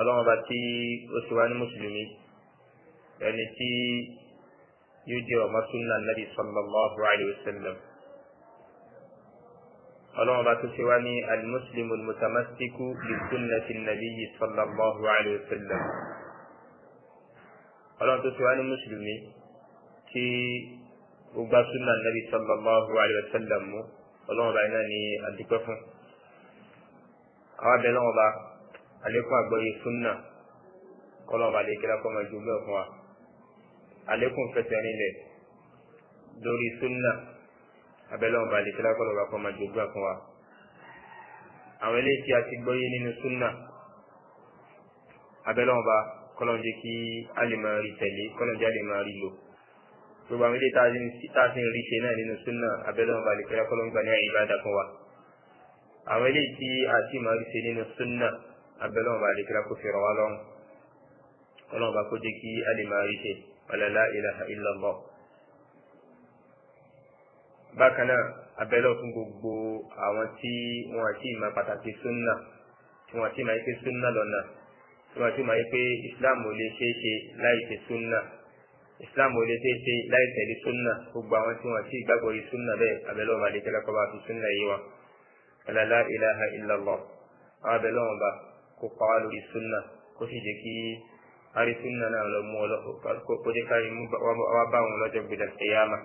ọlọ́run bá tí ó ti wá ní mùsùlùmí ẹni tí yóò jẹ́ ọmọ súnà nàbì sallallahu alayhi wa sallam ọlọ́run bá tó ṣe wá ní alimuslimu almutamassiku bi sunnati nabiyyi sallallahu alayhi wa sallam ọlọ́run tó ṣe wá ní mùsùlùmí tí ó gbá súnà nàbì sallallahu alayhi wa sallam iná ní àdúpẹ́ fún àwọn abẹ́ lọ́wọ́ àlékún àgbọ́yé súnà kọlọ́ọ̀bà lè kíra kọ́ máa jogún ẹ̀ fún wa àlékún fẹsẹ̀ nílẹ̀ lórí súnà abẹ́lọ́ọ̀bà lè kíra kọ́lọ́ọ̀bà kọ́ máa jogún ẹ̀ fún wa. àwọn eléyìí tí a ti gbọ́yé nínú súnà abẹ́lọ́ọ̀bà kọ́lọ́ọ̀dé kí a lè máa rí tẹ̀lé kọ́lọ́ọ̀dé a lè máa rí lò gbogbo àwọn ilé tá a ti ń rí ṣe náà nínú súnà abẹ́lọ́ọ̀bà lè kíra kọ́lọ́ọ̀gbà ní àyíká dà fún wa àwọn ilé tí a ti máa rí ṣe nínú súnà abẹ́lẹ́ ọba àdìkìlá kò fi ràn wá lọ́rùn ọlọ́run ọba kó jẹ́ kí a lè máa rí ṣe ọ̀làlá ilaha illallah. bákan náà abẹ́lẹ́ fún gbogbo àwọn tí wọ́n àti ìmọ̀ pàtàkì súnà tí wọ́n àti ìmọ̀ ike súnà lọ́nà tí wọ́n àti ìmọ̀ ike islam ò lè ṣeé ṣe láì ṣe súnà islam ò lè ṣeé ṣe láì tẹ̀lé súnà gbogbo àwọn tí wọ́n àti ìgbàgbọ́ yìí súnà bẹ́ẹ̀ abẹ́lẹ́ ọba àdìkìlá kọ́ bá fi súnà yìí wọn ọ̀làlá ilaha illallah àwọn abẹ́lẹ́ wọn kó pa wá lórí súnà kó sì jẹ́ kí ari súnà náà lọ mú ọlọ́kọ̀ kó jẹ́ ká mú wá bá wọn lọ́jọ́ gbẹdẹ ẹ̀yàmà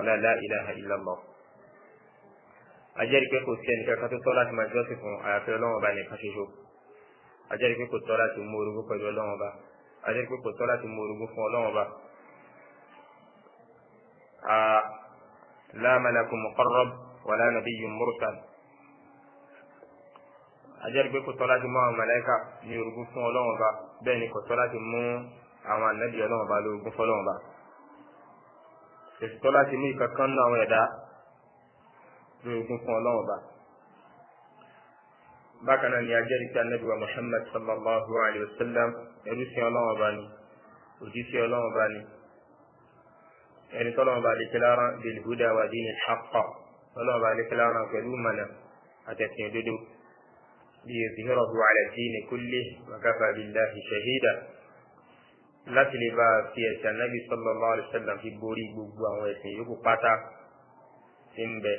ọ̀nà la ilaha illallah. ajẹ́rìí pé kò sí ẹnìkan kan tó tọ́ láti máa jọ́sìn fún àyàfẹ́ ọlọ́wọ́n ọba nìkan ṣoṣo ajẹ́rìí pé kò tọ́ láti mú orogún pẹ̀lú ọlọ́wọ́n ọba ajẹ́rìí pé kò tọ́ láti mú orogún fún ọlọ́wọ́n ọba. la malakun muqarrab wala nabiyyun mursal ajẹ́rìí pé kò tọ́ láti mú àwọn màláíkà ní orogún fún ọlọ́run ọba bẹ́ẹ̀ ni kò tọ́ láti mú àwọn ànábì ọlọ́run ọba lórogún fún ọlọ́run ọba èsì tọ́ láti mú ìkankan nínú àwọn ẹ̀dá lórogún fún ọlọ́run ọba bákan náà ni ajẹ́rìí pé ànábì wa Muhammad sallallahu alayhi wa sallam ẹrú sí ọlọ́run ọba ni òjì sí ọlọ́run ọba ni ẹni tọ́lọ́run ọba àdékẹ́lára bil huda wa dinil haqq ọlọ́run ọba àdékẹ́lára pẹ̀lú mọ̀nà àtẹ̀sìn òdodo. ليظهره على الدين كله وكفى بالله شهيدا láti lè bá a fi ẹ̀sìn anábì sallallahu alaihi wasallam fi borí gbogbo àwọn ẹ̀sìn yòókù pátá tí ń bẹ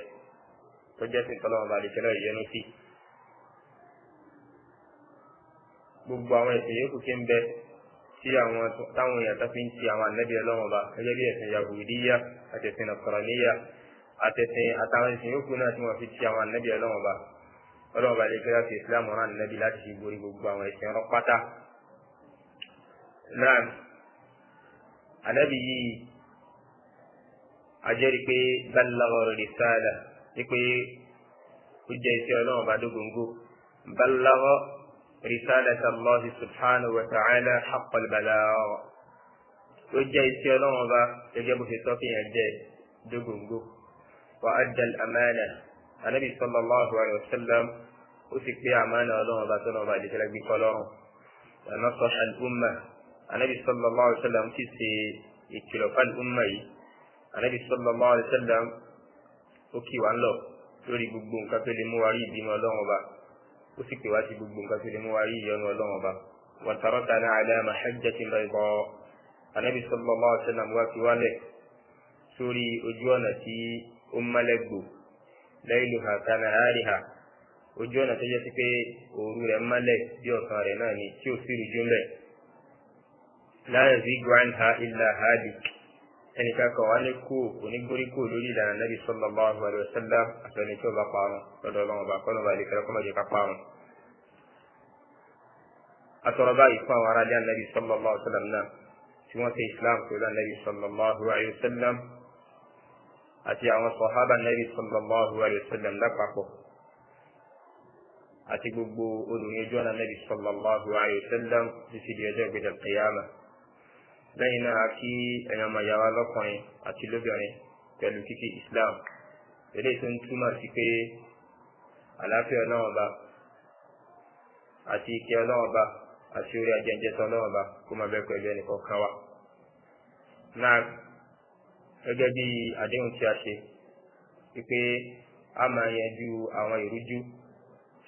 tó jẹ́ sí tọ́lọ́wọ́n bá àdìsẹ́lẹ̀ ìyẹnu sí. gbogbo àwọn ẹ̀sìn yòókù tí ń bẹ tí àwọn táwọn èèyàn tó fi ń ti àwọn anábì ọlọ́wọ́n bá gẹ́gẹ́ bí ẹ̀sìn yahudiya àtẹ̀sìn nàkọ̀rọ̀níyà àtẹ̀sìn àtàwọn ẹ̀sìn yòókù náà tí wọ́n fi ti àwọn anábì ọlọ́wọ́n bá ọlọ́run bá lè gbé láti islam rán nàbí láti fi borí gbogbo àwọn ẹ̀sìn ọ̀rọ̀ pátá. náà ànábì yìí ajẹ́rí pé balaghar risala wípé ó jẹ́ iṣẹ́ ọlọ́run bá dógóńgó balaghar risala Allah subhanahu wa ta'ala haqqal balagh ó jẹ́ iṣẹ́ ọlọ́run gẹ́gẹ́ bó ṣe tọ́ fi hàn jẹ́ dógóńgó wa adda al-amana anabi sallallahu alayhi wa sallam ó sì pé àmánà ọlọ́run ọba tọ́lọ́ ọba àdìsẹ́lẹ̀ gbé kọ́ lọ́rùn ọ̀nà sọ́ṣà umma anabi sallallahu alayhi wa sallam sì ṣe ìkìlọ̀ fáli umma yìí anabi sallallahu alayhi wa sallam ó kì wá lọ lórí gbogbo nǹkan tó lè mú wa rí ìbímọ ọlọ́run ọba ó sì pè wá sí gbogbo nǹkan tó lè mú wa rí ìyọnu ọlọ́run ọba wa tarakana ala mahajjatin bayda anabi sallallahu alayhi wa sallam wá fi wálẹ̀ sórí ojú ọ̀nà tí ó mọ́lẹ́gbò layluha kanahariha ojú ọ̀nà tó jẹ́ sí pé òru rẹ̀ mọ́lẹ̀ bí ọ̀sán rẹ̀ náà ni tí ò sí rújú mbẹ̀. la yazigu anha illa halik ẹnìkan kan wà ní kú onígbórí kú lórí ìlànà nàbì sallallahu alaihi wasallam àtẹni tí ó bá parun lọ́dọ̀ ọlọ́run ọba kọ́nà ọba ìlẹ̀kẹ́ kọ́nà ìjẹ́ká parun. atọ̀rọ̀ báyìí fún àwọn aráàlú ànàbì sallallahu alaihi wasallam náà tí wọ́n ṣe islam pẹ̀lú ànàbì sallallahu alaihi wasallam àti àwọn sọ̀hábà nẹ́bí sallallahu alayhi wa sallam lápapọ̀ àti gbogbo olùyẹjọ́ náà nẹ́bí sallallahu alayhi wa sallam títí di ọjọ́ ìgbéjà kìyàmà lẹ́yìn náà kí ẹ̀yàn máa yà wá lọ́kùnrin àti lóbìnrin pẹ̀lú kíkí Islam eléyìí tó ń túmọ̀ sí pé àlàáfíà ọlọ́run ọba àti ìkẹ́ ọlọ́run ọba àti orí ajẹ́jẹ́ tọ́ ọlọ́run ọba kó máa bẹ́ pẹ̀lú ẹnì kọ̀ọ̀kan wa. náà gẹ́gẹ́ bí àdéhùn tí a ṣe wípé a máa yanjú àwọn ìrújú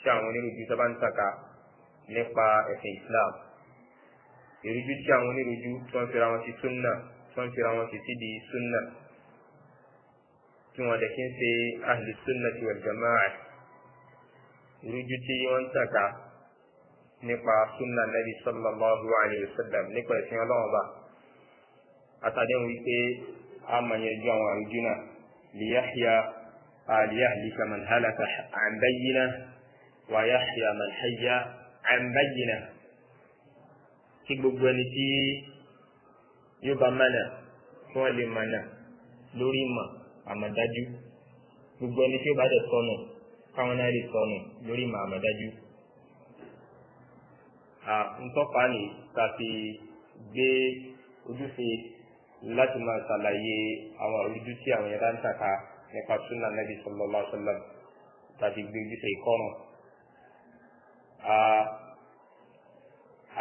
tí àwọn onírújú tó bá ń tàka nípa ẹ̀sìn Islam ìrújú tí àwọn onírújú tó ń fira wọn sí súnà tó ń fira wọn sí sídi súnà tí wọn dẹ̀ kí ń ṣe ahlu sunnati wal jama'a ìrújú tí wọ́n ń tàka nípa súnà nàbì sallallahu alayhi wa sallam nípa ẹ̀sìn ọlọ́wọ́n àtàdéhùn wípé a máa yanjú àwọn àrùjú náà lìyáhìá àlìyáhìlíkà man halaka an bayyina wà yáhìá man hayya an bayyina kí gbogbo ẹni tí yóò bá mánà kí wọ́n lè mánà lórí ìmọ̀ àmọ̀dájú gbogbo ẹni tí yóò bá dẹ̀ sọnù káwọn náà lè sọnù lórí ìmọ̀ àmọ̀dájú ntọ́pa ni ta fi gbé ojúṣe láti máa ṣàlàyé àwọn àrújú tí àwọn yẹn bá ń tàka nípa súnà nàbì sallallahu alaihi wasallam tàbí gbé ojúṣe ìkọrùn.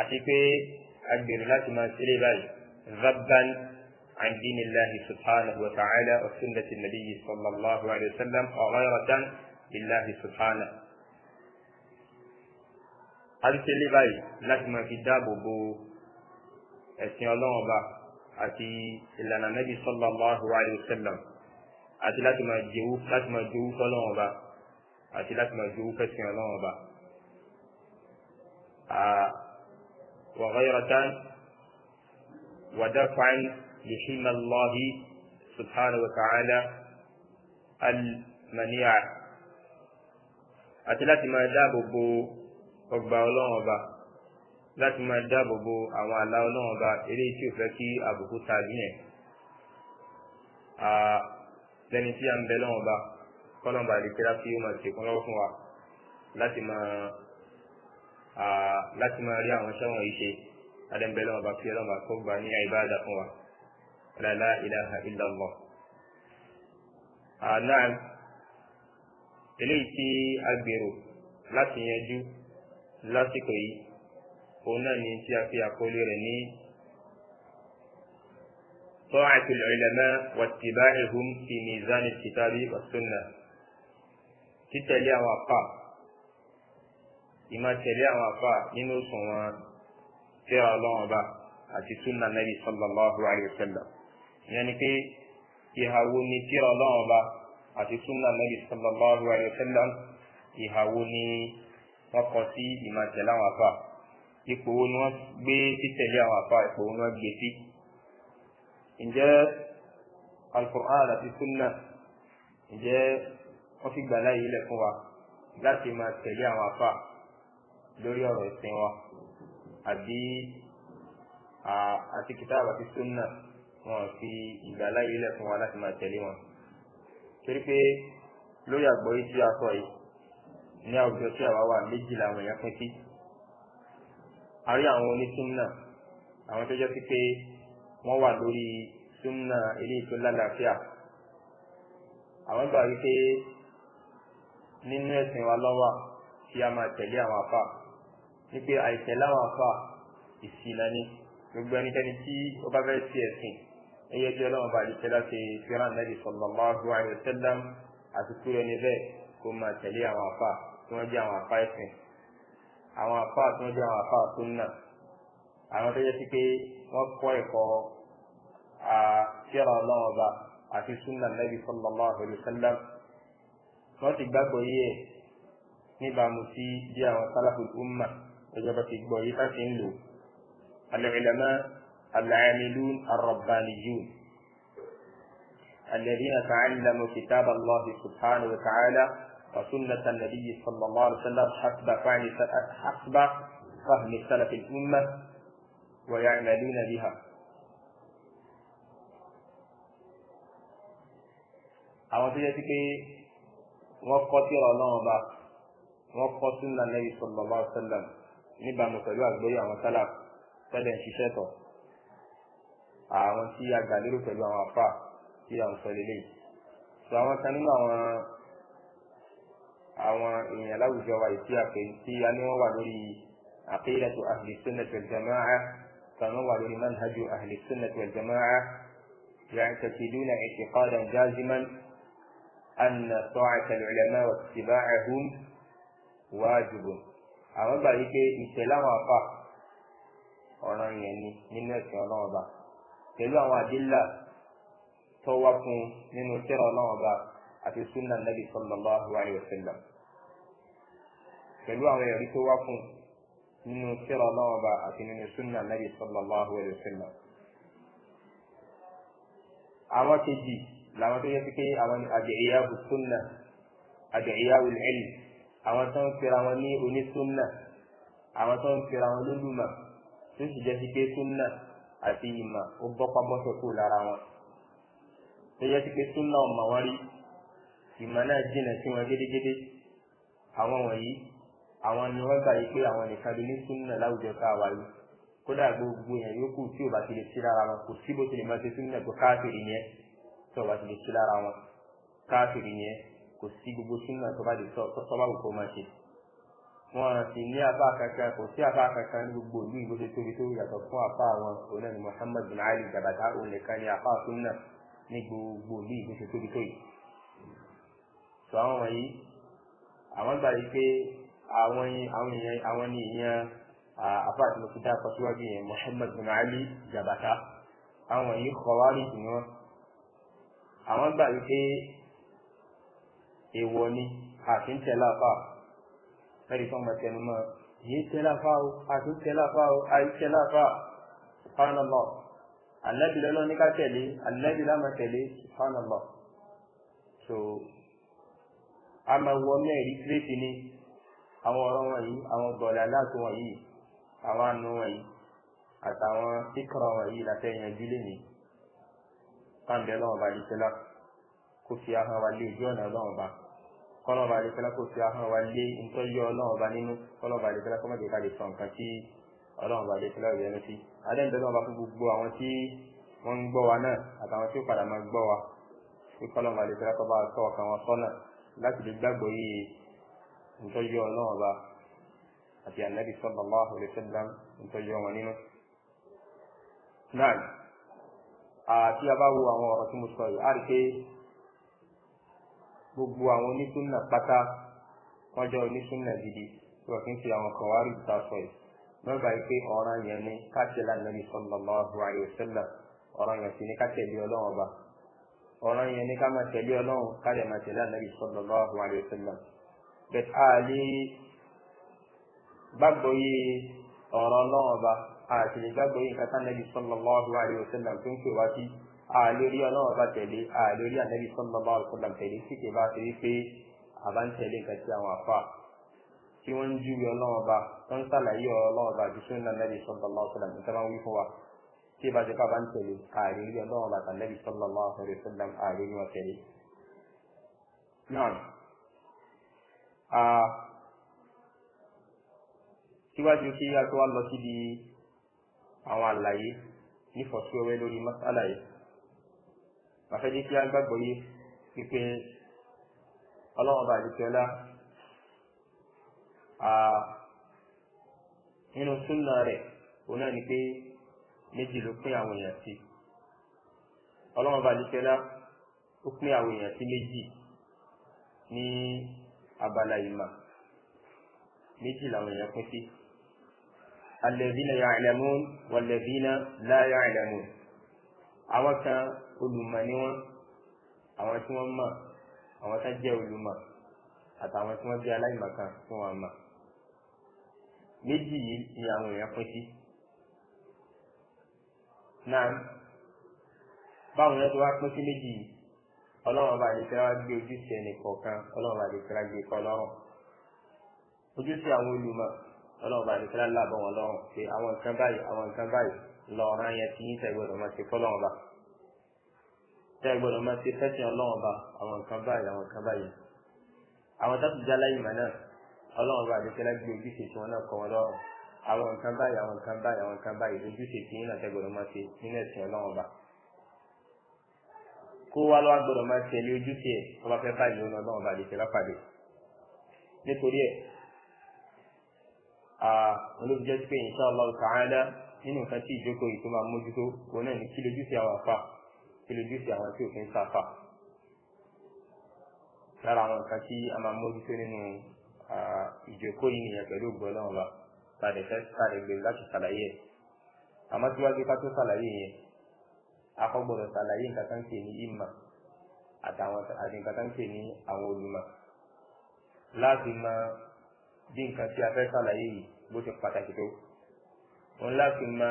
àti pé agbèrè láti máa ṣeré báyìí zabban عن دين الله سبحانه وتعالى وسنة النبي صلى الله عليه وسلم وغيرة لله سبحانه هل تلي باي لكما في دابو بو اسم الله àti ìlànà nabi sallallahu alayhi wa sallam àti láti máa jowú láti máa jowú fọlọ́wọ́n ọba àti láti máa jowú fẹsẹ̀ ọlọ́wọ́n ọba. وغيرة ودفعا لحلم الله سبحانه وتعالى المنيع àti láti máa dáàbò bo ọgbà ọlọ́wọ́n ọba láti máa dáàbò bo àwọn àlá ọlọ́run ọba eléyìí tí ò fẹ́ kí àbùkù tàbí yẹn lẹ́ni tí a ń bẹ lọ́wọ́ ọba kọ́lọ́mbà àdìkẹ́lá tí ó máa ṣe kán lọ́wọ́ fún wa láti máa láti máa rí àwọn sẹ́wọ̀n yìí ṣe adẹ́nbẹ́ lọ́wọ́ bá fi ọlọ́wọ́ kó gbà ní àìbáàdà fún wa lálá ìlàhà illallah. náà eléyìí tí a gbèrò láti yanjú lásìkò yìí òun náà ni tí a fi àkọlé rẹ̀ ní ta'atul ulama wattiba'uhum fi mizan al-kitabi was-sunnah títẹ̀lé àwọn àfà ìmọ̀ tẹ̀lé àwọn àfà nínú òṣùwọ̀n tẹ́ra ọlọ́run ọba àti sunna nabi sallallahu alayhi wa sallam ìyẹn ni pé ìhàwó ni tẹ́ra ọlọ́run ọba àti sunna nabi sallallahu alayhi ìhàwó ni wọ́n kọ sí ìmọ̀ tẹ̀lé àwọn àfà ipò wo ni wọ́n gbé títẹ̀lé àwọn àfa ipò wo ni wọ́n gbé sí. ǹjẹ́ alukur'an àti sunna ǹjẹ́ wọ́n fi gbà láyé ilẹ̀ fún wa láti máa tẹ̀lé àwọn àfa lórí ọ̀rọ̀ ìsìn wa àbí àti kìtàbù àti sunna wọn fi ìgbà láyé ilẹ̀ fún wa láti máa tẹ̀lé wọn. torí pé lórí àgbọ̀yé tí a sọ yìí ní àwùjọ tí àwa wà méjì làwọn èèyàn pín sí a rí àwọn onísúnnà àwọn tó jẹ́ sí pé wọ́n wà lórí súnnà eléyìí tó lálàáfíà àwọn gbà wípé nínú ẹ̀sìn wa lọ́wà tí a máa tẹ̀lé àwọn àfà wípé àìtẹ̀lé àwọn àfà ìsìnà ni gbogbo ẹnikẹ́ni tí ó bá fẹ́ sí ẹ̀sìn ẹyẹ jẹ́ ọlọ́run bá àdìsẹ́ láti fẹ́ràn nẹ́bí sallallahu alaihi wasallam àti kúrò ní bẹ́ẹ̀ kó máa tẹ̀lé àwọn àfà tí wọ́n jẹ́ àwọn àfà ẹ̀sìn àwọn àfáà tó ń jẹ́ àwọn àfáà tó ń nà àwọn tó yẹ sí pé wọ́n kọ́ ẹ̀kọ́ àṣírà ọlọ́run ọba àti súnà Nabi sallallahu alaihi wasallam wọ́n ti gbàgbọ́ yí ẹ̀ níbàámu sí bí àwọn sálàfù umma ìjọba ti gbọ́ yí láti ń lò al-ulama al-amilun ar-rabbaniyun alladhina ta'allamu kitab وسنة النبي صلى الله عليه وسلم حسب فعل حسب فهم سلف الأمة ويعملون بها àwọn tó yẹ sí pé wọ́n kọ́ sí ọlọ́run bá wọ́n kọ́ súnà Nabi sallallahu alaihi wasallam níbàámu pẹ̀lú àgbóyè àwọn sálà tẹ́lẹ̀ ń ṣiṣẹ́ tọ̀ àwọn tí a gbà lérò pẹ̀lú àwọn afá tí à ń sọ lélẹ̀ sọ àwọn kan nínú àwọn àwọn èèyàn láwùjọ wa ìtí àpè tí a ní wọ́n wà lórí aqidatu ahli sunnati wal jama'a kan wà lórí manhaju ahli sunnati wal jama'a ya'taqiduna i'tiqadan jaziman anna ta'ata al-ulama wa ittiba'ahum wajibun àwọn gbà yí pé ìtẹ̀láwọn afa ọ̀ràn yẹn ni nínú ẹ̀sìn ọlọ́run pẹ̀lú àwọn àdílà tó fún nínú tẹ́rọ ọlọ́run àti sunna nabi sallallahu alayhi wa sallam pẹ̀lú àwọn ẹ̀rí tó wá fún nínú kíra ọlọ́wọ́ bá àti nínú sunna nabi sallallahu alayhi wa sallam. àwọn kejì làwọn tó yẹ sí pé àwọn àdìyà bu sunna àdìyà wù ẹ̀lì àwọn tó ń pera wọn ní onísunna àwọn tó ń pera wọn lólùmọ̀ tó sì jẹ́ sí pé sunna àti ìmọ̀ ó bọ́pá bọ́sẹ̀ kú lára wọn tó yẹ sí pé sunna ọmọ wọn rí ìmọ̀ náà jìnà sí wọn gédégédé àwọn wọ̀nyí àwọn ni wọ́n gbà yí pé àwọn nìkan ló ní súnà láwùjọ ká wà yìí kódà gbogbo èèyàn yòókù tí ò bá ti lè ṣe lára wọn kò sí bó ti lè máa ṣe súnà tó káàkiri yẹn tí ò bá ti lè ṣe lára wọn káàkiri yẹn kò sí gbogbo súnà tó bá lè sọ tọ́ba wù kó máa ṣe. wọn sì ní apá kankan kò sí apá kankan ní gbogbo ìlú ìbò tó tóbi tó yàtọ̀ fún apá àwọn onáni Muhammad bin Ali Jabata òun nìkan ní apá súnà ní gbogbo ìlú ìbò tó tóbi tó yìí tó àwọn wọ̀nyí àwọn gbà yìí pé àwọn àwọn èèyàn àwọn ni ìyẹn afa àti mọ̀tò dáa pàṣíwájú yẹn Muhammad bin Ali Jabata àwọn wọ̀nyí kọ̀wárì jù wọn àwọn gbà yìí pé èèwọ̀ ni àti ń tẹ̀lé afa fẹ́ẹ́rì tó ń bá tẹnu mọ́ yìí tẹ̀lé afa o àti ń tẹ̀lé afa o àyè tẹ̀lé afa subhanallah alẹ́bí lọ́lọ́ ní ká tẹ̀lé alẹ́bí lámà tẹ̀lé subhanallah a máa wọ mẹ́rin kírétì ni àwọn ọ̀rọ̀ wọ̀nyí àwọn bọ̀dà láti wọ̀nyí àwọn àánú wọ̀nyí àtàwọn síkọ̀rọ̀ wọ̀nyí látẹ̀yìn ẹbí lẹ́nu pàǹdẹ̀ lọ́wọ́ bá yìí tẹ́lá kó fi ahọ́n wa lé ojú ọ̀nà lọ́wọ́ bá kọ́lọ́ bá yìí tẹ́lá kó fi ahọ́n wa lé ntọ́jú ọlọ́wọ́ bá nínú kọ́lọ́ bá yìí tẹ́lá kó má jẹ́ ká lè sọ nǹkan tí ọlọ́wọ́ bá yìí rẹ̀ ẹnu sí adẹ́ǹdẹ́ lọ́wọ́ bá fún gbogbo àwọn tí wọ́n ń gbọ́ wa náà àtàwọn tí ó padà máa gbọ́ wa kí kọ́lọ́ bá yìí tẹ́lá bá sọ ọkàn wọn sọ́nà láti lè gbàgbọ́ yìí ntọ́jú ọlọ́run ọba àti ànábì sallallahu alaihi wasallam ntọ́jú wọn nínú. náà àti a bá wo àwọn ọ̀rọ̀ tí mo sọ yìí á rí pé gbogbo àwọn onísúnnà pátá wọ́n jẹ́ onísúnnà gidi tí wọ́n fi ń fi àwọn kan wá rí ìta sọ yìí lọ́gbà yìí pé ọ̀ràn yẹn ni káṣílá nàbì sallallahu alaihi wasallam ọ̀ràn yẹn sì ni káṣílá ọlọ́run ọba ọ̀ràn yẹn ní ká máa tẹ̀lé ọlọ́run ká lè máa tẹ̀lé ànábì sallallahu alaihi wasallam bẹ́ẹ̀ á lè gbàgbọ́ yé ọ̀rọ̀ ọlọ́run ọba àti lè gbàgbọ́ yé nǹkan tánàbì sallallahu alaihi wasallam tó ń pè wá sí àlórí ọlọ́run ọba tẹ̀lé àlórí ànábì sallallahu alaihi wasallam tẹ̀lé sí kì bá ti rí pé àbá ń tẹ̀lé nǹkan tí àwọn àfa tí wọ́n ń júwe ọlọ́run ọba tó ń sàlàyé ọlọ́run ọba àti sunnah ànábì sallallahu alaihi wasallam tí ìbá ti fábà ń tẹ̀lé ààrẹ ilé ọlọ́run bàtà lẹ́bi sallallahu alaihi wasallam ààrẹ ní ọ̀tẹ̀lé. náà síwájú kí a tó wá lọ síbi àwọn àlàyé nífọ̀síwẹ́wẹ́ lórí masala yìí àfẹ́jì kí a gbàgbọ́ yé pípé ọlọ́run bá àdìsí ọlá nínú súnà rẹ̀ òun náà ni pé méjì ló pín àwọn èèyàn sí ọlọ́run balikẹ́lá ó pín àwọn èèyàn sí méjì ní abala ìmà méjì làwọn èèyàn pín sí alẹ́bínà ya'lamun wàlẹ́bínà la ya'lamun àwọn kan olùmọ̀ ni wọ́n àwọn tí wọ́n mọ̀ àwọn kan jẹ́ olùmọ̀ àtàwọn tí wọ́n jẹ́ aláìmọ̀kan tí wọ́n mọ̀ méjì yìí ni àwọn èèyàn pín sí náà báwọn yẹn tó wá pín sí méjì yìí ọlọ́run ọba àdìsẹ́ra wá gbé ojúṣe ẹnìkọ̀ọ̀kan ọlọ́run ọba àdìsẹ́ra gbé kọ́ lọ́rùn ojúṣe àwọn olùmọ̀ ọlọ́run ọba àdìsẹ́ra làbọ̀ wọn lọ́rùn pé àwọn nǹkan báyìí àwọn nǹkan báyìí lọ́ọ̀rán yẹn ti yín tẹ̀gbọ́dọ̀ máa ṣe fọ́lọ́run ọba tẹ̀gbọ́dọ̀ máa ṣe fẹ́sìn ọlọ́run ọba àwọn nǹkan báyìí àwọn nǹkan báyìí àwọn tó ti já láyìí mọ̀ náà ọlọ́run ọba àdìsẹ́ra gbé ojúṣe àwọn nǹkan báyìí àwọn nǹkan báyìí àwọn nǹkan báyìí ojúṣe tí yín àti ẹgbọ̀dọ̀ máa ṣe nínú ẹ̀sìn ọlọ́run ọba kó wá lọ́wọ́ gbọ́dọ̀ máa tẹ̀lé ojúṣe ẹ̀ tó bá fẹ́ báyìí lọ́nà ọlọ́run ọba àdìsẹ́ lápàdé nítorí ẹ̀ olóòtú jẹ́ pé insha Allah ta'ala nínú nǹkan tí ìjókòó yìí tó máa mójútó òun náà ní kí lójúṣe àwọn àfà kí lójúṣe àwọn tí òfin lára àwọn nǹkan tí a máa mójútó nínú ìjókòó yìí nìyẹn pẹ̀lú ògbọ́n ọba tàdé fẹ́ tàdé gbé láti ṣàlàyé ẹ̀ àmọ́ tí wájú ká tó ṣàlàyé yẹn akọ́gbọ́dọ̀ ṣàlàyé nǹkan kan ṣe ní ìmà àtàwọn àti nǹkan kan ṣe ní àwọn olùmọ̀ láti mọ bí nǹkan tí a fẹ́ ṣàlàyé yìí bó ṣe pàtàkì tó òun láti mọ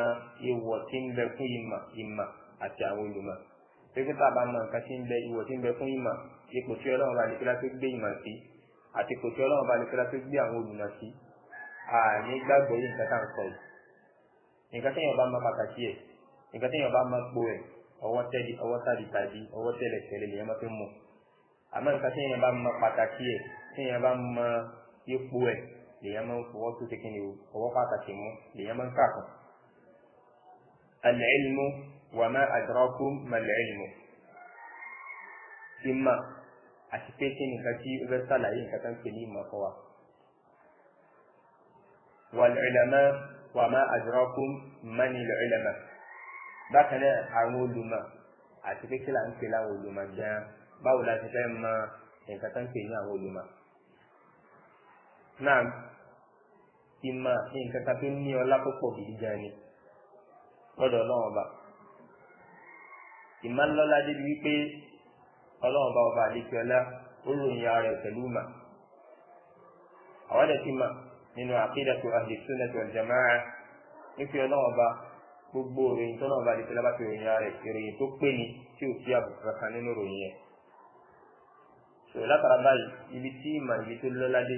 ìwọ̀ tí ń bẹ fún ìmà ìmà àti àwọn olùmọ̀ pépé tá a bá mọ nǹkan tí ń bẹ ìwọ̀ tí ń bẹ fún ìmà ipò sí àti ipò tí ọlọ́run bá ní kí láti àní gbàgbọ́ yìí nǹkan tá à ń sọ yìí nǹkan téèyàn bá mọ pàtàkì ẹ̀ nǹkan téèyàn bá mọ po ẹ̀ ọwọ́ tẹ́lẹ̀ ọwọ́ tàbí tàbí ọwọ́ tẹ́lẹ̀ tẹ́lẹ̀ lèèyàn máa fi mú àmọ́ nǹkan téèyàn bá mọ pàtàkì ẹ̀ téèyàn bá mọ ipò ẹ̀ lèèyàn máa fọwọ́ tó ṣe kíni ọwọ́ pàtàkì mú lèèyàn máa ń kàkùn. al-ilmu wa ma adrakum ìmọ̀ àti pé kí wàlúùlẹ̀mọ́ wà má àdúrákùn mánilẹ̀ ìlẹ̀mọ́. bákan náà àwọn olùmọ̀ àti pé kí là ń pè láwọn olùmọ̀ gan-an báwo la ti fẹ́ mọ nǹkan tó ń pè ní àwọn olùmọ̀. náà ìmọ̀ nǹkan kan tó ní ọlá púpọ̀ gidi gan ni lọ́dọ̀ ọlọ́run ọba. ìmọ̀ ńlọ́lá débi wípé ọlọ́run ọba ọba àlejò ọlá ó lòyìn ara rẹ̀ pẹ̀lú mà. àwọn ẹ̀dẹ̀ ti mà nínú àkídàtu ahli sunnati wal jama'a nífi ọlọ́wọ́ bá gbogbo ìròyìn tó náà bá di tẹ́lá bá fi ròyìn rẹ̀ ìròyìn tó pé ni tí ò sí àbùkù kankan nínú ròyìn yẹn. sọ̀rọ̀ látara báyìí ibi tí ìmọ̀ ibi tó lọ́ládé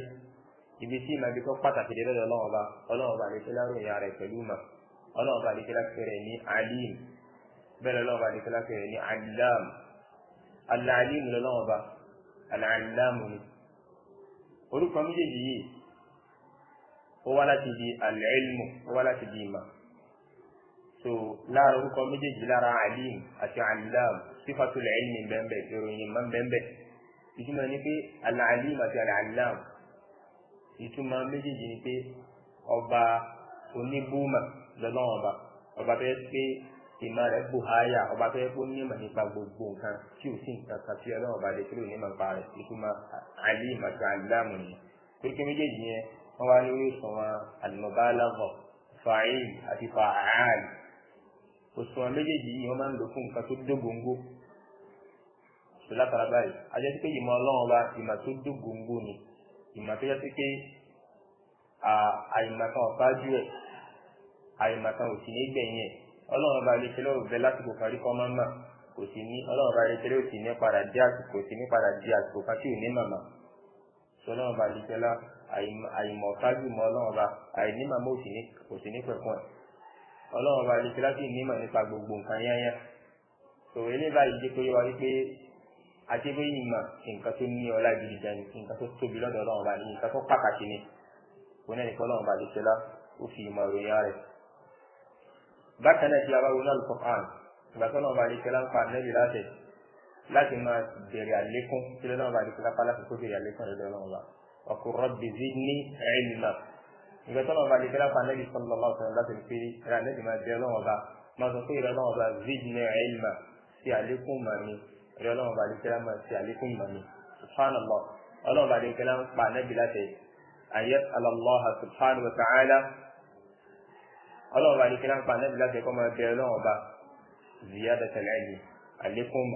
ibi tí ìmọ̀ ibi tó pàtàkì dé lọ́dọ̀ ọlọ́wọ́ bá ọlọ́wọ́ bá di tẹ́lá ròyìn rẹ̀ pẹ̀lú mà ọlọ́wọ́ bá di tẹ́lá fẹ̀rẹ̀ ní alim bẹ́ẹ̀ lọ́wọ́ bá di tẹ́lá fẹ̀rẹ̀ ní alam alalim lọ́wọ́ bá alalam ni orúkọ méjèèjì yìí ó wá láti di al-ilmu ó wá di ìmọ̀ so lára orúkọ méjèèjì lára alim àti alam sifatul ilmi bẹ́ẹ̀ ìròyìn mọ́ bẹ́ẹ̀ ìtumọ̀ ni pé al-alim àti al-alam ìtumọ̀ méjèèjì ni pé ọba oníbùmà lọ́lọ́wọ́n ọba ọba bẹ́ẹ̀ pé ìmọ̀ rẹ̀ bù háyà ọba tó yẹ kó nímọ̀ nípa gbogbo nǹkan tí ò sí nǹkan kan tí ọlọ́run lè kúrò nímọ̀ nípa rẹ̀ ìtumọ̀ àlímọ̀ tó àlámù ni torí pé méjèèjì yẹn wọ́n wá nínú ìṣọ̀wọ́n àlùmọ̀bálàbọ̀ fàáyìn àti fàáhàn òṣùwọ̀n méjèèjì yìí wọ́n máa ń lò fún nǹkan tó dógóńgó látara báyìí ajá sí pé ìmọ̀ ọlọ́run bá ìmọ̀ tó dógóńgó ni ìmọ̀ tó yẹ sí pé àìmọ̀ kan ọ̀fájú ẹ̀ àìmọ̀ kan ò sì ní gbẹ̀yìn ẹ̀ ọlọ́run bá lè ṣe lọ́rùn bẹ lásìkò kan kọ́ máa kò sì ní ọlọ́run bá lè ṣe lọ́rùn sì ní padà di àsìkò sì ní padà di àsìkò kan tí ò ní màmá sọlọ́run bá lè ṣe lá àìmọ̀tájú mọ ọlọ́run ọba àìnímọ̀ mọ́ òsì ní pẹ̀kún ẹ̀ ọlọ́run ọba lè fi láti nímọ̀ nípa gbogbo nǹkan yányá tòun eléyìí báyìí jẹ́ pé wá wípé àtẹ́gbẹ́ ìmọ̀ nǹkan tó ní ọlá gidi jẹ́ nǹkan tó tóbi lọ́dọ̀ ọlọ́run ọba ní nǹkan tó pàtàkì ni òun náà nìkan ọlọ́run ọba lè ṣẹlá ó fi ìmọ̀ ìròyìn rẹ̀ bákan náà ti abáwo náà lùkọ́ àn ìgbà tó ọlọ́run ọba lè ṣẹlá ń pa nẹ́bí láti láti máa bèrè àlékún tí ọlọ́run ọba lè ṣẹlá pa láti kó bèrè àlékún lọ́dọ̀ ọlọ́run ọba وقل رب زدني علما إذا طلب بعد كلام عن النبي صلى الله عليه وسلم في يعني النبي ما جاء لهم بعد ما ذكر لهم بعد زدني علما سيعلكم مني جاء لهم بعد كلام سيعلكم مني سبحان الله الله بعد كلام مع النبي لا شيء أن يسأل الله سبحانه وتعالى الله بعد كلام مع النبي لا شيء كما جاء لهم بعد زيادة العلم عليكم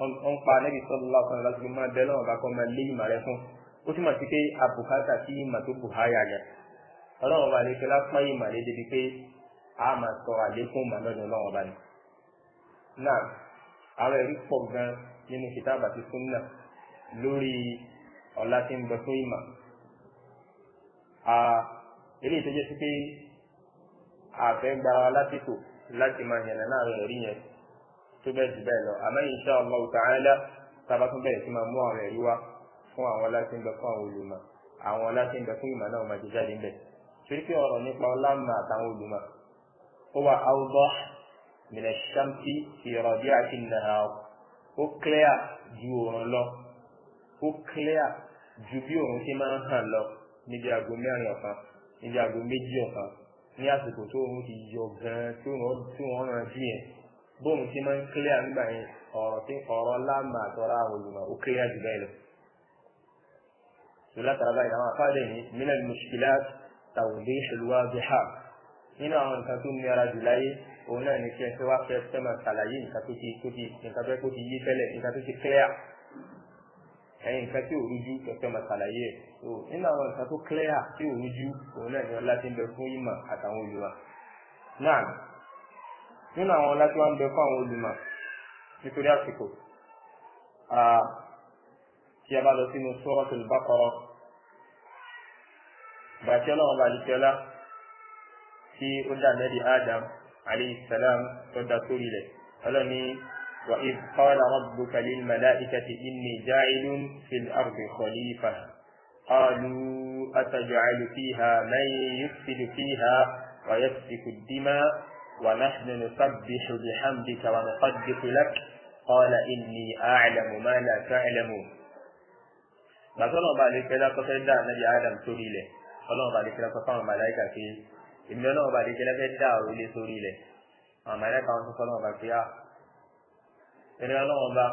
أن أن قال النبي صلى الله عليه وسلم ما جاء لهم بعد كما لي معرفون ó túmọ̀ sí pé àbùkátà sí ìmọ̀ tó bù háyà yẹn ọlọ́run ọba àlejò lápọ́n ìmọ̀ débi pé a máa sọ àlékún ìmọ̀ lọ́dún ọlọ́run ọba ni. náà àwọn ẹ̀rí pọ̀ gan nínú kìtàbà àti súnà lórí ọ̀la tí ń bẹ fún ìmọ̀. eléyìí tó jẹ́ sí pé àfẹ́ gbara lásìkò láti máa yànnà láàrin ẹ̀rí yẹn tó bẹ́ẹ̀ jù bẹ́ẹ̀ lọ àmọ́ insha Allah ta'ala tábà tún bẹ̀rẹ̀ sí máa mú àwọn ẹ̀rí wá fún àwọn láti ń bẹ fún àwọn olùmọ̀ àwọn láti ń bẹ fún ìmọ̀ náà máa ti jáde ńbẹ̀ torí pé ọ̀rọ̀ nípa ọlámà àtàwọn olùmọ̀ ó wà áwùbọ̀ mìíràn ṣáǹtì ìrọ̀bí àti nàá ó clear ju òòrùn lọ ó clear ju bí òòrùn ṣe máa ń hàn lọ níbi aago mẹ́rin ọ̀kan níbi aago méjì ọ̀kan ní àsìkò tó òun ti yọ gan-an tí wọ́n rán sí yẹn bóun ṣe máa ń clear nígbà yẹn ọ̀rọ̀ tí ọ̀rọ̀ lámà àtọ́ra àwọn olùmọ̀ ó clear jù bẹ́ẹ̀ lọ sọlá tàrà báyìí àwọn afáàdé ní minal mushkilat tawdih al-wadiha nínú àwọn nǹkan tó nira jù láyé òun náà ní kí ẹsẹ wá fẹ́ fẹ́ máa ṣàlàyé nǹkan tó ti tó ti nǹkan tó ti yí tẹ́lẹ̀ nǹkan tó ti clear ẹ̀yin nǹkan tí ò rújú fẹ́ máa ṣàlàyé ẹ̀ so nínú àwọn nǹkan tó clear tí ò rújú òun náà ní ọlá ti ń bẹ fún ìmọ̀ àtàwọn olùmọ̀ náà nínú àwọn ọlá tí wọ́n ń bẹ fún àwọn olùmọ̀ nítorí àsìkò qui a balancé سورة البقرة sur le Bakara. في tiens, on آدم عليه السلام Si on a dit وإذ قال ربك للملائكة إني جاعل في الأرض خليفة قالوا أتجعل فيها من يفسد فيها ويسفك الدماء ونحن نسبح بحمدك ونقدس لك قال إني أعلم ما لا تعلمون gbàtọ́ náà bá lè fẹ́ lákọ́fẹ́ dá ànábì adam sórí ilẹ̀ ọlọ́run bá lè fẹ́ lákọ́fẹ́ àwọn màláìkà pé èmi ọlọ́run bá lè fẹ́ lákọ́fẹ́ dá àwọn ilé sórí ilẹ̀ àwọn màláìkà wọn sọ fọlọ́run bá pé á eré ọlọ́run bá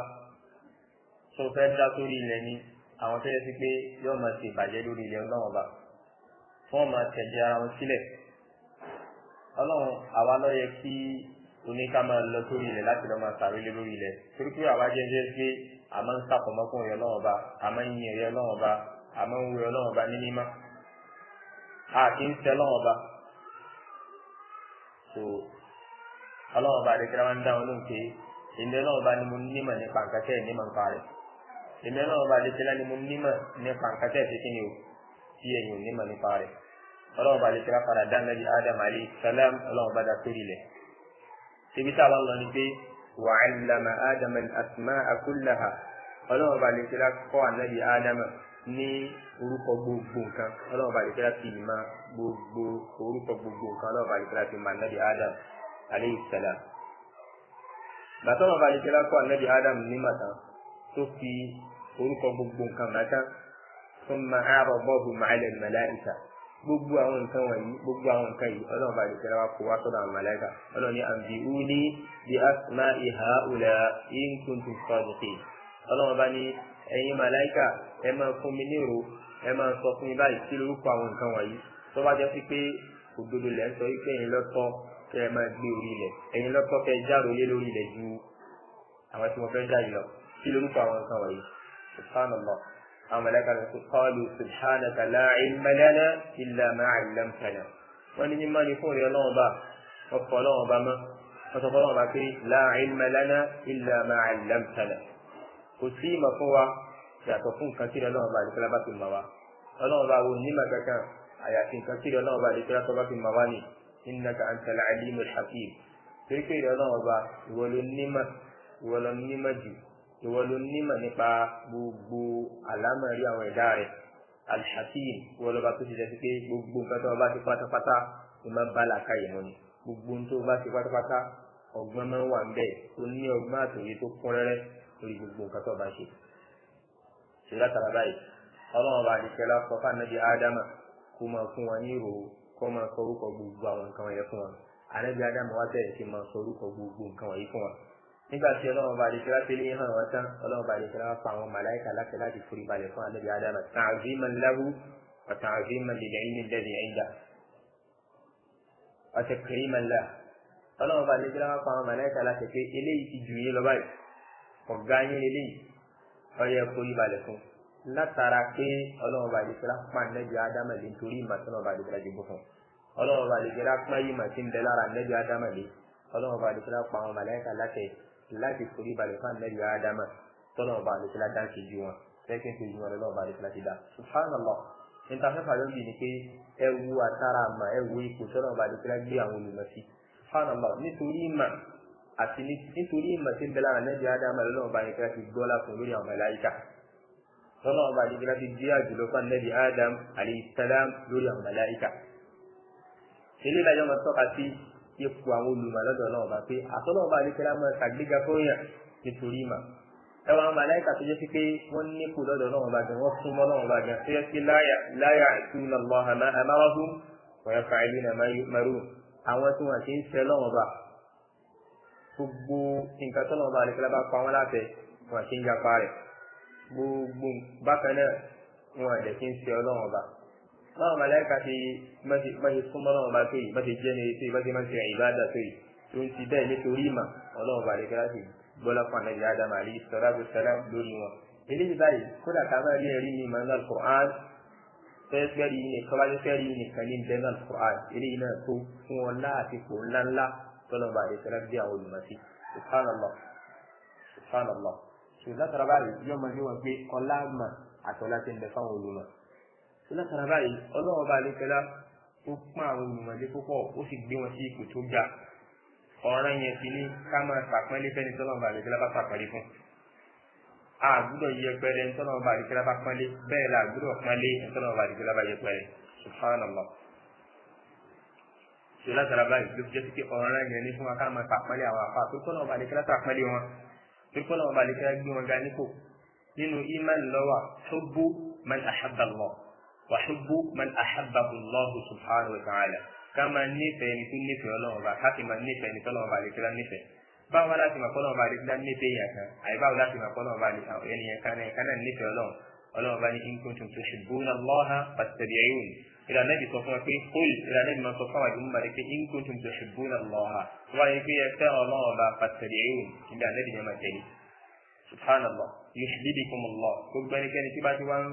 tó fẹ́ dá sórí ilẹ̀ ni àwọn tó yẹ sí pé yóò máa ṣe ìbàjẹ́ lórí ilẹ̀ ọlọ́run bá fún ọmọ tẹ̀jẹ̀ ara wọn sílẹ̀ ọlọ́run àwa lọ yẹ kí oníkà máa lọ sórí ilẹ̀ láti lọ máa sàrélé lórí ilẹ̀ torí pé àwa jẹ́ jẹ́ pé a máa ń sàkọmọ́kùn yẹn lọ́wọ́ bá a máa ń yìn yẹn a máa ń so ọlọ́wọ́ bá adékèrè máa ń dáhùn lóhùn pé èmi ọlọ́wọ́ bá ní mo nímọ̀ nípa nǹkan ẹ̀ nímọ̀ nípa rẹ̀ èmi ọlọ́wọ́ adékèrè mo nímọ̀ nípa ẹ̀ ni o salam ọlọ́wọ́ bá وعلم آدم الأسماء كلها ọlọ́run bá lè ṣẹlá kọ́ ànábì ádámà ní orúkọ gbogbo nǹkan ọlọ́run bá lè ṣẹlá fi ìmọ̀ gbogbo orúkọ gbogbo nǹkan ọlọ́run bá lè ṣẹlá fi mọ̀ ànábì ádámà alayhi salam. bàtà ọlọ́run bá lè ṣẹlá kọ́ ànábì ádámà ní màtá tó fi orúkọ gbogbo nǹkan màtá thumma a'radahum 'ala al-mala'ika gbogbo àwọn nǹkan wọ̀nyí gbogbo àwọn nǹkan yìí ọlọ́run bá dìkẹ́ wa kó wá sọ́dọ̀ àwọn màláíkà ọlọ́run ní àbí wúlé bí asùnmá ìhà òlà yín tuntun sọ̀dùkì ọlọ́run bá ní ẹ̀yin màláíkà ẹ máa fún mi nírò ẹ máa sọ fún mi báyìí kí lórúkọ àwọn nǹkan wọ̀nyí tó bá jẹ́ sí pé òdodo lẹ́ ń sọ wípé ẹ̀yin lọ́tọ́ kẹ́ ẹ máa gbé orí ilẹ̀ ẹ̀yin lọ́tọ́ kẹ́ ẹ járo lé lórí ilẹ̀ ju àwọn tí mo fẹ́ jáde lọ kí lórúkọ àwọn nǹkan wọ̀nyí àwọn mọ̀lẹ́kà lọ sí kọ́ọ̀lù subhanaka la ilma lana illa ma 'allamtana wọ́n ní mímọ́ ni fún ìrìn ọlọ́wọ́n bá ọkọ̀ ọlọ́wọ́n bá mọ́ wọ́n sọ fọ́lọ́wọ́n bá pé la ilma lana illa ma 'allamtana kò sí ìmọ̀ fún wa yàtọ̀ fún nǹkan tí ọlọ́wọ́n bá àdìsẹ́lá mọ̀ wa ọlọ́wọ́n wo nímọ̀ ìwọ ló nímọ̀ nípa gbogbo àlámọ̀rí àwọn ẹ̀dá rẹ̀ alhakim ìwọ lọ́ba tó ti dẹ́ sí pé gbogbo nǹkan tó bá ti pátápátá ló máa bá làákà yìí mọ́ ni gbogbo nǹkan tó bá ti pátápátá ọgbọ́n máa ń wà ń bẹ̀ tó ní ọgbọ́n àtòyé tó kún rẹ́rẹ́ lórí gbogbo nǹkan tó bá ṣe. ṣùgbọ́n látara báyìí ọlọ́run bá àdìsẹ́ lá sọ fún anábì ádámà kó máa fún wọn ní ìrò kó máa sọ orúkọ gbogbo àwọn nǹkan wọ̀nyẹn nígbà tí ọlọ́run bá lè kíra pélé hàn wọ́n tán ọlọ́run bá lè kíra pa àwọn màláìka láti láti forí balẹ̀ fún ànábì ádámà ta'ziman lahu wa ta'ziman lil ilmi alladhi 'indahu wa takriman lahu ọlọ́run bá lè kíra pa àwọn màláìka láti pé eléyìí ti jù yín lọ báyìí ọ̀gá yín eléyìí ọyẹ forí balẹ̀ fún látara pé ọlọ́run bá lè kíra pa ànábì àwọn màláìka láti láti forí balẹ̀ fún àmẹ́lì ádámà tọ́nà ọba àlùkí ládá ṣe ju wọn lẹ́kìn ṣe ju wọn lọ́nà ọba àlùkí láti dá subhanallah níta fẹ́fà ló ń bì ní pé ẹ wu àtàrà àmà ẹ wu ipò tọ́nà ọba àlùkí láti gbé àwọn olùmọ̀ sí subhanallah nítorí ìmà àti nítorí ìmọ̀ tí ń bẹ lára àmẹ́lì ádámà lọ́nà ọba àlùkí láti gbọ́lá fún lórí àwọn màláíkà lọ́nà ọba àlùkí láti gbé àjùlọ ipò àwọn olùmọ̀lọ́dọ̀ náà bá pé àtọ́nà ọba àdékẹ́lá máa ṣàgbéga fún yàn nítorí mà ẹwà àwọn màláìkà tó jẹ́ sí pé wọ́n nípò lọ́dọ̀ náà bá gan wọ́n súnmọ́ náà bá gan tó yẹ sí láyà ìtúnà lọ àmáwáhù wọ̀nyẹn fa ilé náà mẹ́rù àwọn tí wọ́n ti ń ṣe lọ́wọ́n bá gbogbo nǹkan tọ́nà ọba àdékẹ́lá bá pa wọ́n láfẹ̀ẹ́ wọ́n ti ń japa rẹ̀ gbogbo bákan náà wọ́n àdẹ̀kí ń ṣe ọlọ́wọ́n bá báwọn màláíkà ti má ṣe súnmọ́ náà bá tó yìí má ṣe jẹ́ ní ètò yìí má ṣe má ṣe ìbáàdà tó yìí tó ń ti bẹ́ẹ̀ nítorí ìmọ̀ ọlọ́run bá lẹ́kẹ́ láti gbọ́lá fún ànábì ádámù àlẹ́ sọ́dáàbò sọ́dáàbò lórí wọn. eléyìí báyìí kódà ká bá rí ẹ̀rí mi máa ń lọ́ọ̀kọ̀ án fẹ́ẹ́fẹ́ẹ́rì ní kọ́bájúfẹ́ẹ́rì ní kàní bẹ́ẹ̀ náà lọ́ọ̀kọ̀ án eléyìí náà tó fún wọn láti kó ńláńlá tọ́lọ́ bá lẹ́kẹ́ láti dé àwọn olùmọ̀sí subhanallah látara báyìí ọlọ́run bá lè fẹ́lá ó pọ́n àwọn olùmọ̀lé púpọ̀ ó sì gbé wọn sí ipò tó ga ọ̀ràn yẹn sì ni ká máa sàpẹ́lẹ́ fẹ́ni tọ́lọ́run bá lè fẹ́lá bá sàpẹ́lẹ́ fún àgbúdọ̀ yẹpẹrẹ ntọ́lọ́run bá lè fẹ́lá bá pọ́nlé bẹ́ẹ̀ la àgbúdọ̀ pọ́nlé ntọ́lọ́run bá lè fẹ́lá bá yẹpẹrẹ subhanallah ṣe látara báyìí ló fi jẹ́ pé ọ̀ràn yẹn ni fún wa ká máa sàpẹ́lẹ́ àwọn àfa wàhíbù man ahabbahu Allahu subhanahu wa ta'ala ká máa nífẹ̀ẹ́ ẹni tó nífẹ̀ẹ́ ọlọ́run bá ká sì máa nífẹ̀ẹ́ ẹni tọ́lọ́run bá lè kíra nífẹ̀ẹ́ báwo láti máa kọ́ lọ́run bá lè kíra nífẹ̀ẹ́ yẹn kan àyè báwo láti máa kọ́ lọ́run bá lè kàwé ẹni yẹn kan náà kánà nífẹ̀ẹ́ ọlọ́run ọlọ́run bá ní in kuntum tuhibbuna Allaha fattabi'un ìlànà ìsọ fún wa pé kóòlù ìlànà ìmọ̀ sọ fún wa ìdúmọ̀ rẹ̀ pé in kuntum tuhibbuna Allaha wáyé pé ẹ fẹ́ràn ọlọ́run ọba ìlànà ìyẹn máa tẹ̀lé subhanallah yuhibbukum Allah gbogbo ẹnikẹ́ni tí bá ti wá ń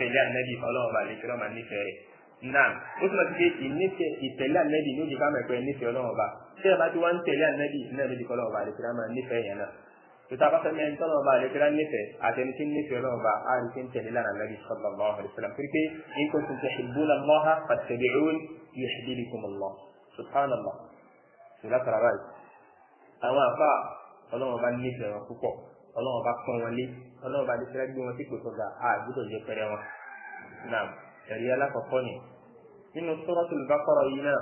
tẹ̀lé ànábì ọlọ́run bá àlejò náà máa nífẹ̀ẹ́ rẹ̀ náà ó túmọ̀ sí pé ìnífẹ̀ ìtẹ̀lé ànábì ló di ká mọ̀ pé nífẹ̀ẹ́ ọlọ́run bá tẹ́ ẹ bá ti wá ń tẹ̀lé ànábì náà ló di kọ́ ọlọ́run bá àlejò náà máa nífẹ̀ẹ́ yẹn náà tuta bàtà mi ẹnitọ́ náà ba àlejò náà nífẹ̀ẹ́ àtẹnití nífẹ̀ẹ́ náà ba àrùkí tẹ̀lé lánàá nàbì sallallahu alaihi wasallam pírípé in kuntum tuhibbuna Allaha fattabi'un yuhibbukum Allah subhanallah ṣùgbọ́n tàrà báyìí àwọn àfa ọlọ́run bá nífẹ̀ẹ́ wọn púpọ̀ ọlọ́run bá pọ́n wọn lé ọlọ́run bá dẹ́sẹ̀ gbé wọn sí pèsè ọ̀gá àgbọ̀dọ̀ jẹ pẹrẹ wọn. nà ẹ̀rí alákọ̀ọ́kọ́ ni nínú Suratul Baqara yìí náà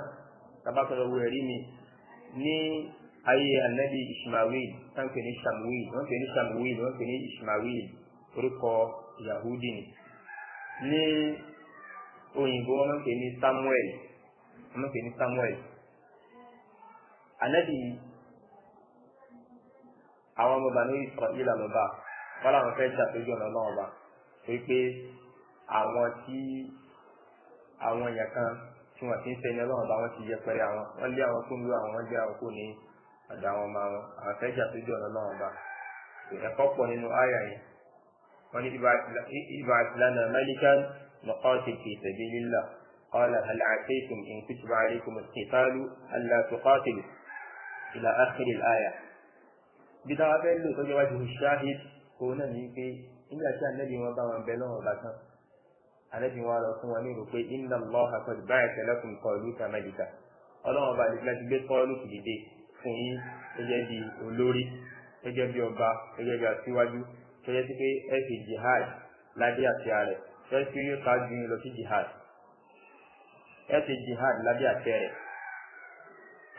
tabatọ̀lọ̀ wo ẹ̀rí mi ní ayé anabi Ismail tán pè ní Samuel wọ́n pè ní Samuel wọ́n pè ní Ismail orúkọ Yahudi ni ní òyìnbó wọ́n pè ní Samuel wọ́n pè ní Samuel anabi àwọn ọmọ bàánú Israel àlọ́bà wọn làwọn fẹ́ ṣàpèjọ ọ̀nà náà wà wípé àwọn tí àwọn èèyàn kan tí wọn ti ń sẹni ọlọ́run bá wọn ti yẹpẹrẹ àwọn wọn lé àwọn kúndú àwọn wọn lé àwọn kò ní ọ̀dọ̀ àwọn ọmọ àwọn àwọn fẹ́ ṣàpèjọ ọ̀nà náà wà ẹ̀kọ́ pọ̀ nínú àyà yẹn wọn ní ibà lana malikan nọkọ́ọ̀tì fi sabilillah qala hal ataytum in kutiba alaykum al-qitalu alla tuqatilu bí táwọn fẹ́ lò tó jẹ́ wájú ṣáhìd òun náà ní pé nígbà tí ànábì wọn bá wọn bẹ lọ́wọ́ bá tán ànábì wọn lọ fún wọn ní ìròpé inna Allaha qad ba'atha lakum Taluta malika ọlọ́wọ́n bá lè fi gbé kọ́ọ̀lù kìdìdé fún yín gẹ́gẹ́ bí olórí gẹ́gẹ́ bí ọba gẹ́gẹ́ bí aṣíwájú gẹ́gẹ́ sí pé ẹ fi jihad lábẹ́ àti ààrẹ ẹ fi rí ká ju lọ sí jihad ẹ fi jihad lábẹ́ àti ààrẹ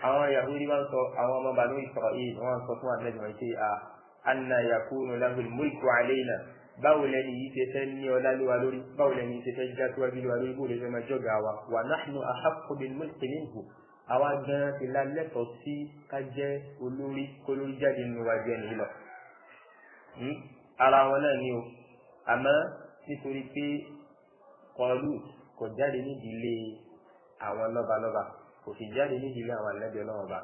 àwọn Yahudi wọn sọ àwọn ọmọ bàánú sọ anna yakunu lahu almulku alayna báwo lẹni yìí ṣe fẹ́ ní ọlá lé wa lórí báwo lẹni yìí ṣe fẹ́ já síwájú lé wa lórí bó lè fẹ́ máa jọ̀gá wa wa nahnu ahaqqu bilmulki minhu àwa gan ti la lẹ́tọ̀ọ́ sí ká jẹ́ olórí kólórí jáde nínú wa jẹ́ nìyí lọ. Hmm? ara wọn náà ni o àmọ́ nítorí pé kọlù kò jáde nídìílé àwọn lọ́balọ́ba kò sì jáde nídìílé àwọn àlẹ́bí ọlọ́wọ́ba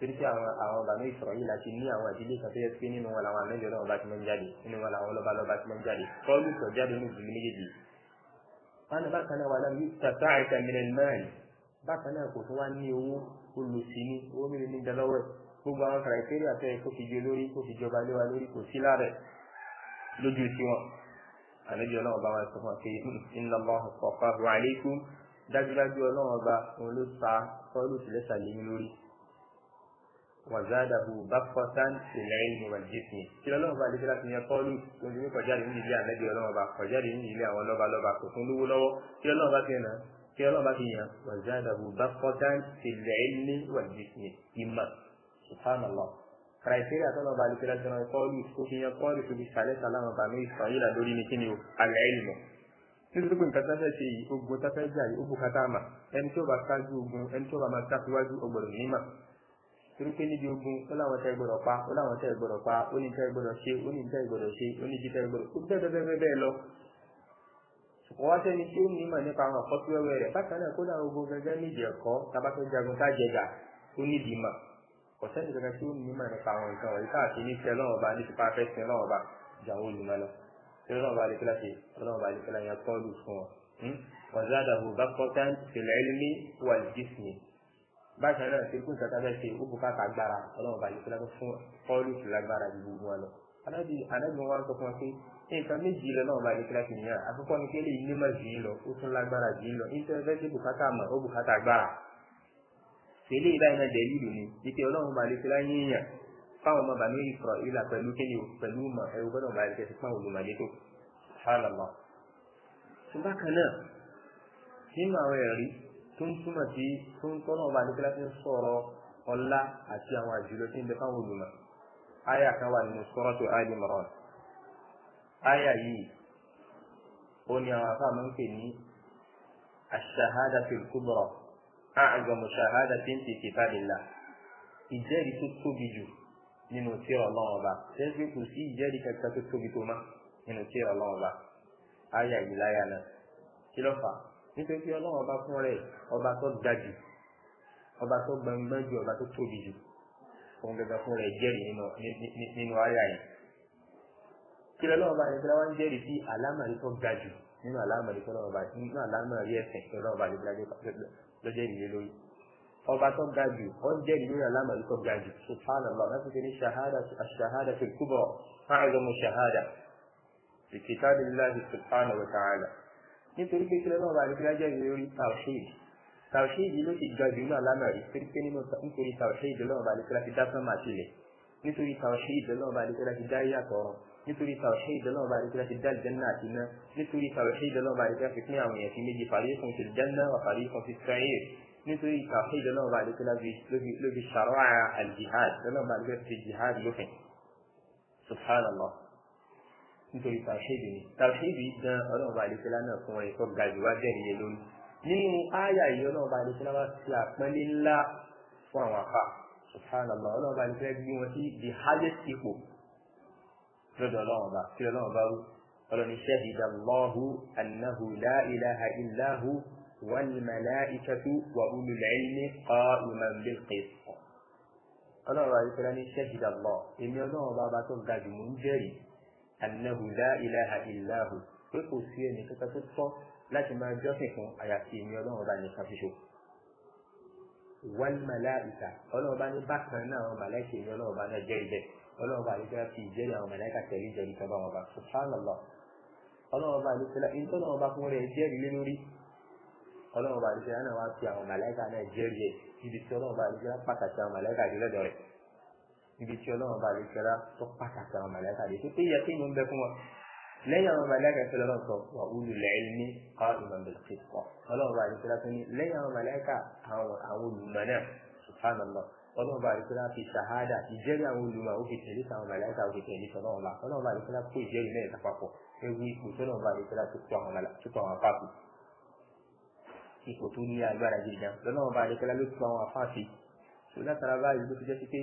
torí pé àwọn àwọn bàbá ìsọ̀rọ̀ yìí láti ní àwọn ìdílé kan tó yẹ pé nínú wọn làwọn àmẹ́jọ náà bá ti máa ń jáde nínú wọn làwọn ọlọ́ba lọ́ba ti máa ń jáde kọ́ọ̀lù sọ jáde ní ìdílé méjèèjì. wọn bá kan náà wà láwọn yóò tàtà àìsà mìíràn náà bákan náà kò tún wá ní owó olùsí ní owó mìíràn ní dalọ́wọ́ gbogbo àwọn kàràkiri àti ẹ̀ kó fi jẹ lórí kó fi jọba lé wa lórí kò sí lára dájúdájú ọlọ́run ọba òun ló sa sọ́ọ́lù sílẹ̀ sàlẹ̀ lórí wàzádàbù bákọ́tán ìlẹ́yìn wàjísìn kí lọ́lọ́run bá àdékẹ́lá fi yẹn kọ́lù lójú ní kọjáde ní ilé ànábì ọlọ́run bá kọjáde ní ilé àwọn lọ́ba lọ́ba kò fún lówó lọ́wọ́ kí lọ́lọ́run bá fi yàn kí lọ́lọ́run bá fi yàn wàzádàbù bákọ́tán ìlẹ́yìn wàjísìn ìmọ̀ subhanallah kìrìtẹ́rì àtọ́nà bá àdékẹ́lá fi yàn kọ́lù ó fi yàn kọ́lù fi sàlẹ̀ sàlámà bàmí ìsọ̀yìnlá lórí ni kí ni o àlẹ́ ìlmọ̀ nítorí pé nǹkan táfẹ́ ṣe yìí ogun táfẹ́ jà yìí ó bùkátà mà ẹni tí ó bá ṣáájú ogun ẹni tí ó bá máa ṣáṣíwájú ọgbọ̀dọ̀ nímà torí pé níbi ogun ó láwọn tẹ́ gbọ́dọ̀ pa ó láwọn tẹ́ gbọ́dọ̀ pa ó ní tẹ́ gbọ́dọ̀ ṣe ó ní tẹ́ gbọ́dọ̀ ṣe ó ní jí tẹ́ gbọ́dọ̀ kó bẹ́ẹ̀ bẹ́ẹ̀ bẹ́ẹ̀ bẹ́ẹ̀ lọ. wọ́n sẹ́ni tí ó ní ìmọ̀ nípa àwọn ọ̀pọ̀ tí wẹ́wẹ́ rẹ̀ bákan náà kó láwọn ogun gẹ́gẹ́ nídìí ẹ̀kọ́ tabafẹ́ jagun tájẹgà ó nídìí mọ̀ kò sẹ́ni gẹ́gẹ́ tí ó ní ìmọ̀ nípa àwọn nǹkan wọ̀nyí káàkiri ní tẹ́ lọ́wọ́ bá ní fipá fẹ́ sin lọ́wọ́ bá jàwó olùmọ̀ lọ tí lọ́wọ́ bá lè fi bákan náà ṣe kún kàtà bẹ́ẹ̀ ṣe ó bu káàkà agbára ọlọ́run bá yìí fúnra fún ọ́ọ́lù tó lágbára ju gbogbo wọn lọ. alábi alábi wọn sọ fún wa pé nǹkan méjì lọ náà bá yìí fúnra fi nìyà àkọ́kọ́ ni kéde ilé má jì í lọ ó tún lágbára jì í lọ nítorí fẹ́ ṣe bùkátà mọ̀ ó bùkátà agbára. tẹ̀lé ìbáyìí náà dẹ̀ lílu ni wípé ọlọ́run bá yìí fúnra yíyàn fáwọn ọmọ bàmí ìfọ̀ ìlà pẹ̀lú kéde pẹ̀lú mọ̀ ẹ̀rù gbọ́dọ̀ bá yìí fẹ́ fún olùmọ̀lẹ́ tó subhanallah. ṣùgbọ́n kan náà tó ń túmọ̀ sí tó ń tọ́nà ọba àdékẹ́lá fi ń sọ̀rọ̀ ọlá àti àwọn àjùlọ tí ń bẹ fáwọn olùmọ̀ àyà kan wà nínú suratu Ali Imran àyà yìí ó ní àwọn afá máa ń pè ní ash-shahadatul kubra a'zamu shahadatin fi kitabillah ìjẹ́rìí tó tóbi jù nínú tírà Ọlọ́run ọba ṣẹ́ẹ́sì kò sí ìjẹ́rìí kankan tó tóbi tó má nínú tírà Ọlọ́run ọba àyà yìí láyà náà kí ló nítorí pé ọlọ́run ọba fún rẹ̀ ọba tó ga jù ọba tó gbangban jù ọba tó tóbi jù òun gẹ́gẹ́ fún rẹ̀ jẹ́rìí nínú àyà yìí kí lọ́wọ́ ọba yẹn fúnra wọn jẹ́rìí sí alámàrí tó ga jù nínú alámàrí tó lọ́wọ́ ọba nínú alámàrí ẹ̀sìn tó lọ́wọ́ ọba lọ́jọ́ ìrìlẹ̀ lórí ọba tó ga jù ó jẹ́rìí lórí alámàrí tó ga jù subhanallah láti fi ní shahada fi nítorí pé kílódé wọn bá ní kílájẹ́ ìwé orí tàwíṣìd yìí ló ti ga jù náà lánàá rí torí pé nítorí tàwíṣìd lọ́wọ́ bá ní kílódé ti dá sánmà sílẹ̀ nítorí tàwíṣìd lọ́wọ́ bá ní kílódé ti dá yàtọ̀ ọ̀rọ̀ nítorí tàwíṣìd lọ́wọ́ bá ní kílódé ti dá ìjẹ́nà àti iná nítorí tàwíṣìd lọ́wọ́ bá ní kílódé ti pín àwọn èèyàn sí méjì fariqun fil janna wa fariqun fis sa'ir nítorí tàwíṣìd náà bá ní kílá ló ti jihad nítorí tàwíìdì ni tàwíìdì gan ọlọ́run bá àdékẹ́lá náà fún ẹ̀ tó ga jù wá bẹ́ẹ̀ yẹn lórí nínú ááyà yìí ọlọ́run bá àdékẹ́lá wá sí àpọ́nlé ńlá fún àwọn afá subhanallah ọlọ́run bá àdékẹ́lá gbé wọn sí the highest ipò lọ́dọ̀ ọlọ́run bá kí ọlọ́run bá rú ọlọ́run iṣẹ́ ìdàlọ́hu annahu la ilaha illahu والملائكة وأولو العلم قائما بالقسط. Ọlọ́run àyíkọ́lá ní ṣẹ́jìdà lọ, èmi ọlọ́run bá bá annahu la ilaha illahu pé kò sí ẹni kankan tó tọ́ láti máa jọ́sìn fún àyàfi èmi ọlọ́run ọba nìkan ṣoṣo. wal malaika ọlọ́run ọba ní bákan náà àwọn màláìkà èmi ọlọ́run ọba náà jẹ́rìí bẹ́ẹ̀ ọlọ́run ọba àlejò fi ìjẹ́rìí àwọn màláìkà tẹ̀lé ìjẹ́rìí kan bá wọn bá subhanallah ọlọ́run ọba àlejò ìjọ náà bá fún rẹ̀ jẹ́rìí lórí ọlọ́run ọba àlejò náà wá fi àwọn màláìkà níbi tí ọlọ́run bá lè fẹ́ra tó pàtàkì àwọn màláìka lè tó pé yẹ kí n bẹ fún wọn lẹ́yìn àwọn màláìka ìfẹ́ lọ́rọ̀ sọ wà olùlẹ̀ ilmi ká ìmọ̀lẹ̀ ti pọ̀ ọlọ́run bá lè fẹ́ra tó ní lẹ́yìn àwọn màláìka àwọn olùmọ̀ náà subhanallah ọlọ́run bá lè fẹ́ra fi ṣàhádà ìjẹ́rìí àwọn olùmọ̀ ó tẹ̀lé sàwọn màláìka ó tẹ̀lé sọlọ́run bá ọlọ́run bá lè fẹ́ra kó ìjẹ́rìí náà tó tó àwọn ipò tó ní bá lè fẹ́ra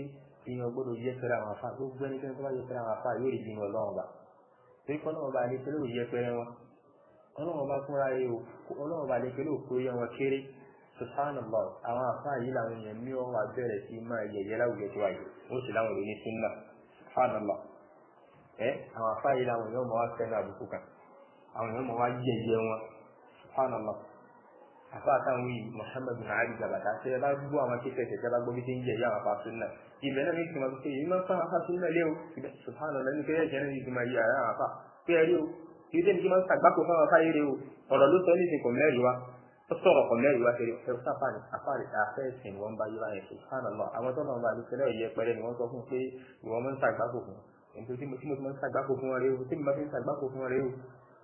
èèyàn gbọ́dọ̀ yẹ pẹ̀lú àwọn afá gbogbo ẹnikẹ́ni tó bá yẹ pẹ̀lú àwọn afá yóò rí bínú ọlọ́run bá torí kọ́ ọlọ́run bá ní pẹ̀lú òye pẹ̀lú wọn ọlọ́run bá fúnra yẹ ọlọ́run bá ní pẹ̀lú òkú yẹ wọn kéré subhanallah àwọn afá yìí làwọn èèyàn mí wọn wà bẹ̀rẹ̀ sí máa yẹyẹ láwùjọ tó wáyé ó sì láwọn òní sunna subhanallah ẹ àwọn afá yìí làwọn èèyàn mọ̀ wá fẹ́ náà àbùkù kan àwọn èèyàn mọ̀ wá yẹyẹ wọn subhanallah àfa àtàwọn yìí muhammadu ali jabata ṣe ẹ bá gbọ́ àwọn akéka ẹsẹ ṣe bá gbọ́ bí ṣe ń jẹ ìyá àfa sunna ibẹ̀ náà ní kí n máa fi ṣe ìmọ̀ sunna léwu ibẹ̀ subhanahu lẹni kẹrẹ ẹsẹ náà ní kí n máa yí àyà àfa o kí ló dé kí n máa ṣàgbákò fún yìí rí o ọ̀rọ̀ ló sọ ní ìsìn kò mẹ́rin wa ó sọ̀rọ̀ kò mẹ́rin wa kiri ẹ sáfà ní àfa rẹ̀ àfẹ́ ẹ̀sìn wọn bá yí báyẹn subhanallah àwọn tó náà bá lè ṣẹlẹ̀ yẹ pẹ́rẹ́ ni wọ́n sọ fún pé ìwọ́n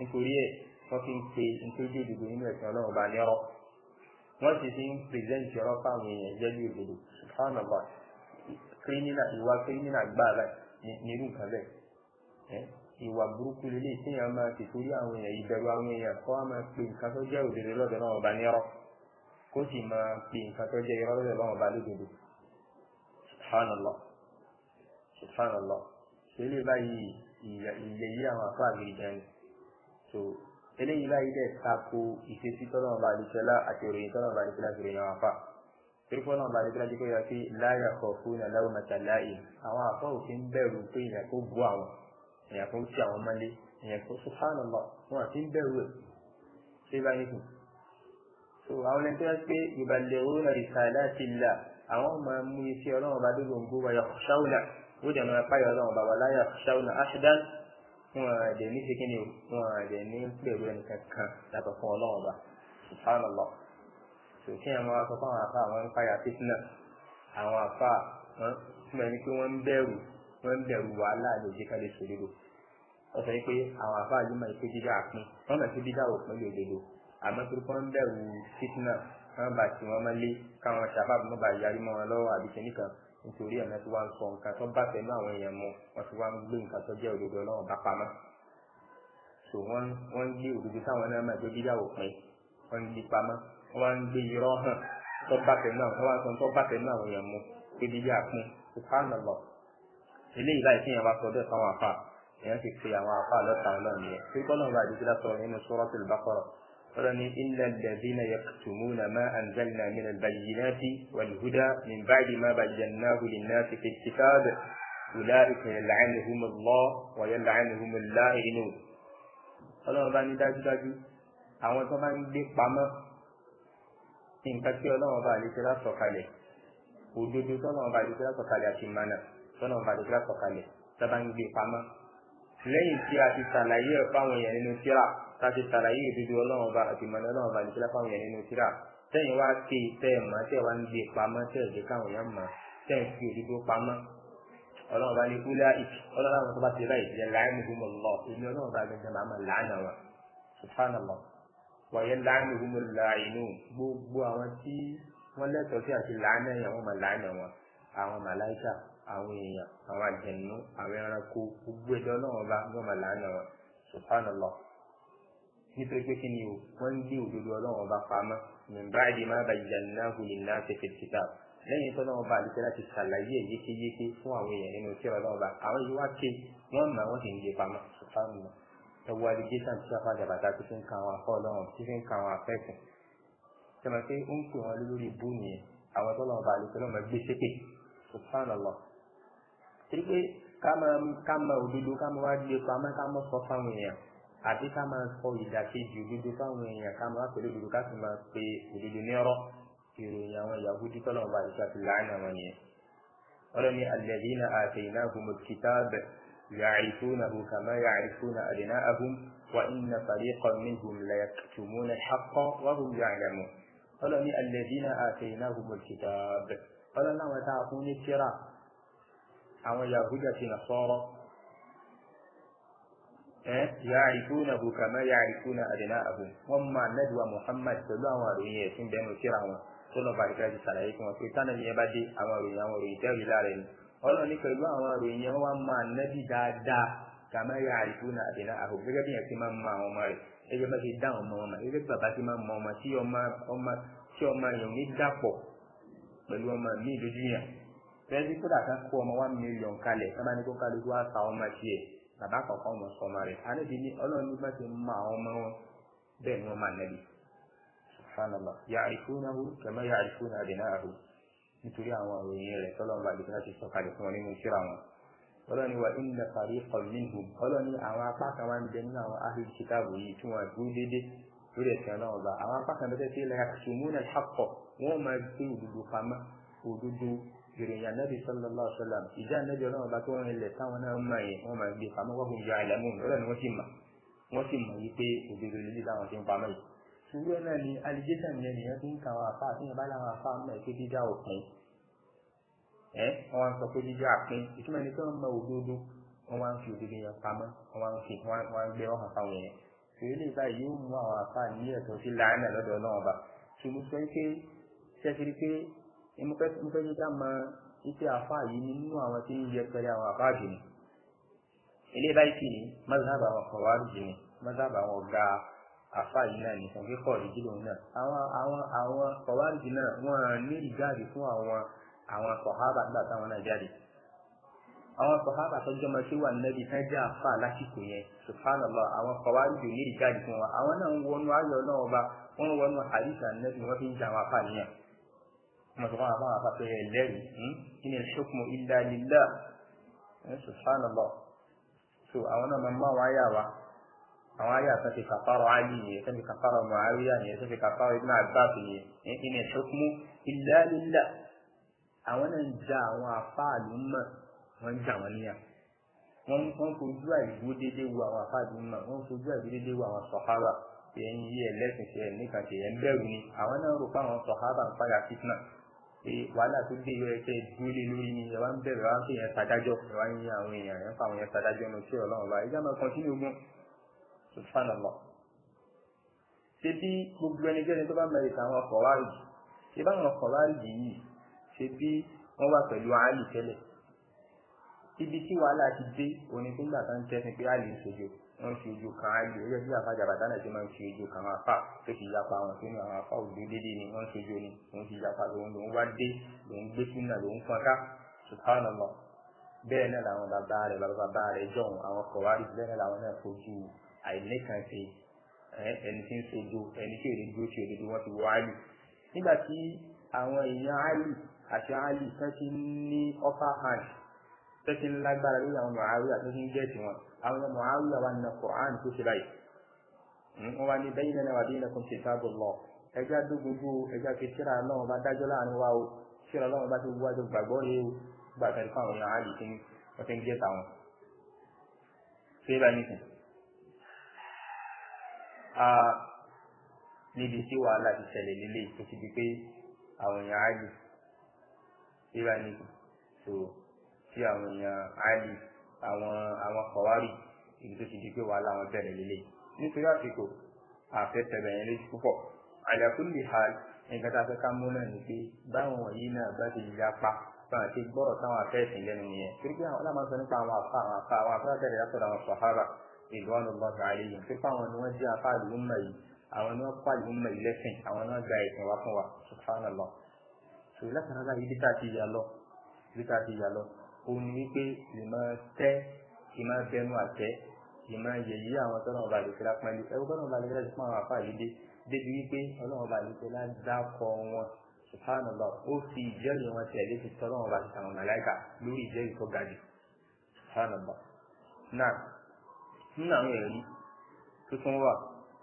nítorí ẹ̀ wọ́n fi ń pe nítorí òdodo nínú ẹ̀sìn ọlọ́run ọba ní ọ̀rọ̀ wọ́n sì fi ń pèsèǹtì ọ̀rọ̀ fáwọn èèyàn jẹ́ bí òdodo fáwọn ọba kírímínà ìwà kírímínà gbáà báyìí ní irú nǹkan bẹ́ẹ̀ ìwà burúkú lélẹ̀ tí èèyàn máa ti torí àwọn èèyàn ìbẹ̀rù àwọn èèyàn kọ́ á máa pe nǹkan tó jẹ́ òdodo lọ́dọ̀ náà ọba ní ọ̀rọ̀ kó sì máa pe nǹkan tó jẹ́ irọ́ lọ́dọ̀ náà ọba lódodo subhanallah subhanallah ṣe lè báyìí ilẹ̀ yìí àwọn àfáà gidi gan so eléyìí báyìí dẹ̀ tako ìṣesí tọ́lọ́mọ bá àdìsẹ́lá àti ìròyìn tọ́lọ́mọ bá àdìsẹ́lá fi ròyìn àwọn afá torípọ́ náà bá àdìsẹ́lá jẹ́ pé yàtí láyà kọ̀ fún ìyàn láwọn màtàláì àwọn afá ò fi ń bẹ̀rù pé ìyàn kó bu àwọn ìyàn kó ti àwọn mọ́lé ìyàn kó subhanallah wọn àti ń bẹ̀rù ẹ̀ ṣé báyìí kù so àwọn ẹni tó yẹ pé ìbàlẹ̀rún risalaatillah àwọn máa mú iṣẹ́ ọlọ́run bá dógóńgó wáyà ṣáwùnà ó dẹ̀ máa páyọ̀ ọlọ́run bá wà láyà ṣáwùnà áṣídán wọn àdẹ̀ ní ṣe kíni o wọn àdẹ̀ ní pẹ̀lú ẹnì kankan yàtọ̀ fún ọlọ́run ọba subhanallah tó kí àwọn aṣọ fáwọn afá wọn ń fàyà fitna àwọn afá wọn túmọ̀ ní pé wọ́n ń bẹ̀rù wọ́n ń bẹ̀rù wàhálà lòdì kálí sòdodo wọ́n sọ pé àwọn afá yìí máa ń pé dídá àpín wọ́n máa ń pé dídá òpin lòdodo àmọ́ tó kọ́ ń bẹ̀rù fitna wọ́n bá tí wọ́n máa lé káwọn ṣàfàbùmọ́ bá yarí mọ́ wọn lọ́wọ́ àbíkẹ́ nìkan nítorí ọ̀nà tí wọ́n sọ nǹkan tó bá tẹ̀lé àwọn èèyàn mu wọ́n ti wá ń gbé nǹkan tó jẹ́ òdodo ọlọ́run bá pamọ́ so wọ́n wọ́n ń gbé òdodo táwọn náà máa gbé bíyàwó pin wọ́n ń gbé pamọ́ wọ́n wá ń gbé irọ́ hàn tó bá tẹ̀lé àwọn wọ́n wá ń sọ tó bá tẹ̀lé àwọn èèyàn mu pé bíyà pin subhanallah eléyìí láì fi hàn wá sọ́dọ̀ táwọn àfà èèyàn ti pe àwọn àfà lọ́ta ọlọ́run yẹn pé kọ́lọ́run bá àdìsí látọ̀ nínú Suratul أخرى إلا الذين يكتمون ما أنزلنا من البينات والهدى من بعد ما بيناه للناس في الكتاب أولئك يلعنهم الله ويلعنهم اللائنون ọlọ́run bá ní dájúdájú àwọn tó bá ń gbé pamọ́ nǹkan tí ọlọ́run bá lè tẹ́lá sọ̀kalẹ̀ òdodo tọ́lọ́run bá lè tẹ́lá sọ̀kalẹ̀ àti ìmọ̀nà tọ́lọ́run bá lè tẹ́lá sọ̀kalẹ̀ tó bá ń gbé pamọ́ lẹ́yìn tí a ti ṣàlàyé ẹ̀ fáwọn èèyàn nínú tíra láti ṣàlàyé ìdúdú ọlọ́run ọba àti ìmọ̀lẹ́ ọlọ́run ọba nìkílá fáwọn èèyàn nínú tíra tẹ́yìn wá ké tẹ́ ẹ̀ mọ́ tẹ́ wá ń gbé pamọ́ tẹ́ ẹ̀ jẹ́ káwọn èèyàn mọ́ tẹ́ ẹ̀ fi òdodo pamọ́ ọlọ́run ọba ní kúlẹ̀ ìtì ọlọ́run àwọn tó bá ti rà ìdílé láàánú gbọmọ lọ èmi ọlọ́run ọba gbẹgbẹ màmá làánà wọn subhanallah wọ̀nyẹ láàánú gbọmọ làánú gbogbo àwọn tí wọ́n lẹ́tọ̀ọ́ sí àti làánà yẹn wọ́n mọ̀ làánà wọn àwọn nítorí pé kí ni o wọ́n ń gbé òdodo ọlọ́run ọba pamọ́ nígbà èdè má bàa yíyá náhùn lè ná fẹ́fẹ́ títà lẹ́yìn tó lọ́wọ́ bá àdúgbò láti ṣàlàyé ẹ̀ yékéyéké fún àwọn èèyàn nínú tí ọlọ́run bá àwọn yìí wá ké wọ́n mọ̀ wọ́n sì ń gbé pamọ́ sùfàmù ẹwọ́ alìgẹ́sàn tí wọ́n fàjà bàtà tí fi ń ka àwọn afọ́ ọlọ́run tí fi ń ka àwọn afẹ́sìn àti ká máa sọ ìdàkejì òdodo fáwọn èèyàn ká máa pèlú òdodo ká sì máa pe òdodo ní ọ̀rọ̀ ìròyìn àwọn Yahudi tọ́lọ́run bá àdìsá ti láàánú àwọn yẹn. ọlọ́ni alladhina ataynahumul kitaba ya'rifunahu kama ya'rifuna abna'ahum wa inna fariqan minhum la yaktumuna al-haqqa wa hum ya'lamun. ọlọ́ni alladhina ataynahumul kitaba ọlọ́ni àwọn tá a fún ní tíra àwọn Yahudi àti Nasara Eh, ya'rifunahu kama na abna'ahum wọ́n mọ̀ nẹ́dùwà Muhammad pẹ̀lú àwọn àròyìn ẹ̀sìn bẹ́ẹ̀nu síra wọn tó lọ́ọ́ bàríkà ti sàlàyé fún wọn pé tánà yẹn bá dé àwọn àròyìn àwọn àròyìn tẹ́rù lára ẹni ọlọ́ọ̀ni pẹ̀lú àwọn àròyìn yẹn wọ́n mọ̀ nẹ́dì dáadáa kama ya'rifuna abna'ahum gẹ́gẹ́ bí yẹn ti máa ń mọ àwọn ọmọ rẹ̀ gẹ́gẹ́ bá ti bàbá kọ̀ọ̀kan mọ̀ sọmọ rẹ̀ anábì ní ọlọ́run bá ti mọ àwọn ọmọ wọn bẹ́ẹ̀ ni wọ́n máa nẹ́bi subhanallah ya'rifunahu kama ya'rifuna abna'ahum nítorí àwọn òròyìn rẹ̀ tọ́lọ́run bá dìgbà ti sọ̀kalẹ̀ fún wọn nínú ìṣúra wọn ọlọ́ni wa inna fariqan minhum ọlọ́ni àwọn apá kan wá ń bẹ nínú àwọn ahlul kitabu yìí tí wọ́n dúró déédéé lórí ẹ̀sìn náà ọba àwọn apá kan bẹ́ẹ̀ ìròyìn anábì sọlọ́lá ọ̀sọ́lá ìjà anábì ọlọ́run bá tó rìn ilẹ̀ táwọn náà mọ̀ yẹn wọ́n máa gbé pamọ́ wọ́n fún ìjà ìlẹ̀mú lọ́dọ̀ ni wọ́n sì mọ̀ wọ́n sì mọ̀ yí pé òdodo lè dáwọn ti ń pamọ́ yìí. sùúrù ẹ̀ náà ni alìjẹ́sàn yẹn nìyẹn fi ń ka àwọn afá àti ìyẹn bá láwọn afá mọ̀ pé jíjá òpin ẹ̀ wọ́n wá ń sọ pé jíjá àpin ìtumọ̀ ẹni tó ń mọ òdodo wọ́n wá ń fi òdodo yẹn pamọ́ wọ́n wá ń fi wọ́n ń gbé ọ̀hàn fáwọn yẹn. sùúrù lè báyìí yóò mú àwọn afá ní ẹ̀tọ́ sí láàánà lọ́dọ̀ ọlọ́run ọba ṣùgbọ́n sọ pé ṣẹ́fìrí pé mo fẹ́ ní ká mọ iṣẹ́ àfa yìí nínú àwọn tí ń yẹ pẹ̀lú àwọn àfa jù ní. ilé báyìí sì ni mazhab àwọn kọ̀wá jù ní mazhab àwọn ọ̀gá àfa yìí náà nìkan bí kọ̀ rí jùlọ náà àwọn àwọn àwọn kọ̀wá jù náà wọ́n ní ìjáde fún àwọn àwọn sọ̀hábà nígbà táwọn náà wọn ti wọn àwọn àbàtọ yẹ lẹ́rìí kí ni ṣókùnmù illa lillah eh, subhanallah so àwọn náà máa ń bá wọn ayà wa àwọn ayà tó fi kàfàrọ Ali yẹ tó fi kàfàrọ Muawiya yẹ tó fi kàfàrọ Ibn Abbas yẹ kí ni ṣókùnmù illa lillah àwọn ja àwọn àfáàlú mọ wọn ja wọn níyà wọn wọn fojú àìgbó déédéé wo àwọn àfáàlú mọ wọn fojú àìgbó déédéé wo àwọn sọhábà ẹ̀yin yí ẹlẹ́sìn ṣe ẹ̀ níkan ṣe ẹ̀ ń bẹ̀rù ni àwọn náà rò pé àwọn sọ̀hábà ń padà fitna pé wàhálà tó dé yóò ẹsẹ̀ dúró lé lórí ni ẹ wá ń bẹ̀rẹ̀ wá ń fi yẹn sàdájọ́ ẹ wá ń yin àwọn èèyàn ẹ ń fa àwọn yẹn sàdájọ́ ní oṣù ọlọ́run bá ìjà máa kàn sínú ogun subhanallah. ṣé bí gbogbo ẹnikẹ́ni tó bá mẹ́rin ta àwọn ọkọ̀ wárìjì ṣé bá àwọn ọkọ̀ wárìjì yìí ṣé bí wọ́n wà pẹ̀lú àálì tẹ́lẹ̀ ibi tí wàhálà ti dé òní fúngbà tó ń tẹ́sìn pé àálì ń ṣojo wọ́n fi ojú kan ayé ẹgbẹ́ bí àfa jàbàtà náà ṣe máa ń fi ojú kan afá tó fi yapa wọn sínú àwọn afá òdo dédé ni wọ́n ń ṣojú ni òun fi yapa lòun lòun wá dé lòun gbé súnà lòun fọn ká subhanallah bẹ́ẹ̀ náà làwọn bàbá rẹ̀ bàbá rẹ̀ jọ̀hún àwọn kọ̀wárí bẹ́ẹ̀ náà làwọn náà fojú àìníkànṣe ẹni tí ń sojo ẹni tí èdè dúró tí èdè wọn ti wọ áyù nígbà tí àwọn èèyàn áyù àti àwọn ọmọ àwọn àwọn àna Qur'an tó ṣe báyìí hmm, wọ́n wá ní bẹ́yìn náà wà bí iná kan ṣe tábù lọ ẹjá dógógó ẹjá fi ṣíra náà bá dájọ́ láàrin wa o ṣíra náà bá ti wájú gbàgbọ́ rẹ o gbà tẹ̀lé fáwọn èèyàn àlè tí wọ́n di pé àwọn èèyàn àlè ṣé bá ní so tí àwọn èèyàn àlè àwọn àwọn kọ̀wárì ibi tó ti di pé wàhálà wọn bẹ̀rẹ̀ lélẹ̀ nítorí àsìkò àfẹsẹ̀rẹ̀ yẹn létí púpọ̀ àlẹ́kùnlé ha nǹkan tá a fẹ́ ká mú náà ni pé báwọn wọ̀nyí náà bá ti yapa báwọn ti gbọ́rọ̀ táwọn afẹ́sìn lẹ́nu yẹn torí pé àwọn aláàmọ́ sọ nípa àwọn afá àwọn afá àwọn afá bẹ̀rẹ̀ látọ̀dọ̀ àwọn sàhábà ìlú ọ̀nà lọ́sọ̀ ààrẹ yìí pé fáwọn ni wọ́n jẹ́ afá ìlú mọ̀ yìí àwọn ni wọ́n pa ìlú mọ̀ yìí lẹ́sìn àwọn ni wọ́n gba ẹ̀sìn wá fún wa subhanallah so látara báyìí bí tá a ti yà lọ bí tá a ti yà lọ òun ni wípé ìmọ̀ tẹ́ ìmọ̀ bẹnu àtẹ́ ìmọ̀ yẹ̀yí àwọn tọ́lọ́ ọba àlùfẹ́ lápẹ́lẹ́ ẹ̀rú bọ́lọ́ ọba àlùfẹ́ láti fún àwọn àfáà yìí dé débi wípé ọlọ́run ọba àlùfẹ́ lá dákọ̀ wọn subhanallah ó fi ìjẹ́rìí wọn tẹ̀lé ti tọ́lọ́run ọba àti àwọn màláìkà lórí ìjẹ́rìí tó ga jù subhanallah náà nínú àwọn ẹ̀rí tó wà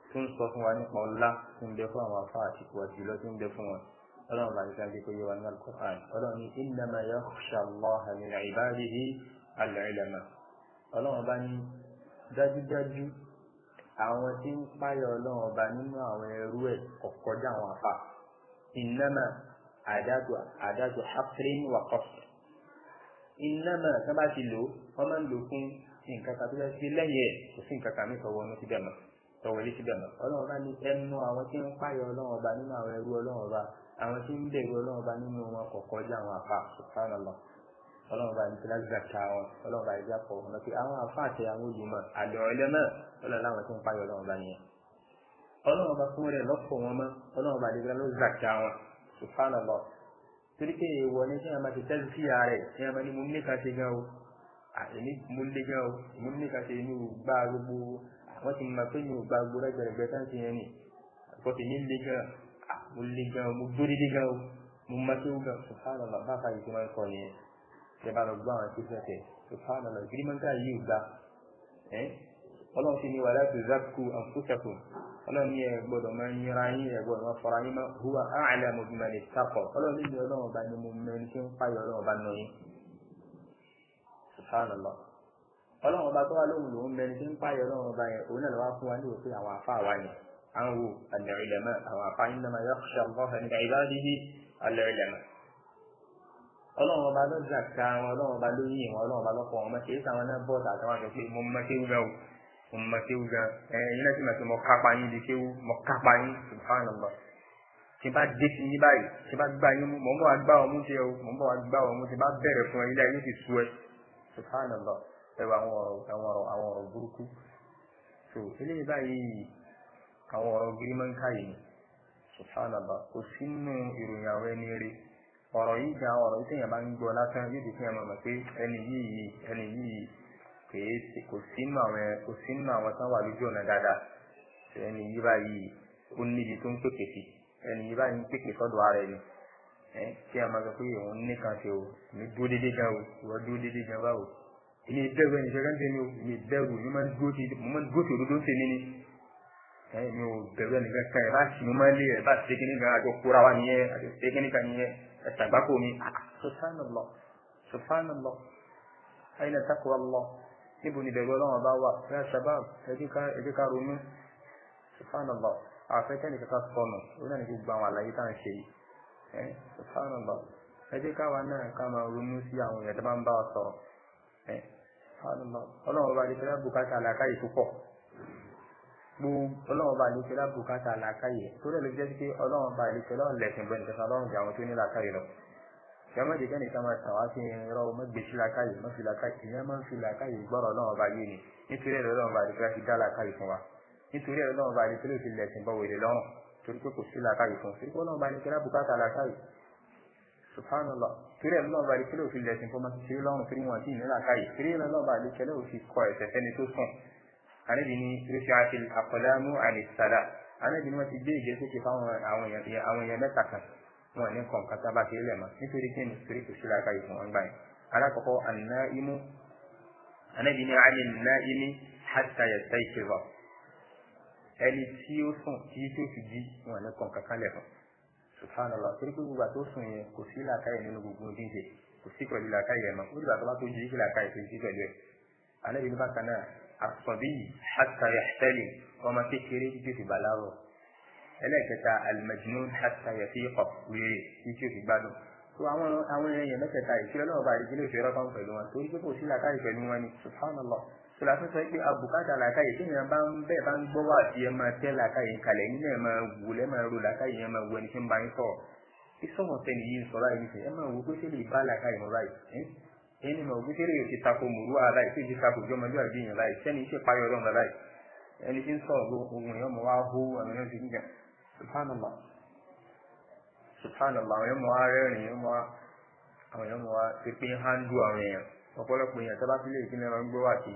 tó ń sọ fún wa nípa ọlá tó ń bẹ fún àwọn àfáà àti ọlọ́run bá nìkan kí kò yé wa ní alukur'an ọlọ́run ní innama yakhsha Allaha min ibadihi al-ulama ọlọ́run bá ní dájúdájú àwọn tí ń páyọ ọlọ́run ọba nínú àwọn ẹrú ẹ̀ ọ̀kọ́jà àwọn afa innama àdájọ àdájọ hafrin wa qasr innama tí wọ́n bá ti lò wọ́n máa ń lò fún nǹkan kan tó bá ti lẹ́yìn ẹ̀ kò sí nǹkan kan mi tọwọ́ ní síbẹ̀ ọlọ́run bá ní ẹnu àwọn tí ń páyọ ọlọ́run ọba nínú àwọn ẹrú ọlọ́run ọba àwọn tí ń bẹ̀rù ọlọ́run bá nínú wọn kọ̀ọ̀kan jẹ́ àwọn àfa subhanallah ọlọ́run bá ní tí láti zàkà wọn ọlọ́run bá ní jápọ̀ wọn lọ́kẹ́ àwọn àfa àti àwọn olùmọ̀ àlọ́ ọlẹ́ náà ọlọ́run láwọn tí ń payọ̀ ọlọ́run bá nìyẹn ọlọ́run bá fún rẹ̀ lọ́pọ̀ wọn mọ́ ọlọ́run bá nígbà ló zàkà wọn subhanallah torí pé èèwọ̀ ni kí wọn máa ti tẹ́lẹ̀ sí ìyá kí wọn máa ní mo ká ṣe gan o àìní mo gan o mo ká ṣe inú gbá gbogbo àwọn ti mọ pé mi gbá gbogbo rẹ̀ gbẹ̀rẹ̀gbẹ̀ tá mo lè gan o mo gbódédé gan o mo má kéwú gan subhanallah bá fa ìṣe máa ń kọ nìyẹn ṣe bá lọ gbọ́ àwọn tí fẹ́ tẹ̀ subhanallah ìgbìmọ̀ká yìí ò gbà ẹ́ ọlọ́run ti ní wàhálà tó zákù àǹfóṣàkù ọlọ́run ní ẹ gbọ́dọ̀ máa ń yẹra yín ẹ gbọ́dọ̀ máa fọra yín máa huwa àlẹ́ mo bí máa lè sákọ̀ ọlọ́run ní ọlọ́run ọba ni mo mẹ́rin tí ń payọ̀ ọlọ́run ọba nù yín subhanallah ọlọ́run ọba tó wà lóhùn lòún mẹ́rin tí ń payọ̀ ọlọ́run ọba yẹn òun náà lọ́wọ́ fún wa ní òfin àwọn àfáà wa yẹn àwọn العلماء àwọn àfáàyàn náà yọ ṣe ọlọ́hàn ní ìbáàdìhì àlẹ́rìlẹ́mọ́. ọlọ́run ọba ló zàkà wọn ọlọ́run ọba ló yìn wọn ọlọ́run ọba ló fọ wọn mọ́ kìí sáwọn náà bọ́ọ̀tà àtàwọn àjọ pé mo mọ kéwù gan o mo mọ kéwù gan ẹ yín náà sì mọ̀ pé mo kápá yín di kéwù mo kápá yín subhanallah tí bá dé sí yín báyìí tí bá gbá yín mú mò ń bọ̀ wá gbá ọmú tí o mò ń wá gbá ọmú tí bá bẹ̀rẹ̀ fún ẹ ilé ayé ti sú ẹ subhanallah ẹ wà àwọn ọ̀rọ̀ àwọn ọ̀rọ̀ burúkú àwọn ọ̀rọ̀ gírímọ̀ ń káyè subhanallah kò sínú ìròyìn àwọn ẹni rí ọ̀rọ̀ yìí ga ọ̀rọ̀ yìí tẹ̀yàn bá ń gbọ́ lásán yóò di fún ẹ̀mọ̀ mọ̀ pé ẹni yìí ẹni yìí kèé kò sínú àwọn kò sínú àwọn tán wà lójú ọ̀nà dáadáa ẹni yìí báyìí ó níbi tó ń pèpè sí ẹni yìí báyìí ń pèpè sọ́dọ̀ ara ẹni kí a máa sọ pé òun nìkan ṣe o mi dúró déédéé gan o ìwọ dúró déédéé gan báwo èmi ìbẹ̀rù ẹni ìṣẹ́gá ń tẹ̀lé o èmi ìbẹ̀rù mi máa mo máa ń dúró òdodo ń tẹ̀lé ni mi ò ni ẹnì kankan ẹ̀ bá sì mú máa lé ẹ̀ bá ṣe kíní kan àjọ kóra wa nìyẹn àjọ ṣe kíní kan nìyẹn ẹ̀ tàgbákò mi subhanallah subhanallah ayna taqwallah níbo ni bẹ̀rù ọlọ́run bá wà ẹ̀ sábàb ẹ̀jẹ̀ ká ronú subhanallah àfẹ́tẹ́ nìkan ká sọnù ó náà ní gbogbo àwọn àlàyé tá à ń ṣe yìí ẹ̀ subhanallah ẹ̀jẹ̀ káwa náà ká máa ronú sí àwọn èèyàn tó bá ń bá wa sọ̀rọ̀ ẹ̀ subhanallah gbogbo ọlọ́run bá àlejò lábùkátà làákàyè torí ẹ̀lú jẹ́ pé ọlọ́run bá àlejò lọ́run lẹ̀sìn gbẹ̀ǹdẹ̀ ọlọ́run jà àwọn tó ní làákàyè lọ. ìyámọ̀dé kẹ́ni ká máa tàwá sí ẹ̀rọ mọ́gbèsí làákàyè mọ́fi làákàyè ìyá máa ń fi làákàyè gbọ́rọ̀ ọlọ́run bá yé ni nítorí ẹ̀rọ ọlọ́run bá àlejò láti dá lẹ̀sìn bọ̀ wèrè lọ́rùn torí pé kò sí làákàyè fún torí pé ọlọ́run bá àlejò lábùkátà làákàyè subhanallah torí ẹ̀rọ torí wọn àti ànábì ní rufi'ati al-aqlamu 'ani as-salat ànábì ní wọ́n ti gbé ìgbésẹ̀ sókè fáwọn àwọn èèyàn mẹ́ta kan wọn ní kọ̀ǹkan tá a bá ti rí lẹ̀ mọ́ nítorí kí ni torí kò sí láàká yìí fún wọn gbà yẹn alákọ̀ọ́kọ́ an-na'imu ànábì ní 'ani an-na'imi hatta yastayqiza ẹni tí ó sùn tí tí ó fi jí wọn ní kọ̀ǹkan kan lẹ̀ fún subhanallah torí pé gbogbo àti ó sùn yẹn kò sí láàká nínú gbogbo díje kò sí pẹ̀lú láàká yẹn mọ́ ó dìgbà tó bá tó jí kí láàká tó jí pẹ̀lú ẹ̀ ànábì ní bákan náà الصبي حتى يحتلم وما تكري في بلاغه ẹlẹ́ẹ̀kẹta alimajinun hasa yafi kọ wíwí títí òfin gbádùn tó àwọn àwọn èèyàn mẹ́tẹ̀ẹ̀ta ìṣẹ́ lọ́wọ́ bá àdìgí lè fi rọ́pà ń pẹ̀lú wọn torí pé kò sí làákàyè pẹ̀lú wọn ni subhanallah tó la fún sọ pé abùkátà làákàyè tí èèyàn bá ń bẹ́ẹ̀ bá ń gbọ́ wá sí ẹ máa tẹ́ làákàyè kalẹ̀ nínú ẹ̀ máa wù lẹ́ máa ro làákàyè yẹn máa wù ẹni tí ń bá yín sọ̀rọ̀ ìsọ̀rọ̀ tẹ́ni yìí ń sọ̀rọ̀ àyè ẹni mọ̀ òbí tẹ́lẹ̀ yóò ti tako mòrú ara ẹ̀ tí ti tako ìjọmọjú àgbéyàn láì sẹ́ni iṣẹ́ payọ̀ ọlọ́run láì ẹni tí ń sọ̀rọ̀ ohun èèyàn mọ̀ wá hó àwọn èèyàn ti níjà subhanallah subhanallah àwọn èèyàn mọ̀ wá rẹ́rìn àwọn èèyàn mọ̀ wá ti pín hándù àwọn èèyàn ọ̀pọ̀lọpọ̀ èèyàn tó bá fi lè kí ní ọlọ́run gbówà sí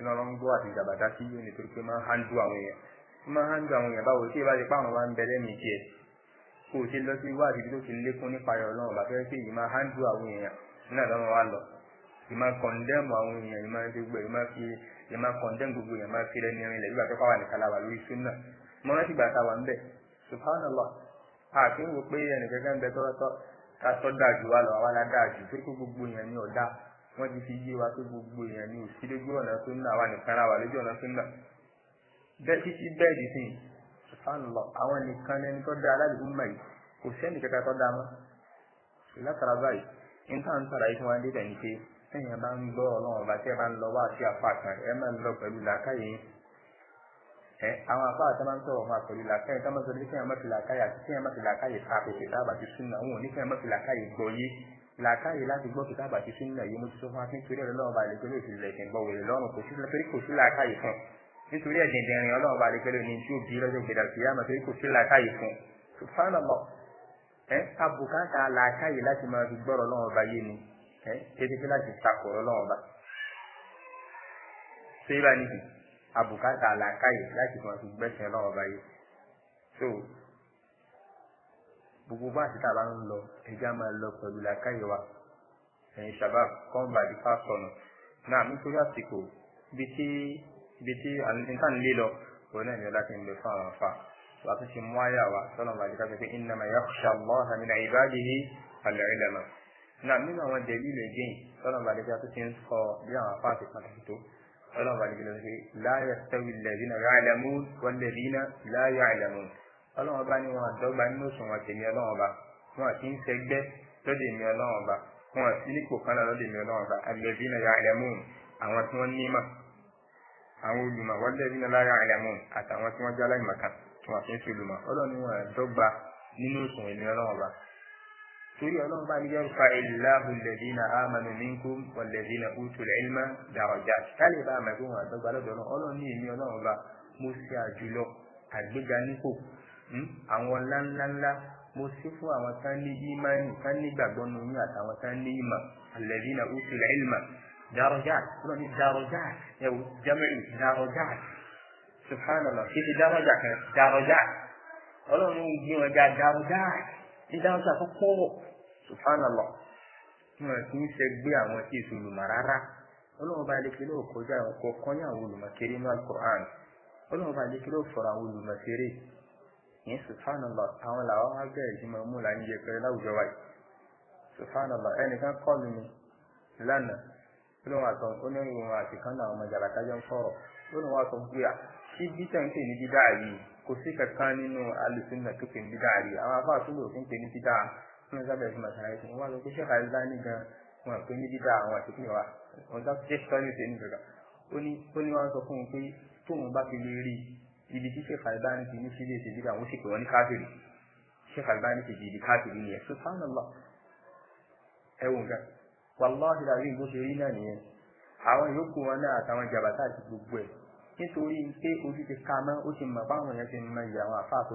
ọlọ́run gbówà sí ìjàbàtà sí yóò nítorí pé máa hándù àwọn èèyàn máa hándù àwọn èèyàn báwo tí ìbá ti pàwọn wá ń bẹ lẹ́mìí tiẹ̀ kó o ti lọ sí wáàdí tó ti lékún nípa ọlọ́run bàbá fẹ́ yìí máa hándù àwọn èèyàn náà lọ́mọ wá lọ ìmọ̀ kọ̀ndẹ́mù àwọn èèyàn ìmọ̀ gbogbo ìmọ̀ fi ìmọ̀ kọ̀ndẹ́mù gbogbo èèyàn máa fi rẹ ní irinlẹ̀ nígbà tó kọ́ wà ní kalawa lórí sunna mo rántí gbàtà wà ń bẹ̀ subhanallah àti wò pé ẹnìkankan bẹ tọ́tọ́ kásọ̀ dájú wa lọ àwa la dájú pé kó gbogbo èèyàn ní ọ̀dá wọ́n ti fi yé wa pé gbogbo èèyàn ní òsì lójú ọ̀nà sunna àwa nìkan ra wà lójú ọ̀nà sunna bẹ́ẹ̀ títí bẹ́ẹ̀ dì sí subhanallah àwọn nìkan ẹni tó dá aládùúgbò mọ̀ yìí kò sẹ́nìkankan tó dá mọ́ ìlàkàrà báyìí níta ń tàrà yìí fún wa dé dẹ̀ pé téèyàn bá ń gbọ́ ọlọ́run ọba tí ẹ bá ń lọ wá sí apá kan ẹ máa ń lọ pẹ̀lú làákàyè ẹ àwọn apá àti máa ń sọ̀rọ̀ máa pẹ̀lú làákàyè tá máa sọ pé kéèyàn má fi làákàyè àti kéèyàn má fi làákàyè ta kò kìtà àbàtì súnà òun ò ní kéèyàn má fi làákàyè gbọ́ yé làákàyè láti gbọ́ kìtà àbàtì súnà yìí mo ti sọ fún akin torí ọlọ́run ọba àlejò èsì lẹ̀kìn gbọ́ wèrè lọ́rùn kò sí torí kò sí làákàyè fún nítorí ẹ̀dìn ọlọ́run ọba àlejò ní tí ó bí lọ́jọ́ gbẹdà sí yàmà torí kò sí làákàyè fún subhanallah ẹ abùkátà làákàyè láti máa fi gbọ́rọ̀ ọlọ́run ọba ni kéde pé láti takò ọlọ́run ọba ṣé bá níbi àbùkátà àlàkáyè láti máa fi gbẹ́sẹ̀ ọlọ́run ọba yìí so gbogbo bá àti tàbá ń lọ ẹja máa lọ pẹ̀lú làkáyè wa ẹ̀yin sábà kọ́ńbà di fásọ̀nù náà nítorí àsìkò ibi tí ibi tí nǹkan lé lọ òun náà ní ọlá ti ń bẹ fún àwọn afa wàá tún ṣe mú àyà wa sọ́nà bàjẹ́ ká pé innama yakhsha Allaha min ibadihi al-ulama náà nínú àwọn jẹ̀bi ilẹ̀ jẹ́yìn tọ́lọ́mù àdéjà tó ti ń sọ bí àwọn afáàfẹ́ pàtàkì tó tọ́lọ́mù àdéjà ló ṣe láyà tẹ́wì lẹ́bí náà yàlámù wọ́lẹ́bí náà láyà yàlámù ọlọ́wọ́n bá ní wọn àdọ́gba nínú òṣùwọ̀n tèmi ọlọ́wọ́n bá wọn àti ń sẹgbẹ́ lọ́dẹ̀ mi ọlọ́wọ́n bá wọn àti nípò kan náà lọ́dẹ̀ mi ọlọ́wọ́n bá àlẹ́bí náà yàlámù àwọn tí wọ́n ní mà àwọn olùmọ̀ wọ́lẹ́bí náà láyà yàlámù àtàwọn tí wọ́n jẹ́ aláìmọ̀kan tí wọ́n àti ń ṣe olùmọ̀ ọlọ́ni wọn àdọ́gba nínú òṣùwọ̀n ènìyàn ọlọ́wọ́n bá torí ọlọ́run bá ní yẹn fa ìlàhù lẹ́dínà àmàlù minkum wàlẹ́dínà utul ilma dàrọ̀jà kálí bá àmàgbé wọn àtọ́gbà lọ́dọ̀ náà ọlọ́run ní èmi ọlọ́run bá mo ṣe àjùlọ àgbéga nípò hmm? àwọn ńláńláńlá mo ṣe fún àwọn tán ní ìmánì tán ní gbàgbọ́ nínú yín àtàwọn tán ní ìmọ̀ wàlẹ́dínà utul ilma dàrọ̀jà ọlọ́run dàrọ̀jà dàrọ̀jà subhanallah dídáńsà tó pọ̀ subhanallah wọn kì í ṣẹgbẹ́ àwọn tí èso lùmọ̀ rárá ọlọ́run bá lékè ló kọjá ọkọ̀ kan ní àwọn olùmọ̀kéré ní alukur'an ọlọ́run bá lékè ló fọ̀rọ̀ àwọn olùmọ̀kéré yẹn subhanallah àwọn làwọn wá bẹ̀rẹ̀ sí máa mú làní yẹpẹrẹ láwùjọ wa yìí subhanallah ẹnìkan kọ́ mi ni lánàá olóhùn àtọ̀ onírìnrìn àti kan náà ọmọ jàbàtà jọ ń fọ̀rọ̀ olóhùn àtọ̀ gbé à ah, ṣí bí tẹ̀ ń pè ní dídá yìí kò sí kankan nínú alùsùnà tó pè ní bídà rí àwọn afá tó lò fún pé ní bídà wọn sábẹ̀ fún màsáyé tí wọn lọ pé ṣé kàlí dání gan wọn pé ní bídà àwọn àtìkú wa wọn sá ṣe sọ ní ìṣe ní ìṣẹ̀dá ó ní wọn sọ fún un pé tóun bá fi lè rí ibi tí ṣé kàlí dání ti ní sílé ìṣe bídà wọn sì pè wọn ní káfíìrì ṣé kàlí dání ti di ibi káfíìrì ni ẹ subhanallah ẹ wò nǹkan àwọn ìyókù wọn náà àtàwọn jàbátà àti gbogbo ẹ̀ nítorí pé ojú ti ka mọ́ ó ti mọ̀ báwọn èèyàn ti mọ ìyá àwọn àfáà dé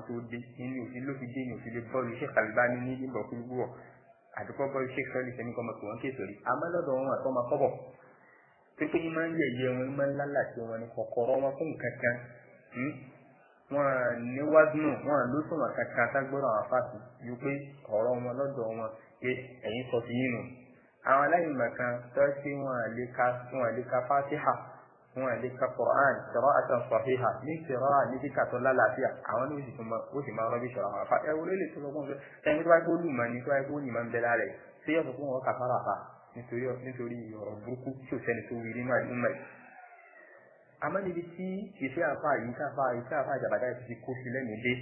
nínú òfin ló fi dé ní òfin lé bọ́ọ̀lù iṣẹ́ kàlíbá ní ní ìbọ̀kúgbò àdúgbò bọ́ọ̀lù iṣẹ́ sọ́ọ̀lì sẹ́ni kọ́ mọ̀tò wọn kéèsì rí àmọ́ lọ́dọ̀ wọn àtọ́ máa kọ́bọ̀ pípé ní máa ń yẹ̀yẹ́ wọn máa ń lálàsí wọn ní kọ̀kọ́rọ́ wọn fún nǹkan kan hmm? wọn níwájú wọn ló sọ̀rọ̀ kankan tágbọ́rọ̀ àwọn afáàsì ju pé ọ̀rọ̀ wọn lọ́dọ̀ wọn pé ẹ̀yìn sọ sí yín nù àwọn aláìmọ̀ kan tọ́ sí wọn àlékà fásíhà wọn àlè ka Qur'an sọ̀rọ̀ àti sọ̀híhà ní sọ̀rọ̀ àní bí kàtọ́ lálàáfíà àwọn ní oṣù tuma ó sì máa rọ́bí sọ̀rọ̀ àwọn afa ẹ wọlé lè sọ̀rọ̀ fún un ẹni tó bá kó lù màní tó bá kó yìí máa ń bẹ lálẹ́ ṣé yọ̀sọ̀ fún wọn kàfàrà fa nítorí ọ̀rọ̀ burúkú tí ò sẹ́ni tó wí nínú àdúmọ̀ yìí. àmọ́ níbi tí iṣẹ́ àfa yìí káfa iṣẹ́ àfa ìjàbàdà ti kó sí lẹ́nu dé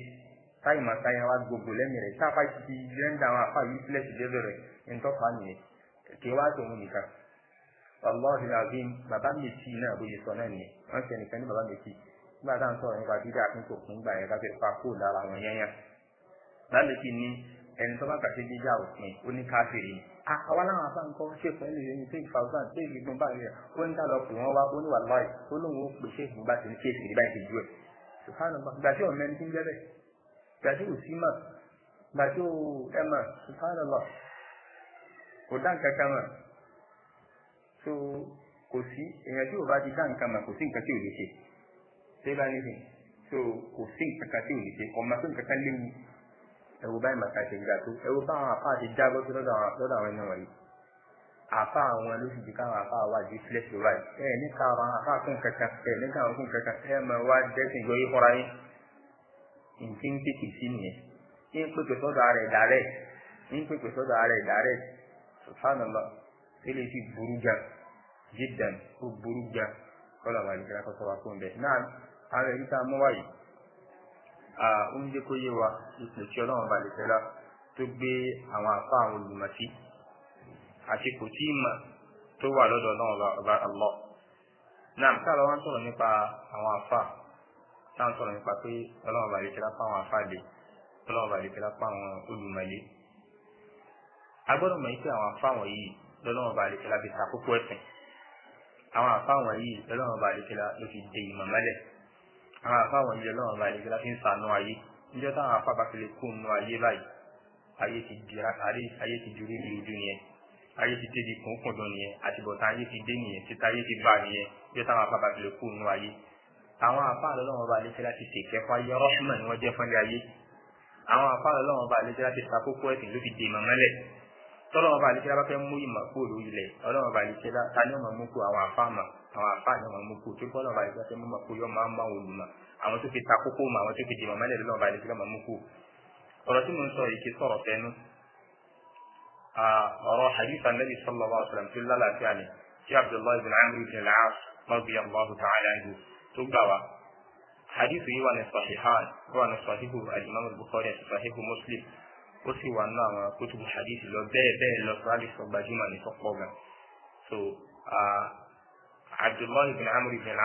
táyì máa táyà wá gbogbo lẹ́nu rẹ̀ táfa ti rẹ́ńdà àwọn àfa yìí sílẹ̀ sí lẹ́dọ̀ rẹ̀ ń tọ́ka nìyẹn kí wá tòun nìkan wàlláhi azim bàbá méjì náà bóyá sọ náà nìyẹn wọ́n ṣe nìkan ní bàbá méjì Dan tá à ń sọ̀rọ̀ nípa dídá àtúntò fún gbà yẹn káfíń pa kó lára wọn yányá bàbá méjì ní ẹni ni. bá gbàṣẹ dídá òfin ó ní káfíìn ni ni ni àwa láwọn afá nǹkan ṣe pẹ̀lú ẹni tó ìfàwùsàn tó ìgbìmọ̀ báyìí ó ń dàlọ́ pé wọ́n wá ó ní wàlláhi ó lóun ó pèsè ìgbà tí ń ṣe ìṣèlú báyìí ti ju ẹ̀ subhanallah gbàtí ò mẹni tí ń jẹ́bẹ̀ gbàtí ò sí mà gbàtí ò ẹ̀ mà subhanallah kò dá nǹkan kan mà so kò sí èèyàn tí ò bá ti dá nǹkan mà kò sí nǹkan tí ò lè ṣe ṣé bá ní sìn so kò sí nǹkan kan tí ò lè ṣe ọmọ tó nǹkan kan léwu ẹwọ báyìí màkà ṣe gbà tó ẹwọ bá àwọn àfa àti jábọ́ tó lọ́dọ̀ àwọn ẹni wọ̀nyí àfa àwọn ló sì di káwọn àfa wà di flesh right ẹ ní káwọn àfa kún kankan ẹ ní káwọn kún kankan ẹ máa wá dẹ́sìn yọ yí kọ́ra yín nǹkan ń tètè sí nìyẹn ní pèpè sọ́dọ̀ ara ẹ̀ dàrẹ́ ní jiddan ó burú gba kọ́lá wà nígbà kọ́sọ́ wa fún bẹ́ẹ̀ náà àwọn ẹ̀rí tá a mú wáyé oúnjẹ kó yé wa ipò tí ọlọ́run bá lè fẹ́ra tó gbé àwọn afá àwọn olùmọ̀sí àti kò tí ì mọ̀ tó wà lọ́dọ̀ ọlọ́run ọba Allah náà ká lọ́wọ́ ń sọ̀rọ̀ nípa àwọn afá táwọn sọ̀rọ̀ nípa pé ọlọ́run bá lè fẹ́ra fún àwọn afá lè ọlọ́run bá lè fẹ́ra fún àwọn olùmọ̀lé a gbọ́dọ̀ mọ̀ yí pé àwọn afá wọ̀nyí lọ́lọ́run bá lè fẹ́ra fi sàkókò ẹ̀sìn àwọn àfáwọn yìí lọ́lọ́wọ́n bá àdékẹ́lá ló fi de ìmọ̀ mẹ́lẹ̀ àwọn àfáwọn yìí lọ́lọ́wọ́n bá àdékẹ́lá fi ń sànú ayé níjọ́ táwọn afá bá fi lè kó nu ayé báyìí ayé ti di dúró ní ojú nìyẹn ayé ti débi kùnkùn dùn nìyẹn àtibọ̀tán ayé ti dé nìyẹn títa ayé ti bá nìyẹn níjọ́ táwọn afá bá fi lè kó nu ayé àwọn afá lọ́lọ́wọ́n bá àdékẹ́lá ti ṣèkẹ́ fún ayé rọ́ṣùmọ̀ ni wọ́n jẹ́ fún ayé àwọn afá lọ́lọ́wọ́n bá àdékẹ́lá ti sakókó ẹ̀sìn ló fi de ìmọ̀ mẹ́lẹ̀ tọ́lọ́wọ́ bá àlìkẹ́lá bá fẹ́ mú ìmọ̀ kó ló ilẹ̀ ọlọ́wọ́ bá àlìkẹ́lá ta ni ọmọ mú kó àwọn àfáàmà àwọn àfáà ni ọmọ mú kó tó bọ́lọ́wọ́ bá àlìkẹ́lá fẹ́ mú mọ̀ kó yọ máa ń bá wọn olùmọ̀ àwọn tó fi ta kókó mọ̀ àwọn tó fi dìmọ̀ mọ́lẹ̀ lọ́wọ́ bá àlìkẹ́lá mọ̀ mú kó. ọ̀rọ̀ tí mo ń sọ yìí kì sọ̀rọ̀ fẹ́nu ọ̀rọ̀ hadith ó sì wà nínú àwọn kótópù hadith lọ bẹ́ẹ̀ bẹ́ẹ̀ lọ sọ́ọ́lì sọ gbajúmọ̀ ní sọ́pọ̀ gan so abdullahi bin amr bin as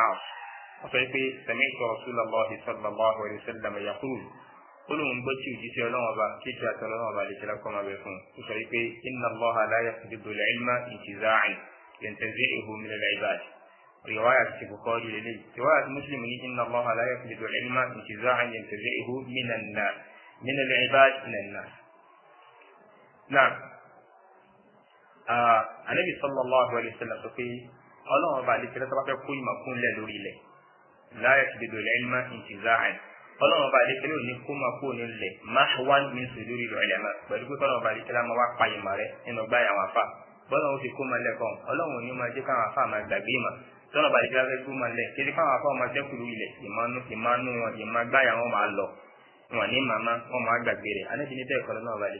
wọ́n sọ pé sami'tu rasulallahi sallallahu alayhi wa sallam yaqul olóhùn gbọ́ tí òjíṣẹ́ ọlọ́wọ́n bá kéjì àti ọlọ́wọ́n bá lè ṣe lákọ́ máa bẹ fún ó sọ pé inna allaha la yaqbidu ilma intiza'an yantazi'uhu min al-ibad riwaya ti bukhari lele riwaya ti muslim ni inna allaha la yaqbidu al-ilma intiza'an yantazi'uhu min al-ibad min al-nas náà ah, ànábì sallallahu alaihi wasallam sọ pé ọlọ́run ọba àdìsẹ́lẹ̀ tó bá fẹ́ kó ìmọ̀ kúnlẹ̀ lórí ilẹ̀ láyà ti dèdò ilẹ̀ ẹ̀ma ìtìzá àìn ọlọ́run ọba àdìsẹ́lẹ̀ ò ní kó máa kó ní ilẹ̀ máa wá ní sòdúrì lọ ilẹ̀ máa pẹ̀lú pé ọlọ́run ọba àdìsẹ́lẹ̀ máa wá pa ìmọ̀ rẹ nínú gbá àwọn afá bọ́lá wọn ti kó máa lẹ̀ kàn ọlọ́run ò ní máa jẹ́ káwọn afá máa gbàgbé ìmọ̀ tọ́nà ọba àdìsẹ́lẹ̀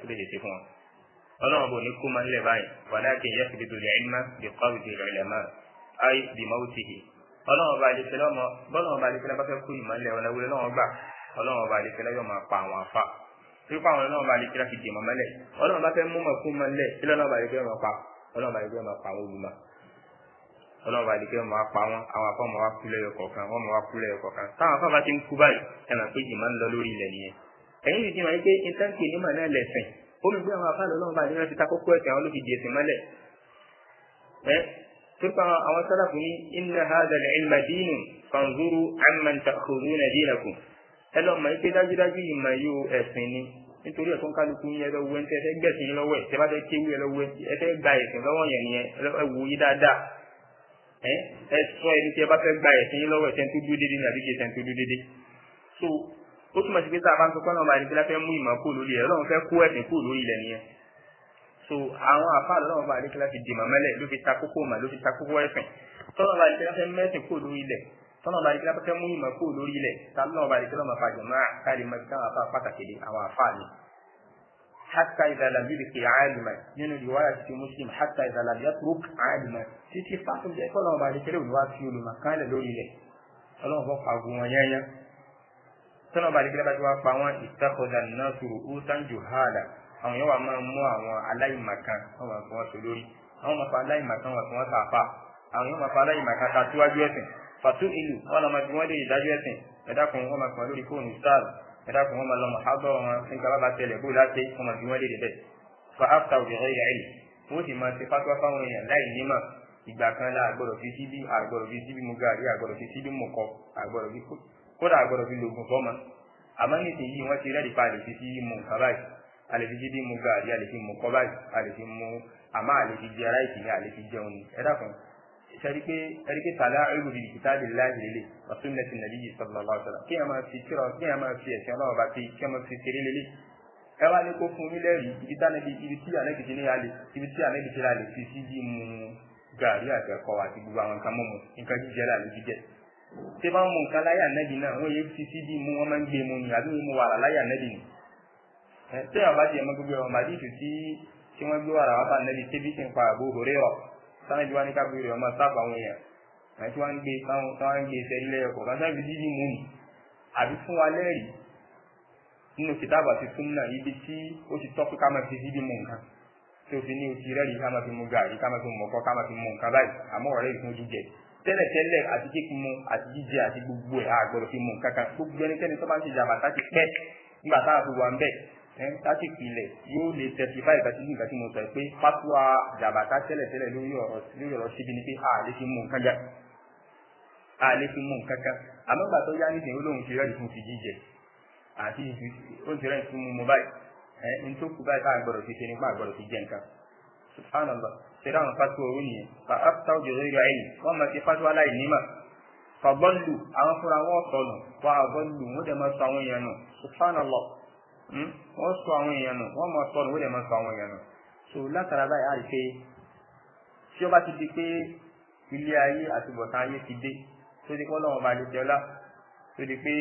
fẹ́ kó máa lẹ̀ ọlọ́run bò ní kú máa ń lẹ̀ báyìí walakin yathbitu al-ilma biqabdi al-ulama ay bimawtihi ọlọ́run ọba àdìsẹ́lẹ̀ ọmọ bọ́lọ́run ọba àdìsẹ́lẹ̀ bá fẹ́ kú ìmọ̀ ńlẹ̀ ọ̀nà wọlé lọ́wọ́ gbà ọlọ́run ọba àdìsẹ́lẹ̀ yóò máa pa àwọn afá torí pàwọn ọlọ́run ọba àdìsẹ́lẹ̀ fi dè mọ́mọ́lẹ̀ ọlọ́run bá fẹ́ mú mọ̀ kú mọ́ ńlẹ̀ ilé ọlọ́run ọba àdìsẹ́lẹ̀ máa pa ọlọ́run ọba àdìsẹ́lẹ̀ máa pa àwọn olùmọ̀ ọlọ́run bá dikẹ́ ọmọ apá wọn àwọn afọ́ ọmọ wa kú lẹ́yọ kọ̀ọ̀kan wọ́n mọ̀ wá kú lẹ́yọ kọ̀ọ̀kan táwọn afọ́ bá ti ń kú báyìí ẹ̀ máa pé jì máa ń lọ lórí ilẹ̀ nìyẹn ẹ̀yìn ti ti máa ń pé ìtànkì onímọ̀ náà lẹ̀sìn ó mi gbé àwọn àfáàlọ́ náà bá ní wọ́n ti ta kókó ẹ̀sìn àwọn olókìkí ẹ̀sìn mọ́lẹ̀ ẹ́ tókàn àwọn sálàfù ní inna hadha al-ilma dinun fanzuru amman ta'khuduna dinakum ẹ lọ́ọ́ mọ̀ ẹ́ pé dájúdájú ìmọ̀ yóò ẹ̀sìn ni nítorí ẹ̀kọ́ kálukú yẹn lọ́wọ́ ẹ̀ tẹ́ gbẹ̀sìn lọ́wọ́ ẹ̀ tẹ́ bá fẹ́ kéwú yẹn lọ́wọ́ ẹ̀ tẹ́ gba ẹ̀sìn lọ́wọ́ yẹn nìyẹn ẹ wò yí dáadáa ẹ sọ ẹni tí ẹ bá fẹ́ gba ẹ̀sìn lọ́wọ́ ẹ̀ tẹ́ ń tó dúdé ní àbíkẹ́ tẹ́ ń tó dúdé. so ó túmọ̀ sí pé tá a bá ń sọ pé ọlọ́run àdìgbẹ́lá fẹ́ mú ìmọ̀ kó lórí ẹ̀ ọlọ́run fẹ́ kó ẹ̀sìn kó lórí ilẹ̀ nìyẹn so àwọn àfáà lọ́wọ́ bá àdékẹ́lá fi dìmọ̀ mẹ́lẹ̀ ló fi ta kókó mà ló fi ta kókó ẹ̀sìn tọ́lọ́ bá àdékẹ́lá fẹ́ mẹ́sìn kó lórí ilẹ̀ tọ́lọ́ bá àdékẹ́lá fẹ́ mú ìmọ̀ kó lórí ilẹ̀ ta lọ́wọ́ bá àdékẹ́lá mà fàjọ máa káàdì mọ́ ìtàn àfáà pàtàkì ni àwọn àfáà ni. hatta ìdàlà bíbi kì àlùmọ̀ nínú ìwáyà ti muslim hatta ìdàlà tọ́nà ọba àdìgbẹ́lẹ́ bá ti wá pa wọn ìtẹ́kọ̀dà náà tó ó sáǹjù hàdà àwọn yóò wá máa mú àwọn aláìmàkan wọn wà fún wọn tó lórí àwọn máa fa aláìmàkan wọn fún wọn sàfà àwọn yóò máa fa aláìmàkan ta síwájú ẹ̀sìn fàtú ìlú wọn lọ́ọ́ máa fi wọ́n lè dájú ẹ̀sìn ẹ̀dákun wọn máa fi wọn lórí fóònù sáàlù ẹ̀dákun wọn máa lọ mọ̀hábọ̀ wọn nígbà bàbá tẹlẹ̀ bó láti wọn máa fi wọ́n lè dé bẹ́ẹ̀ fa áfta òbẹ̀rẹ̀ ìyá ẹ̀lì sì máa ṣe fatuwa fáwọn èèyàn láì nímọ̀ ìgbà kan la àgbọ̀dọ̀ fi síbí àgbọ̀dọ̀ fi síbí mu gaari àgbọ̀dọ̀ fi síbí mu kọ àgbọ̀dọ̀ fi kódà àgbọ̀dọ̀ fi lògùn fọ́mọ àmọ́ nísìnyí wọ́n ti rẹ́ẹ̀dì pa àlèfi sí mu nǹkan báyìí àlèfi sí bí mu gàrí àlèfi mu kọ́ báyìí àlèfi mu àmọ́ àlèfi jẹ ráìsì ni àlèfi jẹun ni ẹ dákun sẹ́rí pé sẹ́rí pé tàlá ẹ̀rù bíi kìtàbí láàyè lélẹ̀ ọ̀tún nẹ́tì nàbí yìí sallallahu alaihi wasallam kí ẹ máa fi kíra kí ẹ máa fi ẹ̀sìn ọlọ́wọ́ bá fi kí ẹ máa fi ṣeré lélẹ̀ ẹ wá ní kó fún mi lẹ́rìí ibi tí ànábi ibi tí ànábi ti ní alè ibi tí ànábi ti ní alè fi sí bí mu gàrí àtẹ̀kọ́ àti gbogbo àwọn nǹkan mọ̀mọ́ nǹkan jíjẹ láàlú jíjẹ tí bá ń mu nǹkan láyà nẹ́bì náà wọ́n yé fi síbi mu wọ́n máa ń gbé mu ni àbí wọ́n mu wàrà láyà nẹ́bì ni. téèyàn bá tiẹ̀ mọ gbogbo ẹ̀rọ màdí ìtù tí tí wọ́n gbé wàrà wá bá nẹ́bì tébí sì ń pa àbò òré rọ̀ sáwọn ìdíwá ní kábíyèrè ọmọ sábà àwọn èèyàn àti wọ́n gbé táwọn gbé iṣẹ́ ilé ẹ̀kọ́ kan sábà síbi mu ni àbí fún wa lẹ́rìí nínú kìtàbà ti súnmọ́ ibi tí ó ti tọ́ pé ká máa fi o ti rẹ́rìí ká máa fi mu gàrí ká tẹ́lẹ̀tẹ́lẹ̀ àti kíkunu àti jíjẹ àti gbogbo ẹ̀ àgbọ̀dọ̀ fi mú kankan gbogbo ẹnikẹ́ni tó bá ń ṣe jàmbá táti pẹ́ nígbà táwọn fi wà ń bẹ̀ láti pilẹ̀ yóò lè tí pé tẹ́lẹ̀tẹ́lẹ̀ lórí ọ̀rọ̀ síbi ni pé àlè fi mú àlè fi mú tó yá nísìnyí fún ti jíjẹ àti ó ti fún mu mobile tó tẹ̀lé àwọn fatuwa òru nìyẹn fa afta ojú rẹ̀ yọ ẹ̀yìn wọ́n máa ti fatuwa láì nímọ̀ fàbọ́ọ̀lù àwọn fúnra wọn sọnù wà àbọ̀ọ̀lù wọ́n dẹ̀ máa sọ àwọn èèyàn nù subhanallah hmm? wọ́n sọ àwọn èèyàn nù wọ́n máa sọnù wọ́n dẹ̀ máa sọ àwọn èèyàn nù so látara báyìí á rí pé tí ó bá ti di pé ilé ayé àti bọ̀tá ayé ti dé so di pé ọlọ́run bá àdìsẹ́ ọlá tó di pé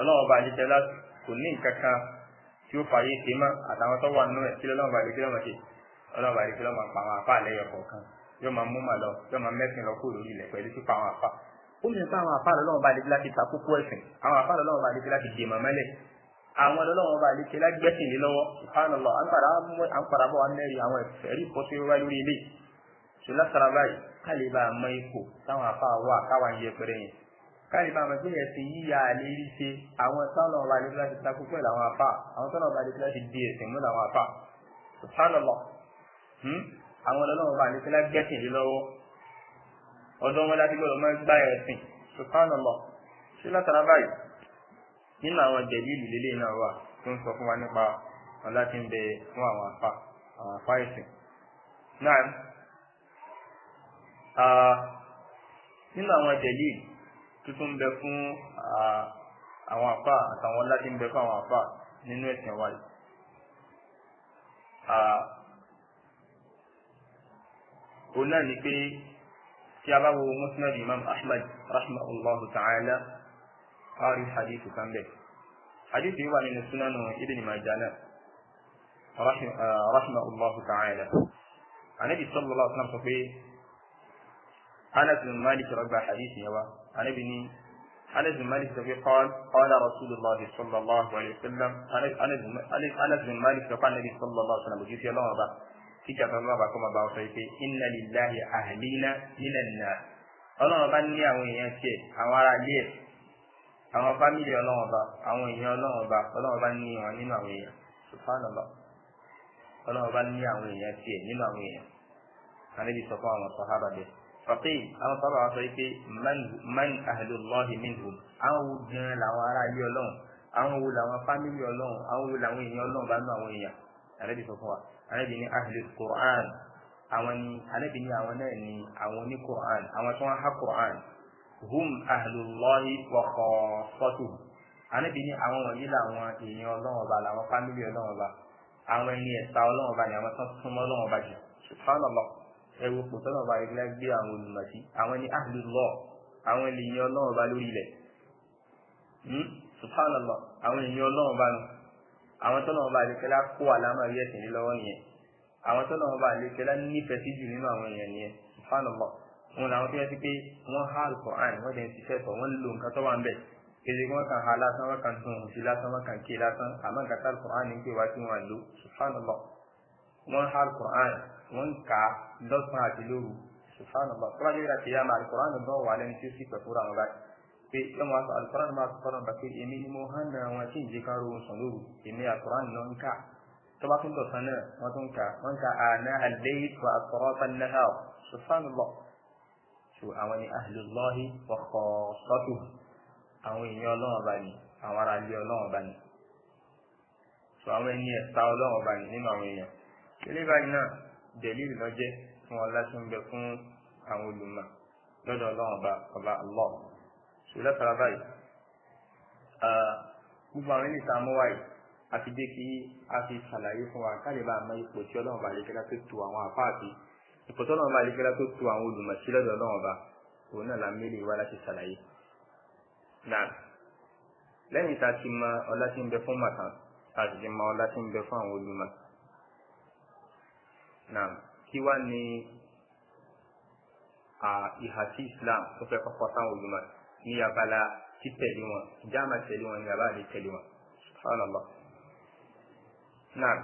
ọlọ́run bá àdìsẹ́ ọlá kò ní nǹkan kan tí ó fààyè ṣe mọ́ àtàwọn tó wà nínú ẹ̀ kí lọ́lọ́run bá àdìsẹ́ ọlá ọlọ́ba àdìsí lọ́mọ pa àwọn àfa àlẹ́yọ kọ̀ọ̀kan yóò máa mú mà lọ yóò máa mẹ́sìn lọ kúrò lórí ilẹ̀ pẹ̀lú pípa àwọn àfa ó mi pa àwọn àfa lọ́wọ́ bá àdìsí láti takókó ẹ̀sìn àwọn àfa lọ́wọ́ bá àdìsí láti dè mọ̀mọ́lẹ̀ àwọn lọ́wọ́ bá àdìsí láti gbẹ́sìn lé lọ́wọ́ ìfànàlọ́ à ń parabọ́ amẹ́rin àwọn ẹ̀rí ìfọ́sí wá lórí ilé ìlàsára báyìí káàlì bá a mọ ipò táwọn afa wà káwọn Hmm? àwọn ọlọ́wọ́ bá ní kílá gẹ́sìn lé lọ́wọ́ ọdún wọn láti gbọ́dọ̀ máa gbá ẹ̀sìn subhanallah ṣé látara báyìí nínú àwọn jẹ̀bi ìlú lélẹ̀ náà wà tó ń sọ fún wa nípa ọlá tí ń bẹ fún àwọn àfa àwọn àfa ẹ̀sìn náà nínú àwọn jẹ̀bi tuntun bẹ fún àwọn àfa àtàwọn ọlá tí ń bẹ fún àwọn àfa nínú ẹ̀sìn wa yìí òun náà ni pé tí a bá wo musnad imam ahmad rahmatulahu ta'ala a rí hadithu kan bẹ́ẹ̀ hadithu yìí wà nínú sunanu ibn majana rahmatulahu ah, ta'ala anabi sallallahu alaihi wa sallam sọ pé anas bin malik rọgbà hadithu yẹn wa anabi ni anas bin malik sọ pé qala rasulillah sallallahu alaihi wa sallam anas bin malik sọ pé anabi sallallahu alaihi wa sallam ojú fi ọlọ́run kíkà tó lọ́wọ́ àbákọ́ máa bá wọn sọ pé inna lillahi ahlina minan nas ọlọ́run bá ní àwọn èèyàn tiẹ̀ àwọn ará ilé ẹ̀ àwọn fámìlì ọlọ́run ọba àwọn èèyàn ọlọ́run ọba ọlọ́run bá ní wọn nínú àwọn èèyàn subhanallah ọlọ́run bá ní àwọn èèyàn tiẹ̀ nínú àwọn èèyàn àníbi sọ fún àwọn sọ̀hábà bẹ́ẹ̀ fàkìl àwọn sọ̀hábà wa sọ pé man ahlullahi minhum àwọn wo gan làwọn ará ilé ọlọ́run àwọn wo làwọn fámìlì ọlọ́run àwọn wo làwọn èèyàn ọlọ́run bá nú àwọn èèyàn àrẹ́bí sọ fún wa àrẹ́bí ní ahli quran àwọn ni àrẹ́bí ní àwọn náà ni àwọn ní quran àwọn tí wọ́n há quran hum ahlullahi wa khassatuhu àrẹ́bí ní àwọn wọ̀nyí làwọn èèyàn ọlọ́wọ́n ọba làwọn fámìlì ọlọ́wọ́n ọba àwọn ẹni ẹ̀ta ọlọ́wọ́n ọba ni àwọn tó súnmọ́ ọlọ́wọ́n ọba jù subhanallah ẹ̀wọ̀ kò tọ́lọ̀ ọba ìgbà gbé àwọn olùmọ̀sí àwọn ni ahlullah àwọn ènìyàn ọlọ́wọ́n ọba lórí ilẹ̀ hmm? subhanallah àwọn ènìyàn ọlọ́wọ́n ọba nù àwọn tọ́nà ọba àlekẹ́lá kó àlámà rí ẹ̀sìn ní lọ́wọ́ nìyẹn àwọn tọ́nà ọba àlekẹ́lá nífẹ̀ẹ́ sí jù nínú àwọn èèyàn nìyẹn subhanallah wọn làwọn tó yẹ sí pé wọ́n há alukur'an wọ́n dẹ̀ ń ṣiṣẹ́ tọ̀ wọ́n lo nǹkan tó wà ń bẹ̀ kéde wọn kàn há lásán wọn kàn tún òsì lásán wọn kàn ké lásán àmọ́ nǹkan tá alukur'an ń pè wá sí wọn lò subhanallah wọ́n há alukur'an wọ́n kà á lọ́sàn-án àti lóru subhanallah tó bá dé pé yọ́n wá sọ alukọ́rán máa sọ fọ́nà pàṣẹ èmi ni mo hàn náà wọn tí ń jẹ́ káró sùn lóru èmi àkùrán lọ ń kà tó bá tún dọ̀sán náà wọ́n tún kà wọ́n kà àná àlẹ́yìn wa àtọ́rọ́fà náà subhanallah so àwọn ni ahlullahi wa khassatu àwọn èèyàn ọlọ́wọ́n bá ní àwọn ará ilé ọlọ́wọ́n bá ní so àwọn ẹni ẹ̀ta ọlọ́wọ́n bá ní nínú àwọn èèyàn ilé báyìí náà dẹ̀líìlì lọ́jẹ́ fún ọlá tí ń bẹ fún àwọn olùmọ̀ lọ́dọ̀ ọlọ́wọ́n bá ọba allah ṣò látara báyìí gbogbo àwọn ilé ìsàmú wáyé àti dé kí a fi ṣàlàyé fún wa ká lè bá àmọ́ ipò tí ọlọ́run bá lè kẹ́lá tó tu àwọn àpáàtì ipò tí ọlọ́run bá lè kẹ́lá tó tu àwọn olùmọ̀sí lọ́dọ̀ ọlọ́run bá òun náà la mélèé wá láti ṣàlàyé. náà lẹ́yìn tá a ti mọ ọlá tí ń bẹ fún màkàn tá a sì ti mọ ọlá tí ń bẹ fún àwọn olùmọ̀. náà kí wá ní ìhà sí Islam tó fẹ́ kọ́kọ́ sáwọn olùmọ̀ ní abala títẹ̀lé wọn jáàmà tẹ̀lé wọn ní abala tẹ̀lé wọn subhanallah náà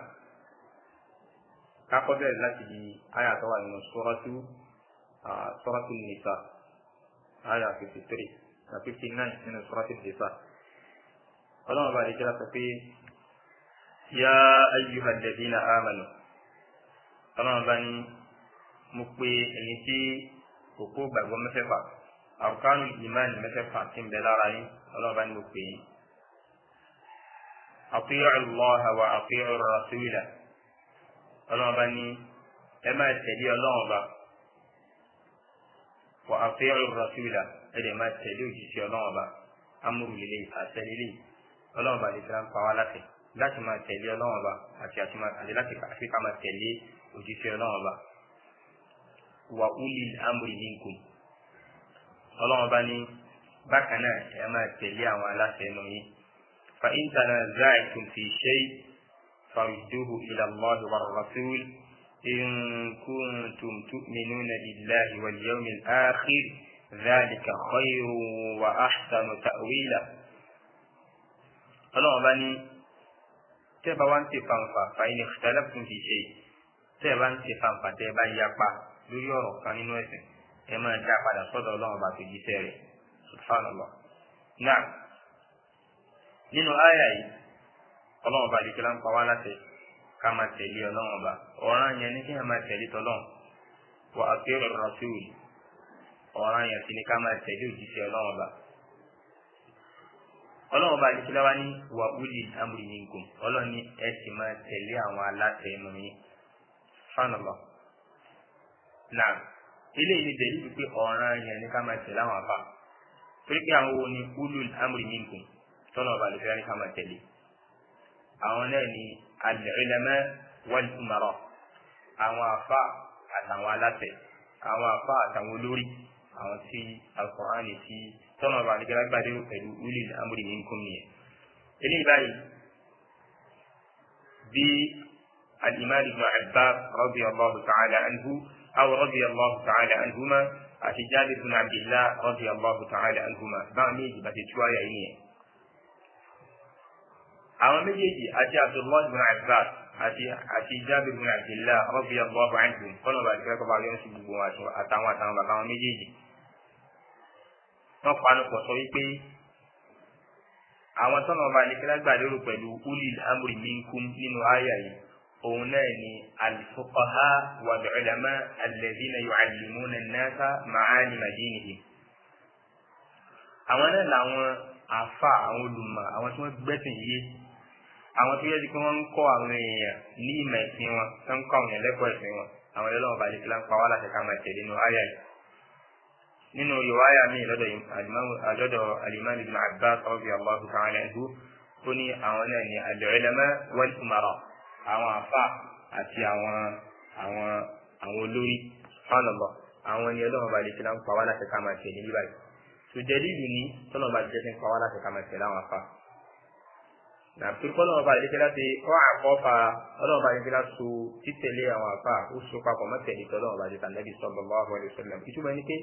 kakọ bẹ̀rẹ̀ láti di aya tó wà nínú suratu suratu nisa aya fifty three na fifty nine nínú suratu nisa ọlọ́run bá lè jẹ́ láti pé ya ayyuhal ladina amanu ọlọ́run bá ní mo pe ẹ̀yin tí òkú gbàgbọ́ mẹ́fẹ̀fà àrùkánù ìmáànì mẹ́fẹ̀ẹ̀fà tí ń bẹ lára yín ọlọ́run bá ní mo pè yín. àtúyọ̀ ìlọ́ha wa àtúyọ̀ rọ̀ṣúwìlà ọlọ́run bá ní ẹ máa tẹ̀lé ọlọ́run bá wa àtúyọ̀ rọ̀ṣúwìlà ẹ dẹ̀ máa tẹ̀lé òjíṣẹ́ ọlọ́run bá amúrù lílé àṣẹ lílé ọlọ́run bá lè fi láǹpa wá láti láti máa tẹ̀lé ọlọ́run bá àti àti láti àfi ká máa tẹ̀lé òjíṣẹ́ ọlọ́run bá wa ulil amri minkum ọlọ́run bá ní bákan náà ẹ máa tẹ̀lé àwọn aláṣẹ ẹnu yìí fa in tanaza'tum fi shay'in farudduhu ila Allahi wa rasul in kuntum tu'minuna billahi wal yawmil akhir dhalika khayrun wa ahsanu ta'wila. ọlọ́run bá ní tẹ́ bá wá ń ṣe fanfa fa in ikhtalaftum fi shay'in tẹ́ bá ń ṣe fanfa tẹ́ bá yapa lórí ọ̀rọ̀ kan nínú ẹ̀sìn ẹ máa dá padà sọ́dọ̀ ọlọ́run ọba tó jíṣẹ́ rẹ̀ subhanallah náà nínú àyà yìí ọlọ́run ọba àdìkẹ́lá ń wá láti ká máa tẹ̀lé ọlọ́run ọba ọ̀ràn yẹn ní kí wọ́n máa tẹ̀lé tọ́lọ́run wà á ọ̀rọ̀ ọ̀ràn yẹn ni ká máa tẹ̀lé òjíṣẹ́ ọlọ́run ọlọ́run ní eléyìí ni dẹ̀lí ti pé ọ̀ràn yẹn ní ká máa tẹ̀lé àwọn afa torí pé àwọn wo ni ulul amri minkum tọ́nà ọba àlùfẹ́ yẹn ní ká máa tẹ̀lé àwọn náà ni al-ulama wal umara àwọn afa àtàwọn aláṣẹ àwọn afa àtàwọn olórí àwọn tí al-Qur'ani tí tọ́nà ọba àlùfẹ́ yẹn gbàdé pẹ̀lú ulul amri minkum nìyẹn eléyìí báyìí bí al-Imam Ibn Abbas radiyallahu ta'ala anhu. أو رضي الله تعالى عنهما أتي جابر بن عبد الله رضي الله تعالى عنهما بعمي باتي شوية إنيه أما مجيجي أتي عبد الله بن عباس أتي أتي جابر بن عبد الله رضي الله عنهم قالوا بعد كذا بعد يوم سبوا ما شو أتاوا أتاوا بقى أما مجيجي wọ́n fanu kọ̀ sọ wípé àwọn tọ́nà ọba àlekẹ́lá gbàdúrò pẹ̀lú ulil amri minkum nínú àyà yìí òun náà ni al-fuqaha wal-ulama alladhina yu'allimuna an-nasa ma'alima dinihim. àwọn náà làwọn àfa àwọn olùmọ̀ àwọn tí wọ́n gbẹ́sìn yé àwọn tó yẹ kí wọ́n ń kọ́ àwọn èèyàn ní ìmọ̀ ẹ̀sìn wọn tó ń kọ́ àwọn èèyàn ẹ̀sìn wọn àwọn ẹlọ́wọ̀n bàjẹ́ fi láǹpa wá láti ká máa tẹ̀lé nínú àyà yìí nínú riwaya mi lọ́dọ̀ alimami ibn abbas àwọn àfa àti àwọn àwọn àwọn olórí fánàlọ àwọn ẹni ọlọ́run bá lè ṣe láǹpa wá láti ká máa ṣe ní bíbáyì tòjẹ́ lílu ní tọ́nà bá jẹ́ nípa wá láti ká máa ṣe láwọn àfa. nàtúrúkọ́ ọlọ́run bá lè ṣe láti kọ́ àkọ́fà ọlọ́run bá lè ṣe láti so títẹ̀lé àwọn àfa ó so papọ̀ mọ́tẹ̀lé tọ́lọ́run bá sallallahu alaihi wasallam ìtumọ̀ ni pé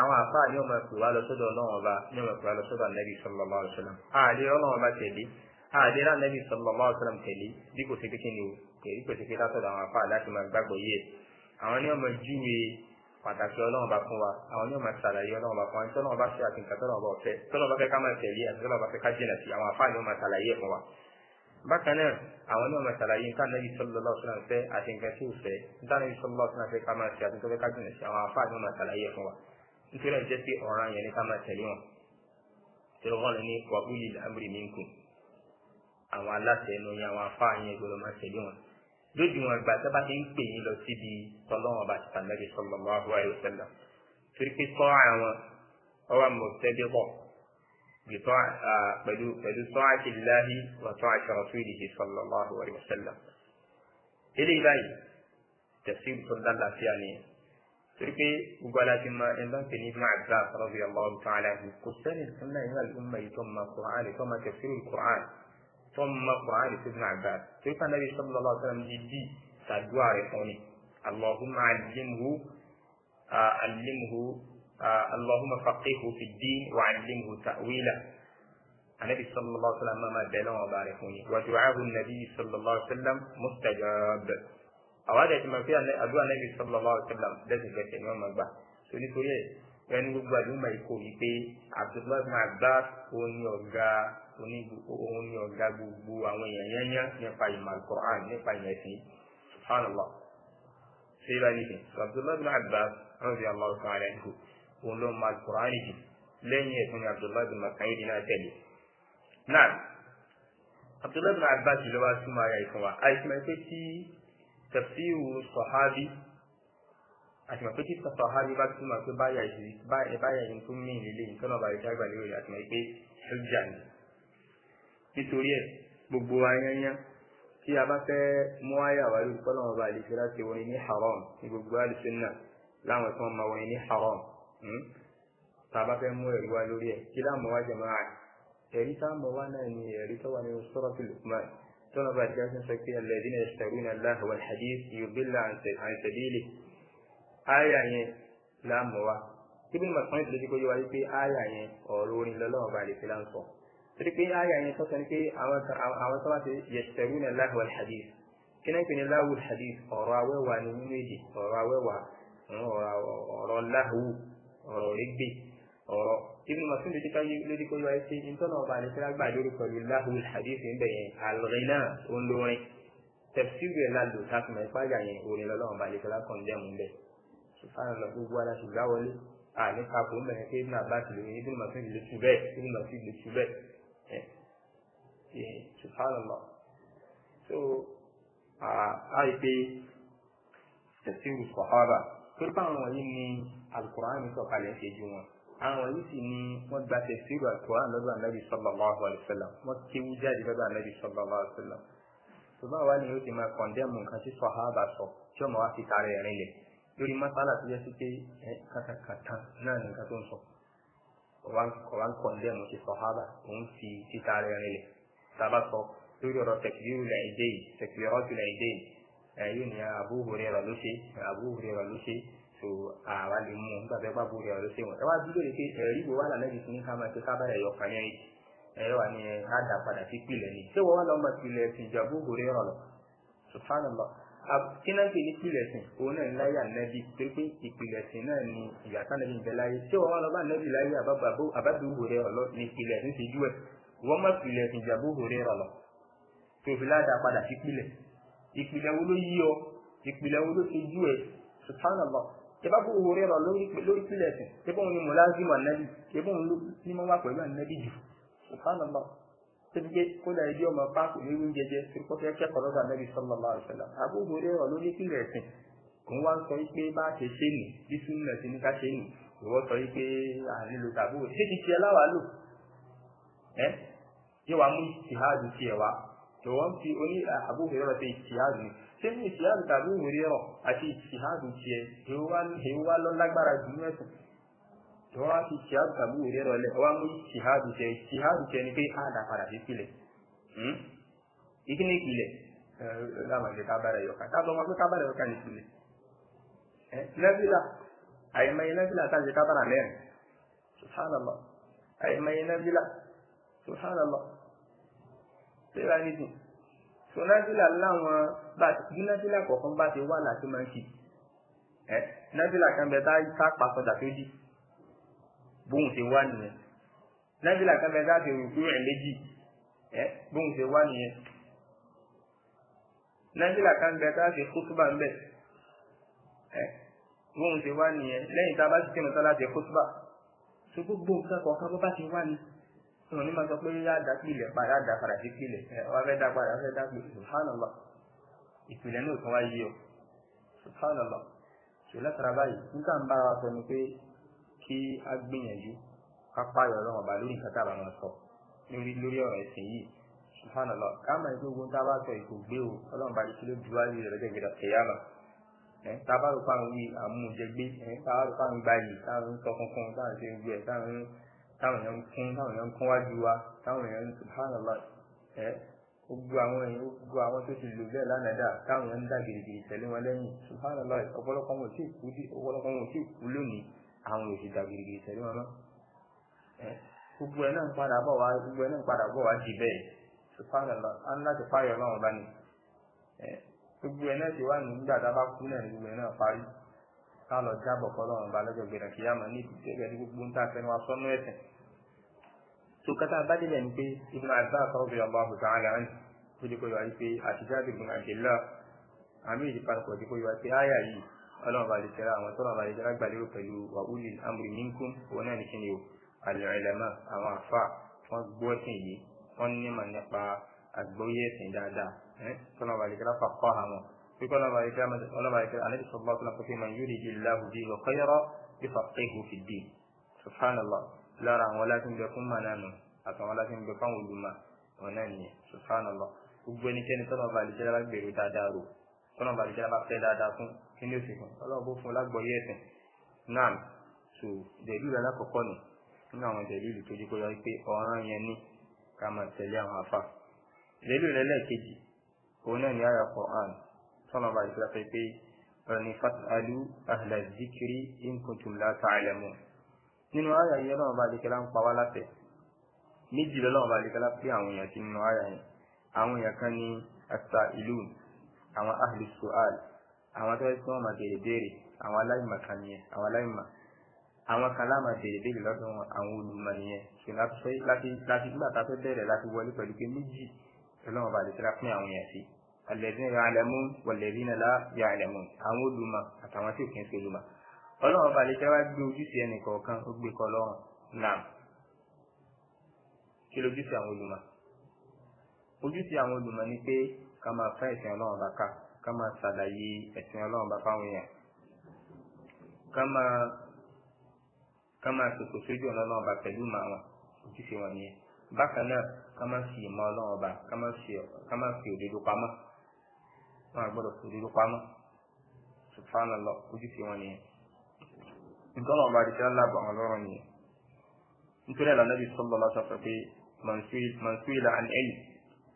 àwọn ni wọ́n máa pè wá lọ sọ́dọ̀ ọlọ́run ọba ni wọ́n máa pè wá lọ sọ́dọ̀ ànábì sallallahu alaihi àdéhà nẹ́bí sallallahu alaihi wasallam tẹ̀lé bí kò ṣe kékeré o kèrí kò ṣe pé látọ̀dọ̀ àwọn afá láti máa gbàgbọ́ yé àwọn ní ọmọ júwe pàtàkì ọlọ́run bá fún wa àwọn ní ọmọ ṣàlàyé ọlọ́run bá fún wa ní tọ́lọ́run bá ṣe àtìǹkà tọ́lọ́run bá fẹ́ tọ́lọ́run bá fẹ́ ká máa tẹ̀lé àti tọ́lọ́run bá fẹ́ ká jìnà sí àwọn afá ní ọmọ ṣàlàyé fún wa. bákan náà àwọn ní ọmọ ṣàlàyé nǹkan nẹ́bí sallallahu alaihi wasallam fẹ́ àtìǹkà tí ò fẹ́ nǹkan nẹ́bí sallallahu alaihi wasallam fẹ́ ká máa ṣe àtìǹkà fẹ́ ká jìnà sí àwọn afá ní ọmọ ṣàlàyé fún wa nítorí ẹ̀ jẹ́ pé ọ̀ràn yẹn ní ká máa tẹ̀lé wọn. tẹ̀lé wọn lọ ní wàhùlì amri minkum àwọn aláṣẹ ẹnu yẹn àwọn afá yẹn gbọ́dọ̀ máa tẹ̀lé wọn lójú wọn gbà tó bá ti ń pè yín lọ síbi tọ́lọ́wọ́n ọba ti sọlọ tànàbí sallallahu alaihi wasallam torí pé tọ́ àwọn ọwọ́ mọ̀tẹ́bíbọ̀ pẹ̀lú pẹ̀lú tọ́ tọ́ wọn ta'ati Allahi wa ta'ati rasulihi sallallahu alaihi wasallam eléyìí báyìí tẹ̀sí tó lálàáfíà nìyẹn torí pé gbogbo aláti máa ẹ bá ń pè ní ibn Abbas radiyallahu ta'ala kò sẹ́ni sọ́nà ìhàlùmọ̀ ìtọ́ tó ń mọ quran ti fún àgbà tó yípa nàbí sọ́dọ̀ lọ́wọ́ sọ́dọ̀ ní bí sàdúrà rẹ̀ fún mi allahumma alimhu alimhu allahumma faqihu fi din wa alimhu ta'wila anabi sallallahu alaihi wasallam máa bẹ̀ lọ́wọ́ bá rẹ̀ fún mi wa du'ahu nabi sallallahu alaihi wasallam mustajab àwọn àdàtì máa fi àdúrà nabi sallallahu alaihi wasallam lẹ́sìn lẹ́sìn ní wọ́n máa gbà so nítorí ẹ̀ ẹni gbogbo àdúrà máa kó mi pé abdullahi máa gbá òun ní ọ̀gá oní òun ni ọ̀gá gbogbo àwọn èèyàn yányá nípa ìmọ̀ Al-Qur'an nípa ìyẹ̀sìn subhanallah sèyíra nìkan Abdullahi bin Abbas rọ́bì aláwọ̀ kan rẹ̀ kù òun ló ma Al-Qur'an yìí lẹ́yìn ẹ̀sùn ni Abdullahi bin Mas'ud náà tẹ̀lé. náà Abdullahi bin Abbas ló wá súnmọ́ ara ìfún wa àìsàn ẹgbẹ́ tí tafsiru sọ̀hábì àtìmọ̀ pé títà sọ̀hábì bá túmọ̀ pé báyà yìí tó mí ìlélẹ́yìn tó náà bá yẹ nítorí ẹ̀ gbogbo ayányán tí a bá fẹ́ mú àyà wá lórí fọlọ́n ọba àlejò láti wọrin ní haram ní gbogbo alùsùnà láwọn tí wọ́n máa wọrin ní haram hmm? tá a bá fẹ́ mú ẹ̀rí wá lórí ẹ̀ kí láàmú wá jẹ̀mọ́ àì ẹ̀rí tá a mọ̀ wá náà ni ẹ̀rí tó wà nínú suratu Luqman tọ́nà bá jẹ́ sọ pé alladhina yashtaruna Allaha wal hadith yudilla an sabilihi àyà yẹn láàmú wá ibn Mas'ud lójú kó yẹ wáyé pé àyà yẹn ọ̀rọ̀ orin lọ́lọ́wọ́ bá àlejò láǹsọ̀ torí pé àyà yẹn sọ́kàn pé àwọn tó bá ti yẹ̀sẹ̀rú náà láhùn alhadith kí náà ń pè ní láhùn alhadith ọ̀rọ̀ awẹ́wà ni méjì ọ̀rọ̀ awẹ́wà ọ̀rọ̀ láhùn ọ̀rọ̀ rẹ́gbẹ̀ ọ̀rọ̀ ibn Mas'ud lójú ká lójú kó yọ ẹsẹ nítorí ọba àdìsẹ́lá gbà lórí pẹ̀lú láhùn alhadith ń bẹ̀yẹn alghina olórin tẹ̀síwì ẹ̀ lálò tákùnmọ̀ ìpáyà yẹn orin lọ́lọ́run bá lẹ́kọ̀ọ́ lákàn jẹ́ mú bẹ́ẹ̀ sùfàànà lọ gbogbo ara ṣùgbọ́n wọlé àní kakò mẹ́rin pé ibùdó àbá ti lè ibùdó Mas'ud lè tu bẹ́ẹ̀ ibùdó Mas'ud lè tu bẹ́ẹ̀ subhanallah so àìpé tẹ̀síwù sọ̀hábà torí pé àwọn wọ̀nyí ni alukur'an ní sọ̀kalẹ̀ ṣe ju juma. àwọn wọ̀nyí sì ni wọ́n gba tẹ̀síwù alukur'an lọ́dọ̀ anabi sallallahu alaihi wasallam sallam wọ́n kéwú jáde lọ́dọ̀ sallallahu alaihi wasallam. sallam ṣùgbọ́n àwa ni yóò ti máa kọ̀ndẹ́mù nǹkan tí sọ̀hábà sọ tí ọmọ wa fi tààrẹ̀ rìn lẹ̀ lórí masala tó yẹ sí pé kankan kankan náà ọ̀wá ń kọ̀ndẹ́mù ti sọ̀hábà òun fi títa rẹ̀ rinlẹ̀ sábà sọ lórí ọ̀rọ̀ tẹ̀kìrìrù làìdé yìí tẹ̀kìrìrù ti làìdé yìí ẹ̀yìn ni Abu Hurairah ló ṣe Abu Hurairah ló ṣe so àwa lè mú un nígbà tó bá Abu Hurairah ló ṣe wọn. ẹ wá dúró de pé ẹ̀rí wo wà lálẹ́ yìí fún ká máa ṣe kábàárẹ̀ ẹ̀yọ kan yẹn ẹ wà ní ẹ̀ á dà padà sí pilẹ̀ ni ṣé wọ́n wá lọ́mọ pilẹ̀ tìjàbù Hurairah lọ subhanallah kínáàkì ní ìpìlẹ̀ ẹ̀sìn òun náà láyà nẹ́bí pé pé ìpìlẹ̀ ẹ̀sìn náà ni ìyàtá nẹ́bí ń bẹ láyé tí wọ́n wá lọ bá nẹ́bí láyé àbábíwò rẹ ọ̀lọ́ ní ìpìlẹ̀ ẹ̀sìn ti jú ẹ̀ wọ́n má ìpìlẹ̀ ẹ̀sìn ìjàbúwò rẹ ọ̀lọ́ tó fi ládà padà sí ìpìlẹ̀ ìpìlẹ̀ wo ló yí ọ ìpìlẹ̀ wo ló ti jú ẹ̀ subhanallah tẹ́bá kó wò rẹ lọ lórí ìpìlẹ̀ ẹ̀sìn tẹ́bá òun ni mọ̀lá tóbi jẹ́ kódà ibi ọmọ páàkì ní oúnjẹ jẹ kófẹ́ kẹ́kọ̀ọ́ lọ́dọ̀ anábì sallallahu alaihi wasallam àbúrò rẹ̀ wà lórí ìpìlẹ̀ ẹ̀sìn òun wá ń sọ wípé bá a ṣe ṣe nì bí súnmọ̀ sí ní ká ṣe nì ìwọ sọ wípé ànílò tàbí òṣè ti tiẹ̀ láwàá lò ẹ́ yóò wá mú ìtìhádùn tiẹ̀ wá tó wọ́n fi oní àbúrò rẹ̀ ṣe ìtìhádùn ṣé ní ìtìhádùn tàbí òwúrẹ́ rọ̀ àti ìtìhádùn tiẹ̀ èwo lọ lágbára jù ní ẹ̀sìn wọ́n wá fi ṣìhádù tàbí òwe rẹ̀ lẹ̀ wọ́n á mú ṣìhádù jẹ ṣìhádù jẹ ni pé á dà padà sí ìpìlẹ̀ ìkíni hmm? ìpìlẹ̀ láwọn ìṣe kábàárà yọkà tábọ̀ wọn pé kábàárà yọkà ní ìpìlẹ̀ nẹ́bílà àìmọye nẹ́bílà táṣe kábàárà mẹ́rin subhanallah àìmọye nẹ́bílà subhanallah síra nídìí so nẹ́bílà láwọn bá bí nẹ́bílà kọ̀ọ̀kan bá ti wà láti máa ń ṣe nẹ́bílà kan bẹ tá a pàṣọ dàpé dì bóun ṣe wá nìyẹn nàbílà kábẹ́ láti rúkú rẹ̀ méjì ẹ bóun ṣe wá nìyẹn nàbílà kábẹ́ láti kótóbà ńbẹ ẹ bóun ṣe wá nìyẹn lẹ́yìn tá a bá ti tẹnu tán láti kótóbà tó gbogbo nǹkan kọ̀ọ̀kan bó bá ti wá ni wọn ní máa sọ pé yá da sí ilẹ̀ padà da padà sí ilẹ̀ ẹ wá fẹ́ da padà fẹ́ da pé subhanallah ìpìlẹ̀ náà tún wá yí subhanallah ṣùgbọ́n látara báyìí nígbà ń bára sọ ni pé kí a gbìyànjú ká pààyọ̀ ọlọ́run ọba lórí nǹkan tábà máa sọ lórí lórí ọ̀rọ̀ ẹ̀sìn yìí subhanallah káàmà ní gbogbo tá a bá sọ ètò gbé o ọlọ́run bá dikí ló ju wáyé rẹ̀ lọ́jọ́ ìgbéra kẹyàmà tá a bá rò fáwọn wí àmújẹgbé tá a rò fáwọn gbayì táwọn ń sọ funfun táwọn ṣe ń gbé ẹ táwọn èèyàn ń kún táwọn èèyàn ń kún wájú wa táwọn èèyàn ń subhanallah gbogbo àwọn èèyàn gbogbo àwọn tó ti lò bẹ́ẹ̀ lánàá táwọn ń dà gidigidi tẹ̀lé wọn lẹ́yìn subhanallah ọ̀pọ̀lọpọ̀ wọn ò tí ì kú lónìí àwọn èsì dàgbìrì tẹ̀lé ọ̀nà gbogbo ẹ̀ náà padà bọ̀ wá gbogbo ẹ̀ náà padà bọ̀ wá di bẹ́ẹ̀ sùpàgàlà á ń láti fáyọ̀ ọlọ́run bá ní gbogbo ẹ̀ náà ti wá nígbà tá a bá kú náà ní gbogbo ẹ̀ náà parí ká lọ jábọ̀ kọ́lọ́run bá lọ́jọ́ gbèrè kí á mọ̀ ní ìtìjẹ́gẹ́ ní gbogbo ń tà fẹ́ni wá sọ́nú ẹ̀sìn. sùkátà bá délẹ̀ ní pé ibùdó àgbà sọ́ọ́bì ọba ọ̀hùtà àlà ń tó dé yọ wá pé àtijọ́ àti ibùdó àgbèlà àmì ìdíparapọ̀ dé kó yọ wá pé áyà yìí ọlọ́run bá lè tẹ́ra àwọn tọ́lá bá lè tẹ́ra gbàlérò pẹ̀lú wa ulil amri minkum wọn náà ní kí ni o al-ulama àwọn àfà wọn gbọ́ sìn yìí wọn ní mà nípa àgbọ́yé ẹ̀sìn dáadáa tọ́lá bá lè tẹ́ra fàkọ́ àwọn pípọ́ ọlọ́run bá lè tẹ́ra ọlọ́run bá lè tẹ́ra àlẹ́ ìṣọ̀bá tó náà pé man yuridillahu bihi khayran yufaqqihhu fid-din subhanallah lára àwọn nínú ìsìnkú ọlọ́run bó fún lágbọ̀ọ́yé ẹ̀sìn náà so dẹ̀lú rẹ̀ alákọ̀ọ́kọ́ nù nínú àwọn dẹ̀lú ìlú tó jí kó yọ pé ọ̀ràn yẹn ní ká máa tẹ̀lé àwọn afá dẹ̀lú rẹ̀ lẹ́ẹ̀kejì òun náà ní àyà Qur'an tọ́nà bá ìfúra pé pé ọ̀rìn fasalu ahla zikiri in kuntum la ta'lamun nínú àyà yẹn náà bá dikẹ́lá ń pa wá látẹ̀ méjì lọ́lọ́run àwọn tó ń sọ́wọ́n máa béèrè béèrè àwọn aláìmọ̀ kan nìyẹn àwọn aláìmọ̀ àwọn kan láàmà béèrè béèrè lọ́dọ̀ àwọn olùmọ̀ nìyẹn ṣe láti láti nígbà tá a fẹ́ bẹ̀rẹ̀ láti wọlé pẹ̀lú pé méjì ọlọ́run bá lè tẹ́lá pín àwọn èèyàn sí alẹ́dín ya alẹ́mú wọ̀lẹ́dín la ya alẹ́mú àwọn olùmọ̀ àtàwọn tí ò kí ń ṣe olùmọ̀ ọlọ́run bá lè tẹ́lá gbé ojúṣe ẹnì kọ̀ọ̀kan ó gbé kọ́ lọ́rùn náà kí lójúṣe àwọn olùmọ̀ ojúṣe àwọn olùmọ̀ ni pé ká máa ṣàlàyé ẹ̀sìn ọlọ́run bá fáwọn èèyàn ká máa ká máa ṣètò sójú ọ̀nà ọlọ́run bá pẹ̀lú ìmọ̀ àwọn ojúṣe wọn nìyẹn bákan náà ká máa fi ìmọ̀ ọlọ́run bá ká fi òdodo pamọ́ wọn àgbọ̀dọ̀ fi òdodo pamọ́ subhanallah ojúṣe wọn nìyẹn nítorí ọba àdìsí aláàbọ̀ àwọn ọlọ́run nìyẹn nítorí àlọ́ nàbì sallallahu alaihi wasallam pé man su'ila an ilm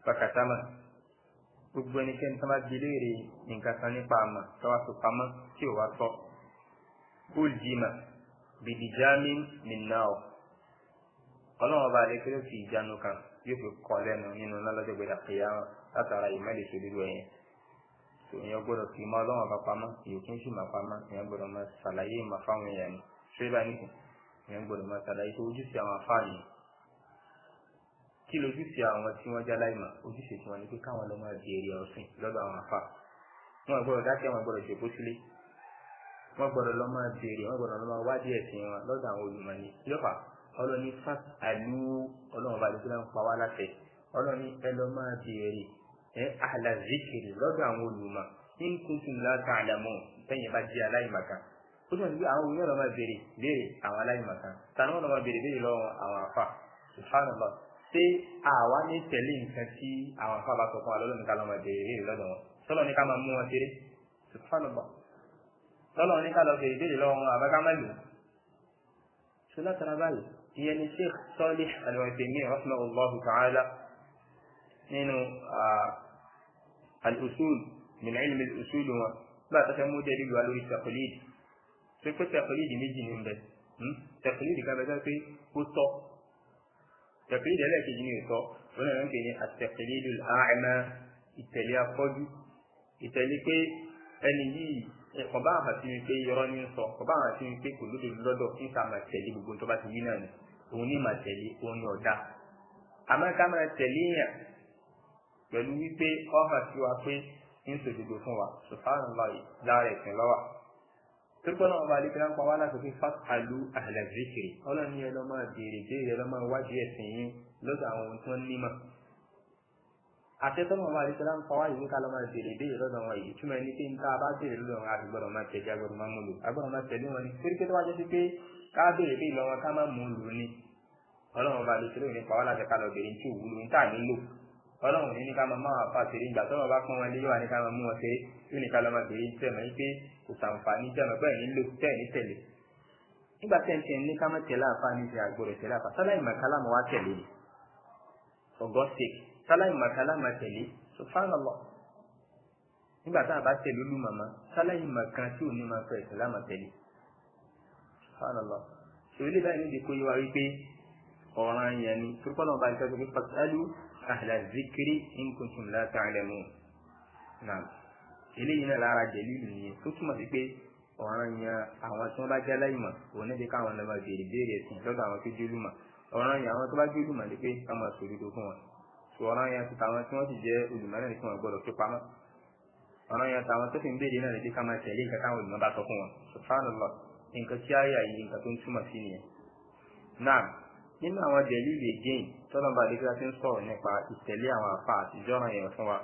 fakatama gbogbo ẹnikẹ́ni tó bá di léèrè nǹkan kan nípa àmà tó wá sọ pamọ́ tí ò wá sọ ó jìmà bìdìjáàmì nìyàá ọlọ́run ọba àdékéré fi ìjánu kan yóò fi kọ́ lẹ́nu nínú lọ́lọ́dọ̀ gbẹdà péyà látara ìmọ̀lẹ̀ ìṣòdodo ẹ̀yẹn èèyàn gbọ́dọ̀ fi mọ́ ọlọ́run ọba pamọ́ ìyókùn sì máa pamọ́ èèyàn gbọ́dọ̀ máa ṣàlàyé ìmọ̀ fáwọn èèyàn ni ṣé bá nìkan èèyàn gbọ́dọ̀ máa ṣàlàyé tó àwọn afáàyàn kí lójúṣe àwọn tí wọ́n já láìmọ̀ ojúṣe tí wọ́n ní pé káwọn lọ máa béèrè ọ̀sìn lọ́dọ̀ àwọn àfa wọn gbọ́dọ̀ dákẹ́ wọn gbọ́dọ̀ jòkó sílé wọn gbọ́dọ̀ lọ máa béèrè wọn gbọ́dọ̀ lọ máa wádìí ẹ̀sìn wọn lọ́dọ̀ àwọn olùmọ̀ni yọ̀fà ọlọ́ni fat àlú ọlọ́run bá lè fún pa wá láṣẹ ọlọ́ni ẹ lọ máa béèrè ẹ àlà zikiri lọ́dọ̀ àwọn olùmọ̀ in ṣé àwa ní tẹ̀lé nǹkan tí àwọn afábà sọ fún wa lọ́dọ̀ nìkan lọ́mọ ìbéèrè rè lọ́dọ̀ wọn sọ́lọ́ ní ká máa mú wọn ṣeré subhanallah sọ́lọ́ ní ká lọ ṣe ìbéèrè lọ́wọ́ wọn àbẹ́ká má lò ṣe látara báyìí ìyẹn ni sheikh Salih Al-Uthaymeen rahimahullahu ta'ala nínú al-usul min ilmi al-usul wọn bá ta fẹ́ tẹ̀kílídì ẹlẹ́ẹ̀kejì ní ìsọ wọn náà ń pè ní àtẹ̀kílídì àìmọ́ ìtẹ̀lé afọ́jú ìtẹ̀lé pé ẹni yìí ọba àbàtí mi pé irọ́ ní sọ ọba àbàtí mi pé kò lóde lọ́dọ̀ níta máa tẹ̀lé gbogbo tó bá ti yí náà ni òun ní máa tẹ̀lé òun ní ọ̀dà àmọ́ ká máa tẹ̀lé yàn pẹ̀lú wípé ọ̀hàn sí wa pé ń sòdodo fún wa sùfàánù láàrẹ̀ ìpínlọ́wà torípọ̀ náà ọba àdìpẹ́ ń pa wá láti fi fásitàlú àlàzíkiri ọlọ́ni ẹ lọ́ máa béèrè béèrè lọ́ máa wádìí ẹ̀sìn yín lọ́dọ̀ àwọn ohun tó ń nímọ̀ àtẹ́tọ́nà ọba àdìpẹ́ ń pa wá yìí ká lọ́ máa béèrè béèrè lọ́dọ̀ wọn yìí túmọ̀ ẹni pé ń tá a bá béèrè lọ́dọ̀ wọn àti gbọ́dọ̀ máa tẹ̀lé agbọ́dọ̀ máa mú ni torí pé tó wá jẹ́ sí pé ká béèrè béèrè lọ́wọ́ ká má mú lò ní ọlọ́run ọba àdìpẹ́ lónìí pa wá láti ká lọ ọlọ́run ní ní ká máa máa fa tèrè ìgbà tọ́lọ́ bá pọ́n wọn lé yóò wá ní ká máa mú wọn ṣe yóò ní ká lọ́mọ tèrè ń tẹ̀mọ́ yìí pé kò sàǹfààní tẹ̀mọ́ pẹ́ ní lò tẹ̀ ní tẹ̀lé. nígbà tẹ̀ǹtẹ̀ ní ká máa tẹ̀lé àfa ní ti àgbọ̀rọ̀ tẹ̀lé àfa sáláì màkàlà máa wá tẹ̀lé ni ọ̀gọ́ ṣe sáláì màkàlà máa tẹ̀lé subhanallah nígbà tá a bá tẹ̀lé olú màmá sáláì màkàn tí ò ní máa fẹ́ ìtẹ̀lá máa tẹ̀lé subhanallah ṣòwò ilé báyìí ní ìdíkó yẹ wá wípé ọ̀ràn yẹn ni pé pàṣẹ أهل الذكر إن كنتم لا تعلمون نعم eléyìí náà lára jẹ̀lílù nìyẹn tó túmọ̀ sí pé ọ̀ràn yẹn àwọn tí wọ́n bá jẹ́ aláìmọ̀ òun náà jẹ́ káwọn lọ́mọ béèrè béèrè ẹ̀sìn lọ́dọ̀ àwọn tó jólúmọ̀ ọ̀ràn yẹn àwọn tó bá jólúmọ̀ ni pé ká máa sòdodo fún wọn ọ̀ràn yẹn ti tàwọn tí wọ́n ti jẹ́ olùmọ̀ náà ni kí wọ́n gbọ́dọ̀ tó pamọ́ ọ̀ràn yẹn tàwọn tó fi ń béèrè náà ni pé ká máa tẹ̀lé nǹkan táwọn olùmọ̀ bá sọ fún wọn subhanallah nǹkan tí ayé yìí nǹkan tó ń túmọ̀ sí nínú àwọn dẹ̀lílì again tọ́lọ́mbà adékúlá ti ń sọ̀rọ̀ nípa ìtẹ̀lé àwọn àfa àtijọ́ ràn yẹn fún wa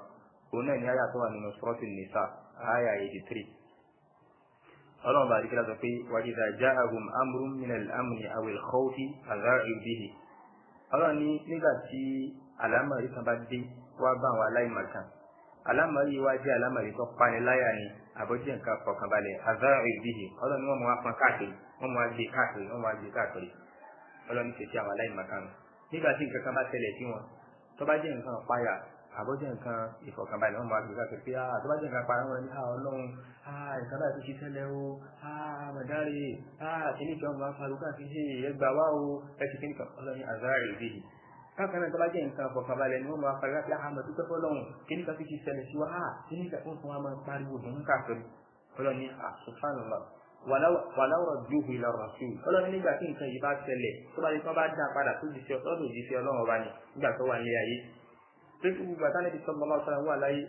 òun náà ní àyà tó wà nínú sọ́ọ̀tì nìsa àyà eighty three ọlọ́mbà adékúlá sọ pé wàjìdà já ahùn amúrú minal amúni àwìl kọ́ọ̀tì àgá ìbíhì ọlọ́run ní nígbà tí àlámọ̀rí kan bá dé wá bá àwọn aláìmọ̀kan àlámọ̀rí wa jẹ́ àlámọ̀rí tó pani láyà ni àbọ̀jẹ́ nǹkan fọkànbalẹ̀ àgá ìbíhì ọlọ́run ní wọ́n mú wa pọn káàkiri wọ́n mú wa gbé káàkiri wọ́n mú wa gbé káàkiri ọlọ́run ṣe ti àwọn aláìmọ̀kan nígbà tí nǹkan kan bá tẹ̀lẹ̀ sí wọn tó bá jẹ́ nǹkan ọ̀páyà àbọ̀jẹ́ nǹkan ìfọ̀kànbalẹ̀ wọn máa gbé káàkiri pé ah tó bá jẹ́ nǹkan para wọn ní ah ọlọ́run ah nǹkan báyìí tó ṣe tẹ́lẹ̀ o ah mọ̀dárì ah kìíní kan máa faru káàkiri ẹ gbà wá o ẹ ti kìíní kan ọlọ́run àzára rè bíi káàkiri náà tó bá jẹ́ nǹkan ìfọ̀kànbalẹ̀ ni wọ́n máa faru káàkiri ah mọ̀tútọ́ fọlọ́run kìíní kan fi ṣe tẹ́lẹ̀ sí wa ah kìíní kan fún wa máa pariwo wàláwọ̀ ju ìlà rasul ọlọ́run nígbà tí nǹkan yìí bá ṣẹlẹ̀ tó bá lè tán bá dá padà tó jìṣẹ́ ọlọ́run jìṣẹ́ ọlọ́run ọba ni nígbà tó wà ní ayé pé kí gbogbo àtàlẹ́ ti sọ́mọ́ bá sọ́ra wà láyé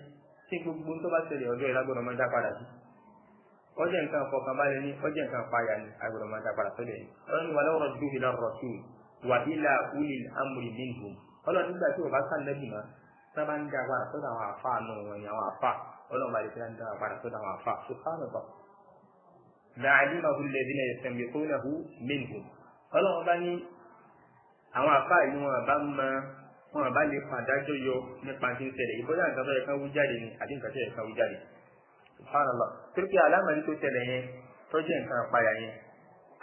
tí gbogbo tó bá ṣẹlẹ̀ ọjọ́ ìlágbọ́dọ̀ máa dá padà sí ọjọ́ nǹkan fọkànbalẹ̀ ni ọjọ́ nǹkan payà ni agbọ́dọ̀ máa dá padà sọ́dẹ̀ ni ọlọ́run wàláwọ̀ ju ìlà rasul wà ilà ulil sọ́dọ̀ àwọn làálímàhu lẹ́dínà yẹ̀sẹ̀mìkúnàhu minhum ọlọ́run bá ní àwọn àfáà yìí wọn àbá máa wọn àbá lè pàdájọ́ yọ nípa tí ń ṣẹlẹ̀ ìbọ́dà nǹkan tó yẹ ká wú jáde ni àbí nǹkan tó yẹ ká wú jáde subhanallah torí pé tó ṣẹlẹ̀ yẹn tó nǹkan àpáyà yẹn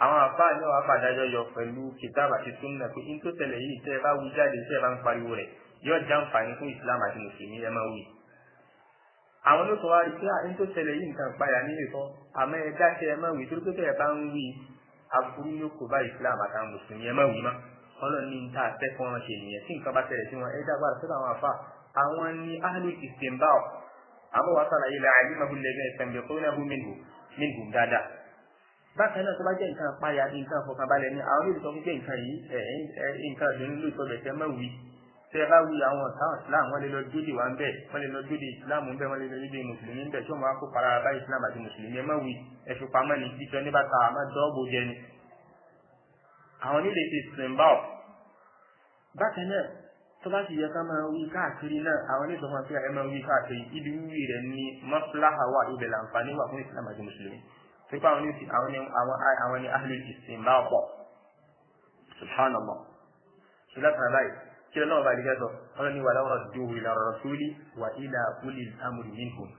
àwọn àfáà ní wàá pàdájọ́ yọ pẹ̀lú kìtàbà àti súnà pé in tó ṣẹlẹ̀ yìí tẹ́ ẹ bá wú jáde tẹ́ ẹ bá ń pariwo rẹ̀ yóò já nǹfààní fún ìsìlámù àti mùsùlùmí ẹ máa wù yìí àwọn ló sọ wá rí pé àyín ah, tó ṣẹlẹ̀ yìí nǹkan padà nílé kan àmọ́ ẹ dáṣẹ ẹ má wí torí pé tẹ̀ ẹ bá ń wí aburú yóò kó bá Islam àtàwọn mùsùlùmí ẹ má wí má ọlọ́run ní ta àtẹ́kùn ọ̀ràn ṣe nìyẹn tí nǹkan bá ṣẹlẹ̀ sí wọn ẹ dágbára sọ́dọ̀ àwọn àfa àwọn ní áhùn ìsìnbá ọ̀ àmọ́ wàá sàlàyé la àyè máa bulẹ̀ gan ìsànbẹ̀ kó náà bú mílù dáadáa bákan náà tó bá jẹ́ nǹkan apáyà bí nǹkan àfọkànbalẹ̀ ni àwọn yóò sọ fún pé tẹ ẹ bá wí àwọn ọ̀tá islam wọ́n lè lọ dúdì wá ń bẹ̀ wọ́n lè lọ dúdì islam ń bẹ̀ wọ́n lè lọ dúdì mùsùlùmí ń bẹ̀ tí wọ́n máa kó para bá islam àti mùsùlùmí ẹ má wí ẹ fi pamọ́ ní títọ́ ní bàtà má dọ́ọ̀bù jẹ ni. àwọn nílé ti sìn bá ọ. bákan náà tó bá ti yẹ ká máa wí káàkiri náà àwọn nílé tó máa fi ẹ máa wí káàkiri ibi wíwí rẹ ní mọ́fúláhà wà ibẹ̀ làǹfààní wà fún Kila lọ́nà ọba àdìgá sọ ọlọ́ni wà láwọn ọdún ìlà rasuli wà ilà kúlì amúlì minkum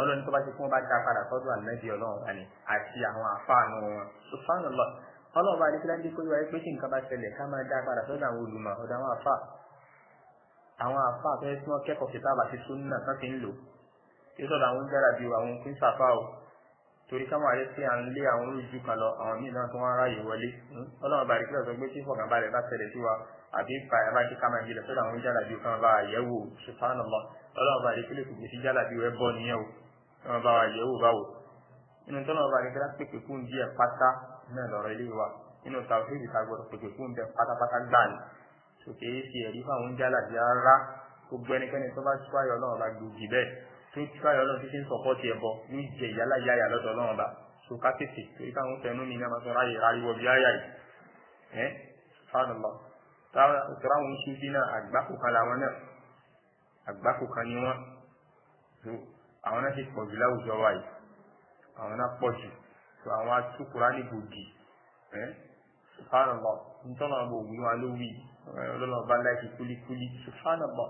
ọlọ́ni tó bá ti fún ọba dá padà sọ́dọ̀ ànábì ọlọ́run àní àti àwọn àfáànù wọn subhanallah ọlọ́run ọba àdìgá ní kó yọ ayé pé kí nǹkan bá ṣẹlẹ̀ ká máa dá padà sọ́dọ̀ àwọn olùmọ̀ ọ̀dọ̀ àwọn àfà àwọn àfà fẹ́ẹ́ tí wọ́n kẹ́kọ̀ọ́ kìtàbà ti sunna tán ti ń lò kí sọ́dọ̀ àwọn jára bíi torí ká máa rí pé à ń lé àwọn olójú kan lọ àwọn míì náà tó wọn ráàyè wọlé hmm? ọlọ́run bá rí pé ọ̀sán pé tí ìfọ̀kànbalẹ̀ bá tẹ̀lé sí wa àbí ìpàyà bá ti ká máa jìnlẹ̀ sọ́dọ̀ àwọn jálàbí kan bá àyẹ̀wò subhanallah ọlọ́run bá rí pé lè kò sí jálàbí rẹ bọ́ nìyẹn o wọn bá wa yẹ̀wò báwo inú tọ́lọ́run bá rí pé pèpè fún díẹ̀ pátá náà lọ́rọ̀ ilé wa inú tàwíìdì ta gbọdọ̀ tó ti káyọ̀ lọ́dún títí ń sọ̀pọ́tì ẹ̀bọ ní jẹ ìyálà yáyà lọ́dọ̀ ọlọ́run ọba tó ká tètè torí káwọn fẹnu mi ní ọmọ sọ̀rọ̀ ayé ariwo bí yáyà yìí ẹ́ fáànù lọ tọ́ra wọn sún bí náà àgbákò kan làwọn náà àgbákò kan ni wọ́n tó àwọn náà ti pọ̀ jù láwùjọ wa yìí àwọn náà pọ̀ jù tó àwọn atukura ní gbòógì ẹ́ fáànù lọ nítorí àwọn ògùn wa ló wí ọlọ́run láì fi kúlíkúlí fáànù lọ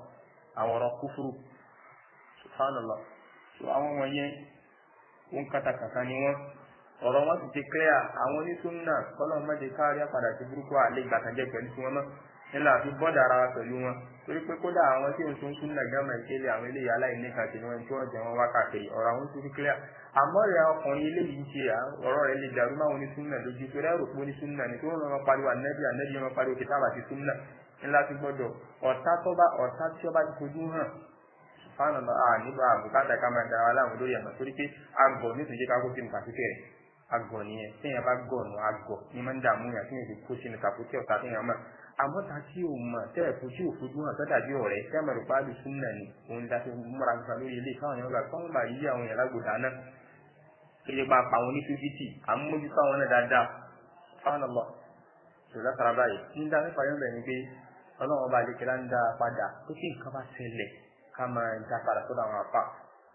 àwọn ọ̀rọ̀ kúfúrú subhanallah so àwọn wọ̀nyẹn ń kàtàkàtà ni wọ́n ọ̀rọ̀ wọn sì ti clear àwọn onísúnnà kọ́lọ́n mọ́jẹ káàrí àpàdà sí burúkú àlẹ́ ìgbàkanjẹ́ pẹ̀lú tí wọ́n mọ́ nílà fi bọ́ọ̀dà ara wa pẹ̀lú wọn torí pé kódà àwọn tí ń sun súnnà gẹ́mà ìṣẹ̀lẹ̀ àwọn eléyìí aláìníkà tí wọ́n tí wọ́n jẹ wọn wá káàkiri ọ̀rọ̀ àwọn sì ti clear àmọ́ rẹ̀ ọkùnrin eléyìí ṣe ọ̀rọ̀ rẹ̀ lè dàrú máwọn onísúnnà lójú torí ẹ̀rọ pé onísúnnà ni tó ń lọ́mọ pariwo ànẹ́bí ànẹ́bí ọmọ pariwo kìtàbà ti súnnà ńlá ti gbọ́dọ̀ ọ̀tá tó bá ọ̀tá tí ó bá ti fojú hàn subhanallah a nígbà àbùkátà ká máa dára láwọn olórí àmọ́ torí pé agọ̀ nítorí jẹ́ ká kó sínú kàkúkẹ́ rẹ̀ agọ̀ nìyẹn téèyàn bá gọ̀ nù agọ̀ ní máa ń dààmú yàn téèyàn ti kó sínú kàkúkẹ́ ọ̀tá téèyàn mọ̀ àmọ́ ta tí o mọ̀ tẹ́ ẹ̀kú tí o fojú hàn sọ́dà bí ọ̀rẹ́ tẹ́ mọ̀ rẹ̀ pàálù sún náà ni òun dá sí múra nípa lórí ilé káwọn èèyàn gbà káwọn bá yí àwọn èèyàn lágbòdà náà kéde pa àpà àwọn onífíjìtì àmójútó àwọn náà dáadáa fáwọn ọlọ ṣòlá sara báyìí ní dáa nípa yọ̀ǹbẹ̀ ni pé ọlọ́run ọba àdékẹ́lá ń dá padà ó sì nǹkan bá ṣẹlẹ̀ ká máa já padà sọ́dọ̀ àwọn apá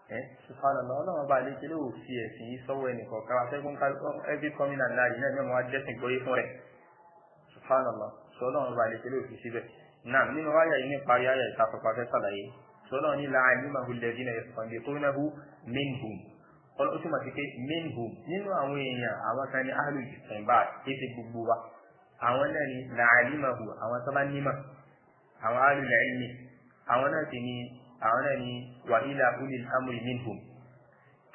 ẹ sùpàdà lọ ọlọ́run bá lè kele òfin ẹ̀sìn yìí sọ́wọ́ ẹnìkan ká atẹ́gùn ká ẹbí kọ́mínà náà yìí náà mẹ́wàá jẹ́sìn gbọ́yé fún rẹ̀ sùpàdà lọ sọlọ́run bá lè kele òfin síbẹ̀ náà nínú wáyà yìí nípa ayé ayé ìtafọ̀pá fẹ́ sàlàyé sọlọ́run ní la alimahu alladhina yastanbitunahu minhum ọlọ́ ó túmọ̀ sí pé minhum nínú àwọn èèyàn àwọn kan ní ahlul ìsìnbá kéde gbogbo wa àwọn náà ní la alimahu àwọn sábà nímọ̀ àwọn ahlul ilmi àwọn náà sì ní àwọn náà ni wà ilà ulil amri minhum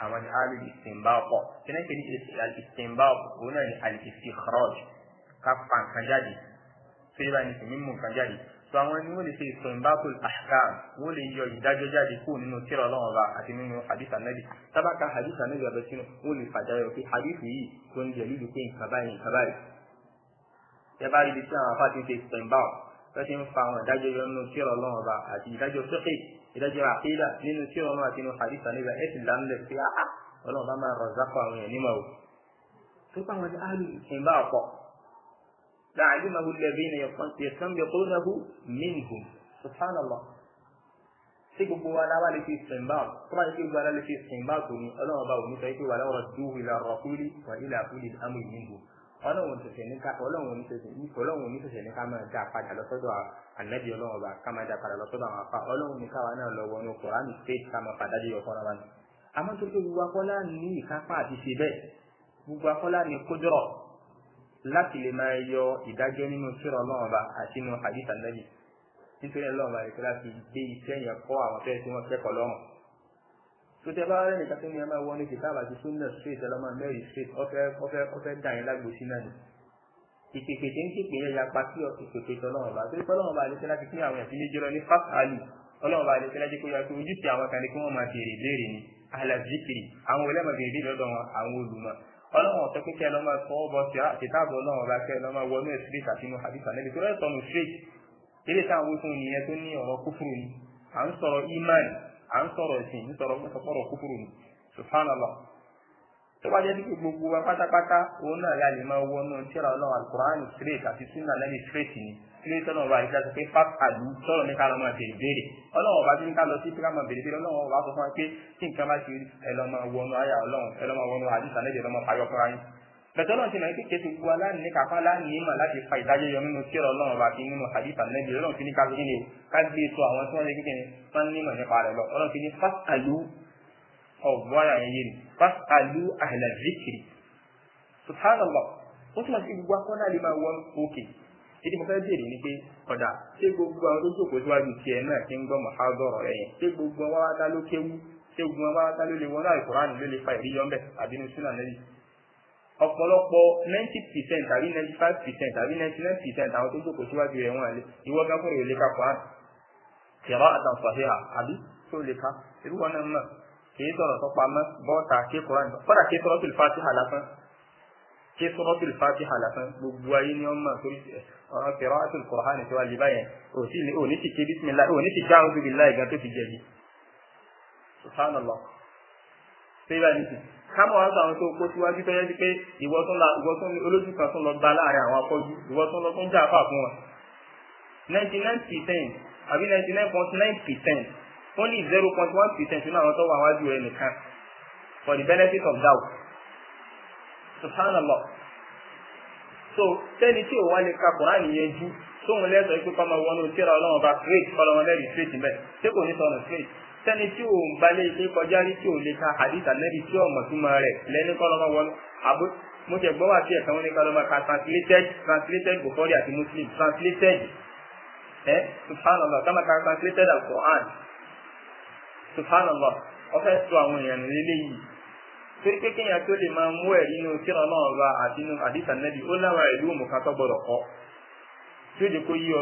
àwọn ni alu istinbaqo kíni kì ní al-istinbaqo òun náà ni al-istikhraj ká pa nǹkan jáde tó yẹ báyìí nìkan mímú nǹkan jáde tó àwọn ni wọ́n lè ṣe istinbaqo al-ahkam wọ́n lè yọ ìdájọ́ jáde kó nínú tírà Ọlọ́run ọba àti nínú hadith anabi sábàkà hadith anabi abẹ sínú wọ́n lè fàdáyọ pé hadith yìí tó ń jẹ إذا جاء قيل من سوى ما تنو حديثا إذا إيش لم نسياحة ولو ما رزقه من ينمو تبقى وجه أهل الإنباط لعلمه الذين يستنبطونه منهم سبحان الله سيقبوا ولا والي في استنباط طبعا يقول ولا والي في استنباط ولو ما باو نتعيك ولو رجوه إلى الرسول وإلى كل الأمر منهم ọlọ́run ṣẹ̀ṣẹ̀ ní ká ọlọ́run ní ṣẹ̀ṣẹ̀ ní ọlọ́run ní ṣẹ̀ṣẹ̀ ní ká máa dá padà lọ́sọ́dọ̀ ànábì ọlọ́run ọba ká máa dá padà lọ́sọ́dọ̀ àwọn afá ọlọ́run ní káwa náà lọ wọnú kòránì state ká máa padà déyọ fọ́nra wa ni. àmọ́ tó tó gbogbo akọ́lá ní ìkápá àti ṣe bẹ́ẹ̀ gbogbo akọ́lá ní kójọ́rọ̀ láti lè máa yọ ìdájọ́ nínú sírọ̀ ọlọ́run ọba àti inú hadith ànábì nítorí ọlọ́run ọba ìkọ́lá tó tẹ bá rẹ nìkan tó ní ẹ máa wọ ní kìtàbà àti sunna straight ẹlọmọ mẹ́rin straight ọfẹ ọfẹ ọfẹ dà yín lágbòsí náà ni ìpèpè tí ń pèpè yẹn yapa sí ìpèpè tọlọ́run bá torí tọlọ́run bá àdéṣe láti pín àwọn ẹ̀sìn méjì lọ ní fast ali ọlọ́run bá àdéṣe láti kó ya pé ojúṣe àwọn kan ní kí wọ́n máa fèrè béèrè ni alazikiri àwọn olè máa fèrè béèrè lọ́dọ̀ wọn àwọn olùmọ̀ ọlọ́run ọ̀tọ́ pípẹ́ lọ́ máa fọwọ́ bọ́ sí àtìtáàbọ̀ ah, ọlọ́run bá kẹ́ lọ́ máa à ń sọ̀rọ̀ ẹ̀sìn ń sọ̀rọ̀ ń sọ̀rọ̀ kúkúrú ni subhanallah tó bá jẹ́ pé gbogbo wa pátápátá òun náà la lè máa wọnú tíra ọlọ́run alukur'an straight àti sunna lẹ́yìn straight ni ilé tọ́lọ̀ wa ìdílé pé pàtàkì sọ̀rọ̀ ní ká lọ́ máa bèrè béèrè ọlọ́run ọba tí ní ká lọ sí pé ká máa bèrè béèrè ọlọ́run ọba sọ fún wa pé kí nǹkan bá ti ẹ lọ́ máa wọnú ayà ọlọ́run ẹ lọ́ máa wọnú àdìsá lẹ́yìn ẹ lọ́ máa fayọ́ fúnra yín bẹ̀tọ́ lọ́n ti mọ̀ pé kẹsì gbogbo aláàní kápá aláàní ìmọ̀ láti fa ìdájọ́ yọ nínú tíọ̀rọ̀ ọlọ́run bá fi nínú àdìsá nẹ́bí ọlọ́run fi ní ká gbé ká gbé sọ àwọn tí wọ́n lé kékeré wọ́n nímọ̀ nípa rẹ̀ lọ ọlọ́run fi ní fásitàlú ọ̀gbọ́n ara yẹn yé ni fásitàlú ahla zikri subhanallah ó túmọ̀ sí gbogbo akọ́nà lè máa wọ́n òkè ìdí mo fẹ́ béèrè ni pé ọ̀dà ṣé gbogbo àwọn tó jókòó síwájú tiẹ̀ náà ti ń gbọ́ mọ̀hádọ́rọ̀ rẹ̀ yẹn ṣé gbogbo wọn wá dá ló kéwú ṣé gbogbo wọn wá dá ló lè wọ́n náà ìkùránì ló lè fa ìríyọ́ ń bẹ̀ àbínú sínú ànẹ́bí ọ̀pọ̀lọpọ̀ ninety percent àbí ninety five percent àbí ninety nine percent àwọn tó jókòó síwájú rẹ̀ wọ́n àlẹ́ ìwọ gan fún ìrẹ̀lẹ̀ ká kwan kẹ̀rọ àtàǹfààfẹ́ àbí tó lè ka irú wọn náà mọ̀ kì í sọ̀rọ̀ tó pamọ́ bọ́ọ̀tà ké koran fọ́dà ké sọ́rọ́ tìlfà sí àlàfán ké sọ́rọ́ tìlfà sí àlàfán gbogbo ayé ni wọ́n mọ̀ torí ọ̀rọ̀ kẹ̀rọ àtìlkọ̀rán ti wà lè báyẹn òní ti ké bísímìlá òní ti ká àwọn bíbí láì gan tó ti jẹ̀bi subhanallah. Sebe a nitin kámọ̀ wá sàwọn tó kó síwájú tó yẹ pé ìwọ tún la ìwọ tún olójú kan tún lọ gba láàrin àwọn afọ́jú ìwọ tún lọ tún jà fà fún wọn. ninety nine percent àbí ninety nine point nine percent only zero point one percent nínú àwọn tó wà wájú rẹ nìkan for the benefit of doubt. subhanallah so sẹ́ni tí ò wá lè ka Kùránì yẹn jú tóun lẹ́sọ̀ọ́ pé kọ́mọ wọnú tíra ọlọ́run bá straight kọ́lọ́mọ straight bẹ́ẹ̀ ṣé kò ní sọ̀rọ̀ straight. sẹ́ni tí ò ń balẹ̀ ṣe kọjá rí tí o lè ka hadith anabi tí ọmọ túmọ̀ rẹ̀ lẹ́ni kọ́ lọ́mọ wọlé àbó mo tẹ̀ gbọ́ sí wọn ní translated translated bukhari àti muslim translated ẹ subhanallah kama ka translated al-Qur'an subhanallah ọfẹ́ sọ àwọn èèyàn nílé yìí torí pé kéèyàn tó lè máa mú kíran náà àti inú ó láwọn ìlú tí ó lè kó yí ọ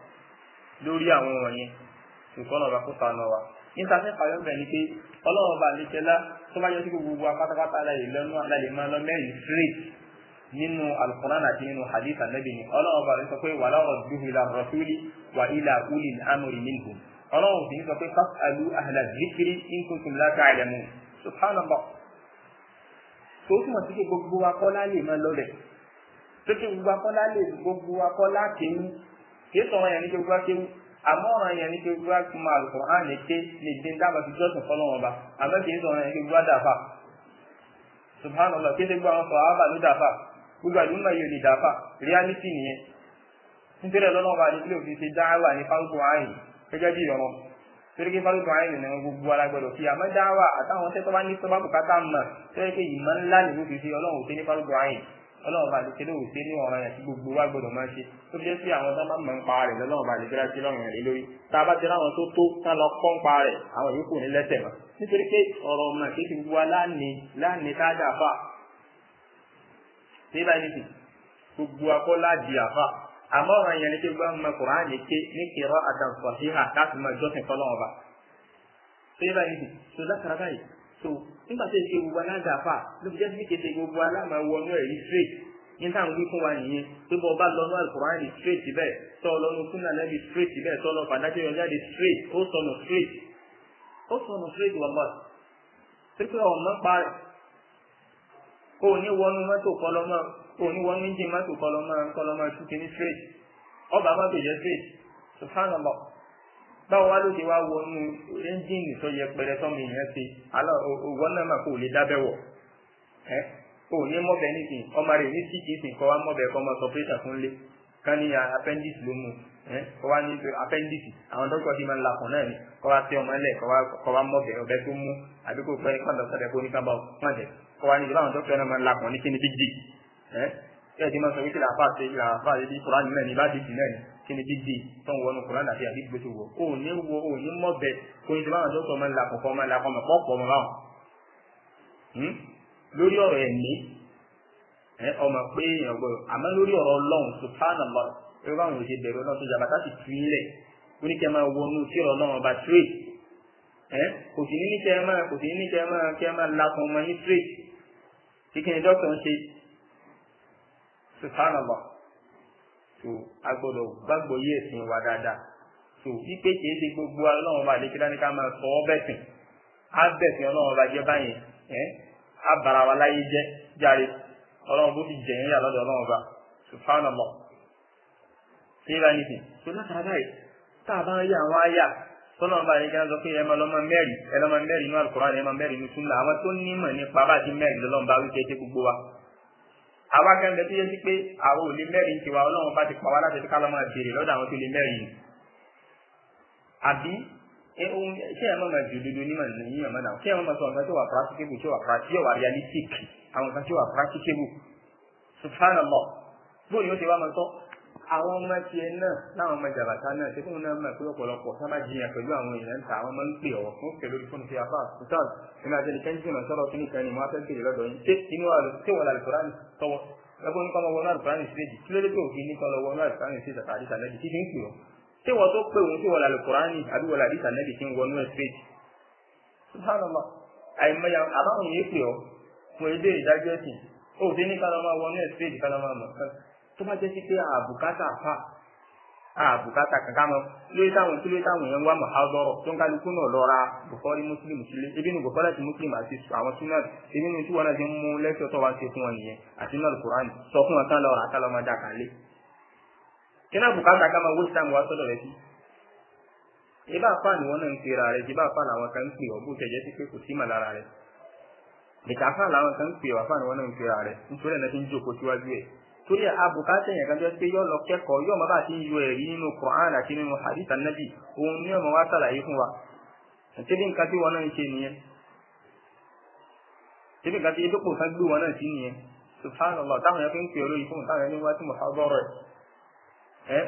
lórí àwọn wọ̀nyẹn ṣùgbọ́n ọba kó sànù wa níta fẹ́ fàyọ̀ bẹ̀ ni pé ọlọ́run bá lè tẹ́lá tó bá sí gbogbo apátápátá ala lọ́nà ala máa lọ mẹ́rin straight nínú alukoran àti nínú hadith anabi ni ọlọ́run ọba lè sọ pé wàhálà ọ̀rọ̀ dùhù ilà rọ̀túlì wà ilà ulì amúrì ọlọ́run sọ pé zikiri tó túmọ̀ sí pé gbogbo kìí sọ̀rọ̀ yẹn ní kí gbogbo akéwú àmọ́ ọ̀rọ̀ yẹn ní kí gbogbo akuma alukur'an lè ké lè dín dábàá fi jọ́sìn fọlọ́wọn ọba àmọ́ kìí sọ̀rọ̀ yẹn kí gbogbo adáfa subhanallah kí gbogbo àwọn sọ̀rọ̀ àbá ló dáfa gbogbo àdúmọ̀ yìí ò lè dáfa reality nìyẹn nítorí ẹ̀ lọ́nà ọba àdìsílẹ̀ òfin ṣe dáhàwà ní fáwùtò àyìn gẹ́gẹ́ bí ìrọ̀ torí pé fáwùtò àyìn nìyẹn gbogbo alágbọ̀dọ̀ fi àmọ́ dáhàwà àtàwọn tẹ́tọ́ bá ní sọ́bà bùkátà mọ̀ tẹ́lẹ̀ ọlọ́run bá lè ṣe lóòwò ṣe ní ọ̀ràn yẹn tí gbogbo wa gbọdọ̀ máa ṣe tó fi jẹ́ sí àwọn tó máa ń mọ̀ ń pa rẹ̀ lọ́lọ́run bá lè fẹ́ láti lọ́rùn rẹ̀ lórí tá a bá ti ráwọn tó tó ká lọ pọ́n pa rẹ̀ àwọn yòókù ní lẹ́sẹ̀ mọ́ nítorí pé ọ̀rọ̀ ọ̀nà kì í ti gbogbo wa láàní láàní tá a dà fà nígbà níbi gbogbo akọ́ láàdì àfà àmọ́ ọ̀ràn yẹn ni pé gbogbo nígbà tó ṣe gbogbo aládàáfà ló fi jẹ́ sí kété gbogbo alámàwọnú ẹ̀rí straight yín táwọn wí fún wa nìyẹn pé bọ́ ọba lọ́nà alukurani straight bẹ́ẹ̀ tọ́ lọ́nu kúnlẹ̀ lẹ́bi straight bẹ́ẹ̀ tọ́ lọ́ fàdájọ́ yọ jáde straight ó sọnù straight ó sọnù straight wà bọ́ọ̀ pípẹ́ ọ̀mọ́ parẹ́ kó o ní wọnú mọ́tò kọlọ́mọ́ kó o ní wọnú engine mọ́tò kọlọ́mọ́ kọlọ́mọ́ tún kìíní straight ọba mọ́tò jẹ́ straight subhanallah báwo wá ló ti wá wọnú ẹ́ńjìnì tó yẹ pẹrẹ tọ́mọ èèyàn ṣe alá òwọ́n náà mà kó lè dábẹ́ wọ̀ ẹ́ ò ní mọ́bẹ̀ nísìn ọmọ rẹ̀ ní síkì ìsìn kọ́ wá mọ́bẹ̀ kọ́ ọmọ sọpẹ́sà fún lé ká ní appendix ló mú ẹ́ kọ́ wá ní appendix àwọn dókítà ti máa ń lakùn náà ni kọ́ wá tẹ ọmọ lẹ̀ kọ́ wá mọ́bẹ̀ ọbẹ̀ tó mú àbí kò pẹ́ kọ́ńdọ̀tà kó kíni dídì tó ń wọnú kuran àti àdí gbèsè wọ o ní wo o ní mọ bẹ kò ní ti báwọn dókítà máa ń la kọ̀ọ̀kan máa ń la kọ́ máa pọ̀ mọ́ báwọn. lórí ọ̀rọ̀ ẹ̀mí ọmọ pé èèyàn gbọ́dọ̀ àmọ́ lórí ọ̀rọ̀ ọlọ́run subhanallah ẹ báwọn ò ṣe bẹ̀rù ọlọ́run tó jàbá láti tu ilẹ̀ ó ní kí ẹ máa wọnú sí ọ̀rọ̀ ọlọ́run ọba tré kò sì ní ní kí ẹ máa kò sì ní ní kí ẹ máa kí ẹ máa ní tré kíkẹ́ ni dókítà so a gbọ́dọ̀ gbàgbọ́ yé wa dáadáa so wípé kìí ṣe gbogbo ọlọ́run bá lékè dání ká máa sọ ọ́ bẹ̀sìn á bẹ̀sìn ọlọ́run bá jẹ́ báyìí ẹ́ á bara wa láyé jẹ́ járe ọlọ́run bó ti jẹ̀yìn yà lọ́dọ̀ ọlọ́run bá subhanallah ṣé bá nìkì so látara báyìí tá a bá ń rí àwọn àyà tọ́lọ́run bá lékè dání sọ pé ẹ máa lọ́mọ mẹ́rin ẹ lọ́mọ mẹ́rin inú alukoran ẹ máa mẹ́rin inú sunna àwọn tó nímọ̀ nípa àwa gẹ́gẹ́ tó yẹ sí pé àwọn ò lè mẹ́rin tiwa ọlọ́run bá ti pa wá láti fi kálọ́ máa béèrè lọ́dọ̀ àwọn tó lè mẹ́rin àbí ohun ṣé ẹ máa ju dodo ní màá ní màá náà ṣé ẹ máa sọ nǹkan tí ó wà practicable tí ó wà practicable tí ó wà realistic àwọn nǹkan tí wà practicable subhanallah bóyá ó ti wá máa sọ àwọn ọmọ tiẹ̀ náà láwọn ọmọ jàbàtà náà ṣé fún un náà mọ̀ pé ọ̀pọ̀lọpọ̀ sábà jiyàn pẹ̀lú àwọn èèyàn ń ta àwọn ọmọ ń pè ọ̀ fún pẹ̀lú fún ti apá sùtàn nínú àti nìkan jìnnà sọ̀rọ̀ kí nìkan ni wọ́n fẹ́ pè lọ́dọ̀ yìí ṣé inú àlùkò àlùkùránì tọwọ́ ẹgbẹ́ nípa ọmọ náà àlùkùránì sí èjì kí ló dé pé òfin nípa ọmọ náà àlùkùránì sí ìtàkà àdìsà lẹ́jì kí ní pè ọ́ ṣé wọ́n tó pè òun tí wọ́n àlùkùránì àbí wọ́n àdìsà lẹ́jì kí ń wọnú ẹ̀ sí èjì. subhanallah àìmọye àbáwọn yìí pè ọ́ fún ẹgbẹ́ ìdájọ́ ẹ̀sìn òfin ní kálámà wọnú ẹ̀ sí èjì kálámà mọ̀ tó bá jẹ́ sí pé àbùkátà fà àbùkátà kankan mọ́ lórí táwọn kí lórí táwọn yẹn ń wá mọ̀ áwùdọ́rọ̀ tó ń kálukú náà lọ ra bùkọ́rí mùsùlùmù sílé ebi nu bùkọ́rí àti mùsùlùmù àti àwọn súnà ebi nu tí wọn náà ti ń mú lẹ́sẹ̀ tó wá ṣe fún wọn nìyẹn àti náà Kùránì sọ fún wọn kán lọ rà kálọ́ máa dà kálé. kíná bùkátà ká máa wọ́sí táwọn wá sọ́dọ̀ rẹ sí. ibà fà ni wọn náà ń pe ra rẹ ibà fà làwọn kan ń pè ọ bó tẹ̀jẹ́ sí pé kò sí torí abùkátẹ̀ yẹn kanjọ́ pé yọ́ lọ kẹ́kọ̀ọ́ yọ́ ma bá ti ń yọ ẹ̀rí nínú Qur'an àti nínú hadith anabi òun ní ọmọ wa sàlàyé fún wa tẹ́lẹ̀ nǹkan tí wọn náà ń ṣe nìyẹn tẹ́lẹ̀ nǹkan tí edokò kan gbé wọn náà sí nìyẹn subhanallah táwọn yẹn fi ń pè olóyìn fún táwọn yẹn wá sí muhabbarọ̀ ẹ̀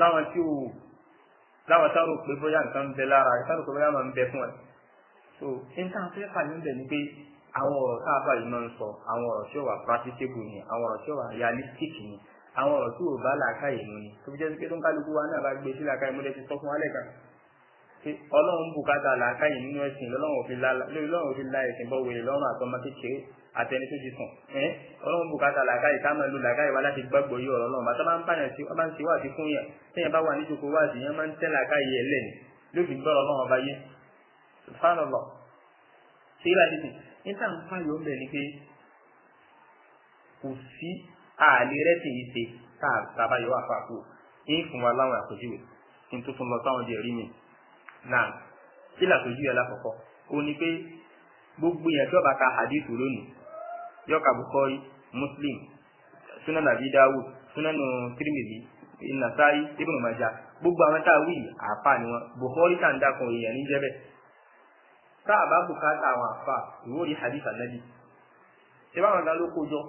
láwọn tí ò láwọn tá pé bóyá nǹkan ń bẹ lára tá pé bóyá máa ń bẹ fún ẹ àwọn ọ̀rọ̀ tá a bá yìí máa ń sọ àwọn ọ̀rọ̀ tí ó wà practicable ni àwọn ọ̀rọ̀ tí ó wà realistic ni àwọn ọ̀rọ̀ tí ò bá làákàyè mu ni tó fi jẹ́ pé tó ń kálukú wa náà bá gbé sí làákàyè mu lẹ́sìn sọ fún wa lẹ́ka pé ọlọ́run bùkátà làákàyè nínú ẹ̀sìn lọ́lọ́run fi la ẹ̀sìn bọ́ wèrè lọ́rùn àtọmọ kékeré àtẹni tó ti sùn ẹ́ ọlọ́run bùkátà làákàyè ká máa lo làákàyè wa láti gbàgbọ́ yí ọ̀rọ̀ náà bàtà máa ń bàyàn sí ọba ń ṣe wáàsí fún yàn téèyàn bá wà ní ìjòkó wáàsí yẹn máa ń tẹ́ níta ń fà yóò bẹ̀ ni pé kò sí ààlẹ́ rẹ̀ tèyí ṣe tá a bá yọ àfà fún wa láwọn àpèjúwe kí n tó tún lọ sáwọn jẹ̀rí mi náà kí làpèjúwe alákọ̀ọ́kọ́ ó ní pé gbogbo yẹn tí ọba ka hadith lónìí yọka Bukhari Muslim sunan Abi Dawud sunan Tirmidhi Nasa'i Ibn Majah gbogbo àwọn tá a wí àpá ni wọn Bukhari tá a èèyàn ní jẹ́bẹ̀ẹ́ tá a bá bùkátà àwọn àfa ìwé orí hadith anabi ṣé báwọn gan ló kójọ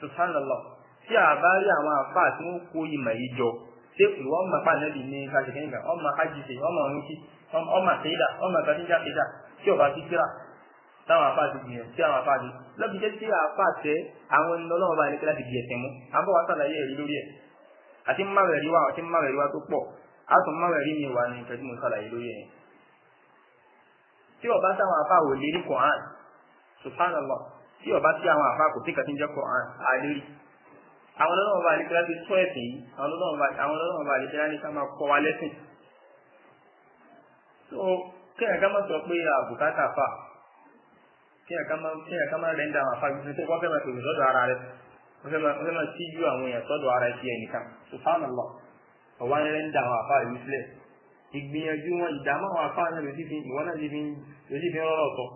subhanallah tí a bá rí àwọn àfa tí wọn kó ìmọ̀ yìí jọ ṣé ìwọ ọmọ pa anabi ní ọmọ ajíṣe ọmọ ọmọ ọmọ tí ọba ti kíra táwọn àfa ti gbìyànjú tí àwọn àfa ti lọ́bi jẹ́ tí àfa tẹ àwọn ẹni bá láti gbìyànjú mú wá sàlàyé ẹ̀rí lórí ẹ̀ tí ọba sáwọn afa wò lè ní Quran subhanallah tí ọba sí àwọn afa kò sí kàtí ń jẹ Quran àlérí àwọn ọlọ́run ọba àlekẹ́lá ti tún ẹ̀sìn yìí àwọn ọlọ́run ọba àlekẹ́lá ní ká máa kọ́ wa lẹ́sìn. so kéèyàn ká máa sọ pé àbùkátà fà kéèyàn ká máa kéèyàn ká máa rẹ́ńdà àwọn afa gbígbé tó wọ́n fẹ́ máa tòun sọ́dọ̀ ara rẹ̀ wọ́n fẹ́ máa síjú àwọn èèyàn sọ́dọ̀ ara ẹ̀ nìkan subhanallah ọ̀wá rẹ́ńdà àwọn ìgbìyànjú wọn ìdààmú àwọn afá náà lójú fi ìwọ náà lójú fi ń rọrọ sọ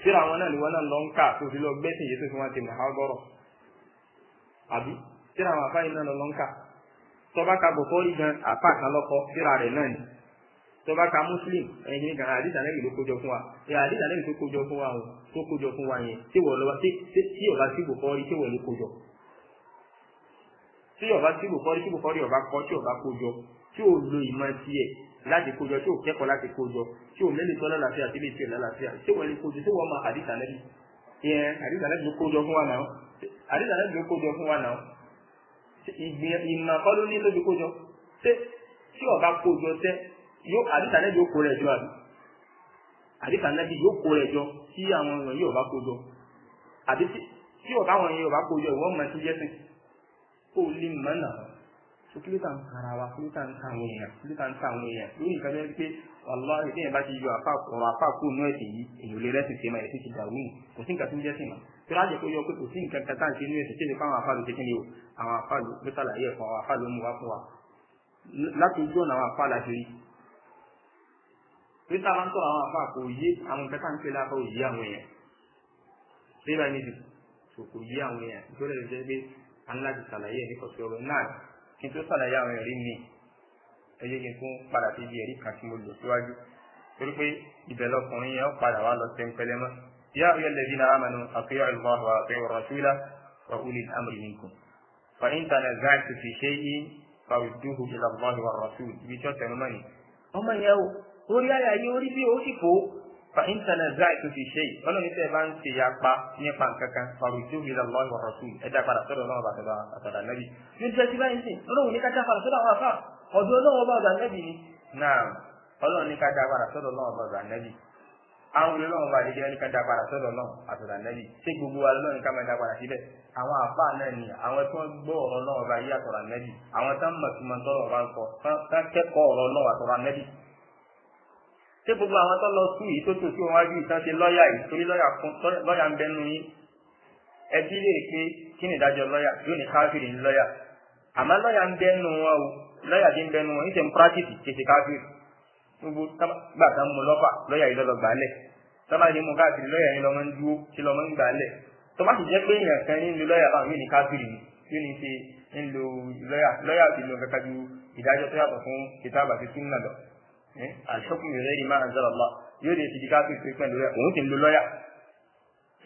síra àwọn náà lówó náà lọ ń kà tó fi lọ gbẹ́sìn yìí tó fi wọn ti mọ̀hágọ́rọ̀ àbí síra àwọn afá yìí náà lọ ń kà tọ́ba ka bọ̀kọ́rí gan afá kan lọ́kọ́ síra rẹ̀ náà ni tọ́ba ka muslim ẹ̀yin gan àdìsá náà ló kójọ fún wa ẹ̀ àdìsá náà tó kójọ fún wa tó kójọ fún wa yẹn tí wọ́n lọ́wọ́ tí ọba sí bọ̀kọ́rí tí wọ́n ló kójọ tí ọba sí bọ̀kọ́rí tí bọ̀kọ́rí ọba tí ò lo ìmọ̀ tiẹ̀ láti kójọ tí ò kẹ́kọ̀ọ́ láti kójọ tí ò mẹ́lẹ̀ tọ́lá làfíà tí lè tiẹ̀ lálàáfíà tí wọ́n lè kójọ tí wọ́n máa àdìsá lẹ́bi ìyẹn àdìsá lẹ́bi ló kójọ fún wa náà àdìsá lẹ́bi ló kójọ fún wa náà ìmọ̀ kọ́ ló ní tó fi kójọ ṣé tí ọba kójọ tẹ́ yóò àdìsá lẹ́bi ó kó rẹ̀ jọ àbí àdìsá lẹ́bi yóò kó rẹ̀ jọ tí àwọn èèyàn yóò bá kójọ àbí tí ọba àwọn èèyàn yóò bá kójọ ìwọ́n mọ̀ sí jẹ́sìn kó o lè mọ̀ náà so kí ló tà ń kara wa kí ló tà ń ta àwọn èèyàn kí ló tà ń ta àwọn èèyàn lórí nǹkan bẹ́ẹ̀ pé wàláhì bẹ́ẹ̀ bá ti yọ ọ̀rọ̀ àpapọ̀ inú ẹ̀sìn yìí èèyàn lè rẹ́sìn sèmà ẹ̀sìn ti dàrú nù kò sí nǹkan tó ń jẹ́ sèmà tí wọ́n á jẹ́ kó yọ pé kò sí nǹkan kan táǹkì inú ẹ̀sìn tí èèyàn fáwọn afáàlù kékeré o àwọn afáàlù ló sàlàyé ẹ̀fọ́ àwọn afáàlù mú wá fún wa láti ojú ọ̀nà àwọn afáàlù àṣírí pé tá a máa ń àwọn afáà kò yé àwọn nǹkan ń pè láfa òyé àwọn èèyàn ṣé báyìí ní kò yé àwọn èèyàn ìjọ́lẹ̀ lè jẹ́ pé a kí n tó sàlàyé àwọn ẹ̀rí mi ẹ yé kí n tún padà sí ibi ẹ̀rí kan tí mo lò síwájú torí pé ibẹ̀ lọkùnrin yẹn ó padà wá lọ sí ẹnpẹlẹ mọ́ yá ọ̀yọ́ lẹ́bí náà amánu àfihàn ìlú àwọn àfihàn rasúlá wa ulil amri minkum fa in tanaza'tum fi shay'in farudduhu ila Allahi wa rasul ibi tí wọ́n tẹnu mọ́ ni. ọmọ yẹn o orí àyà orí bí o sì fò fa in في شيء، shay ọlọ́run tẹ́ bá ń ṣe ya pa nípa الله والرسول. إذا Allah wa rasul ẹ̀dá padà النبي. náà bá tọ́lá àtọ̀dá nẹ́bí. yóò jẹ́ síbá yín sìn ọlọ́run ní kájà padà sọ́dọ̀ àwọn afá ọ̀dọ̀ ọlọ́run ọba ọ̀dà nẹ́bí ni. náà ọlọ́run ní kájà padà sọ́dọ̀ ọlọ́run ọba ọ̀dà nẹ́bí. àwọn olólọ́run bá dédé ní kájà padà sọ́dọ̀ ọlọ́run àtọ̀dá nẹ́bí. ṣé gbogbo wa lọ́run ká máa dá padà síbẹ̀? àwọn àfa náà ni àwọn tó ń gbọ́ ọ̀rọ̀ náà ọba yí àtọ̀rọ̀ nẹ́bí. àwọn tó ń mọ̀ sí mọ̀ tọ́rọ̀ ọba ń sọ tán kẹ́kọ̀ọ́ ọ̀rọ̀ náà àtọ̀rọ̀ nẹ́bí ṣé gbogbo àwọn tó lọ sí yìí tó tò sí wọn wájú ìtàn ṣe lọ́ọ̀yà yìí torí lọ́ọ̀yà ń bẹnu yín ẹbí lè pé kí ni ìdájọ́ lọ́ọ̀yà yóò ní káfíìrì ní lọ́ọ̀yà àmọ́ lọ́ọ̀yà ń bẹnu wọn o lọ́ọ̀yà ti ń bẹnu wọn ìṣẹ̀ ń pírátìsì kéṣe káfíìrì gbogbo gbà kan mú lọ́fà lọ́ọ̀yà yìí lọ́lọ́ gbàálẹ̀ tọ́mọdé mú káàkiri lọ́ọ̀yà yìí lọ́mọ ń dúró tí lọ́mọ ń gbàálẹ̀ tó má sì jẹ́ pé èèyàn kan nílò lọ́ọ̀yà báwọn yóò ní káfíìrì yóò ní ṣe ń lo lọ́ọ̀yà lọ́ọ̀yà ti lo kankan ju ìdájọ́ tó yàtọ̀ fún kìtàbà ti súnmọ́ lọ àṣọkùn rẹ̀ yìí máa ń zọrọ̀ lọ yóò lè ti di káfíìn pé pẹ̀lú rẹ̀ òun ti ń lo lọ́yà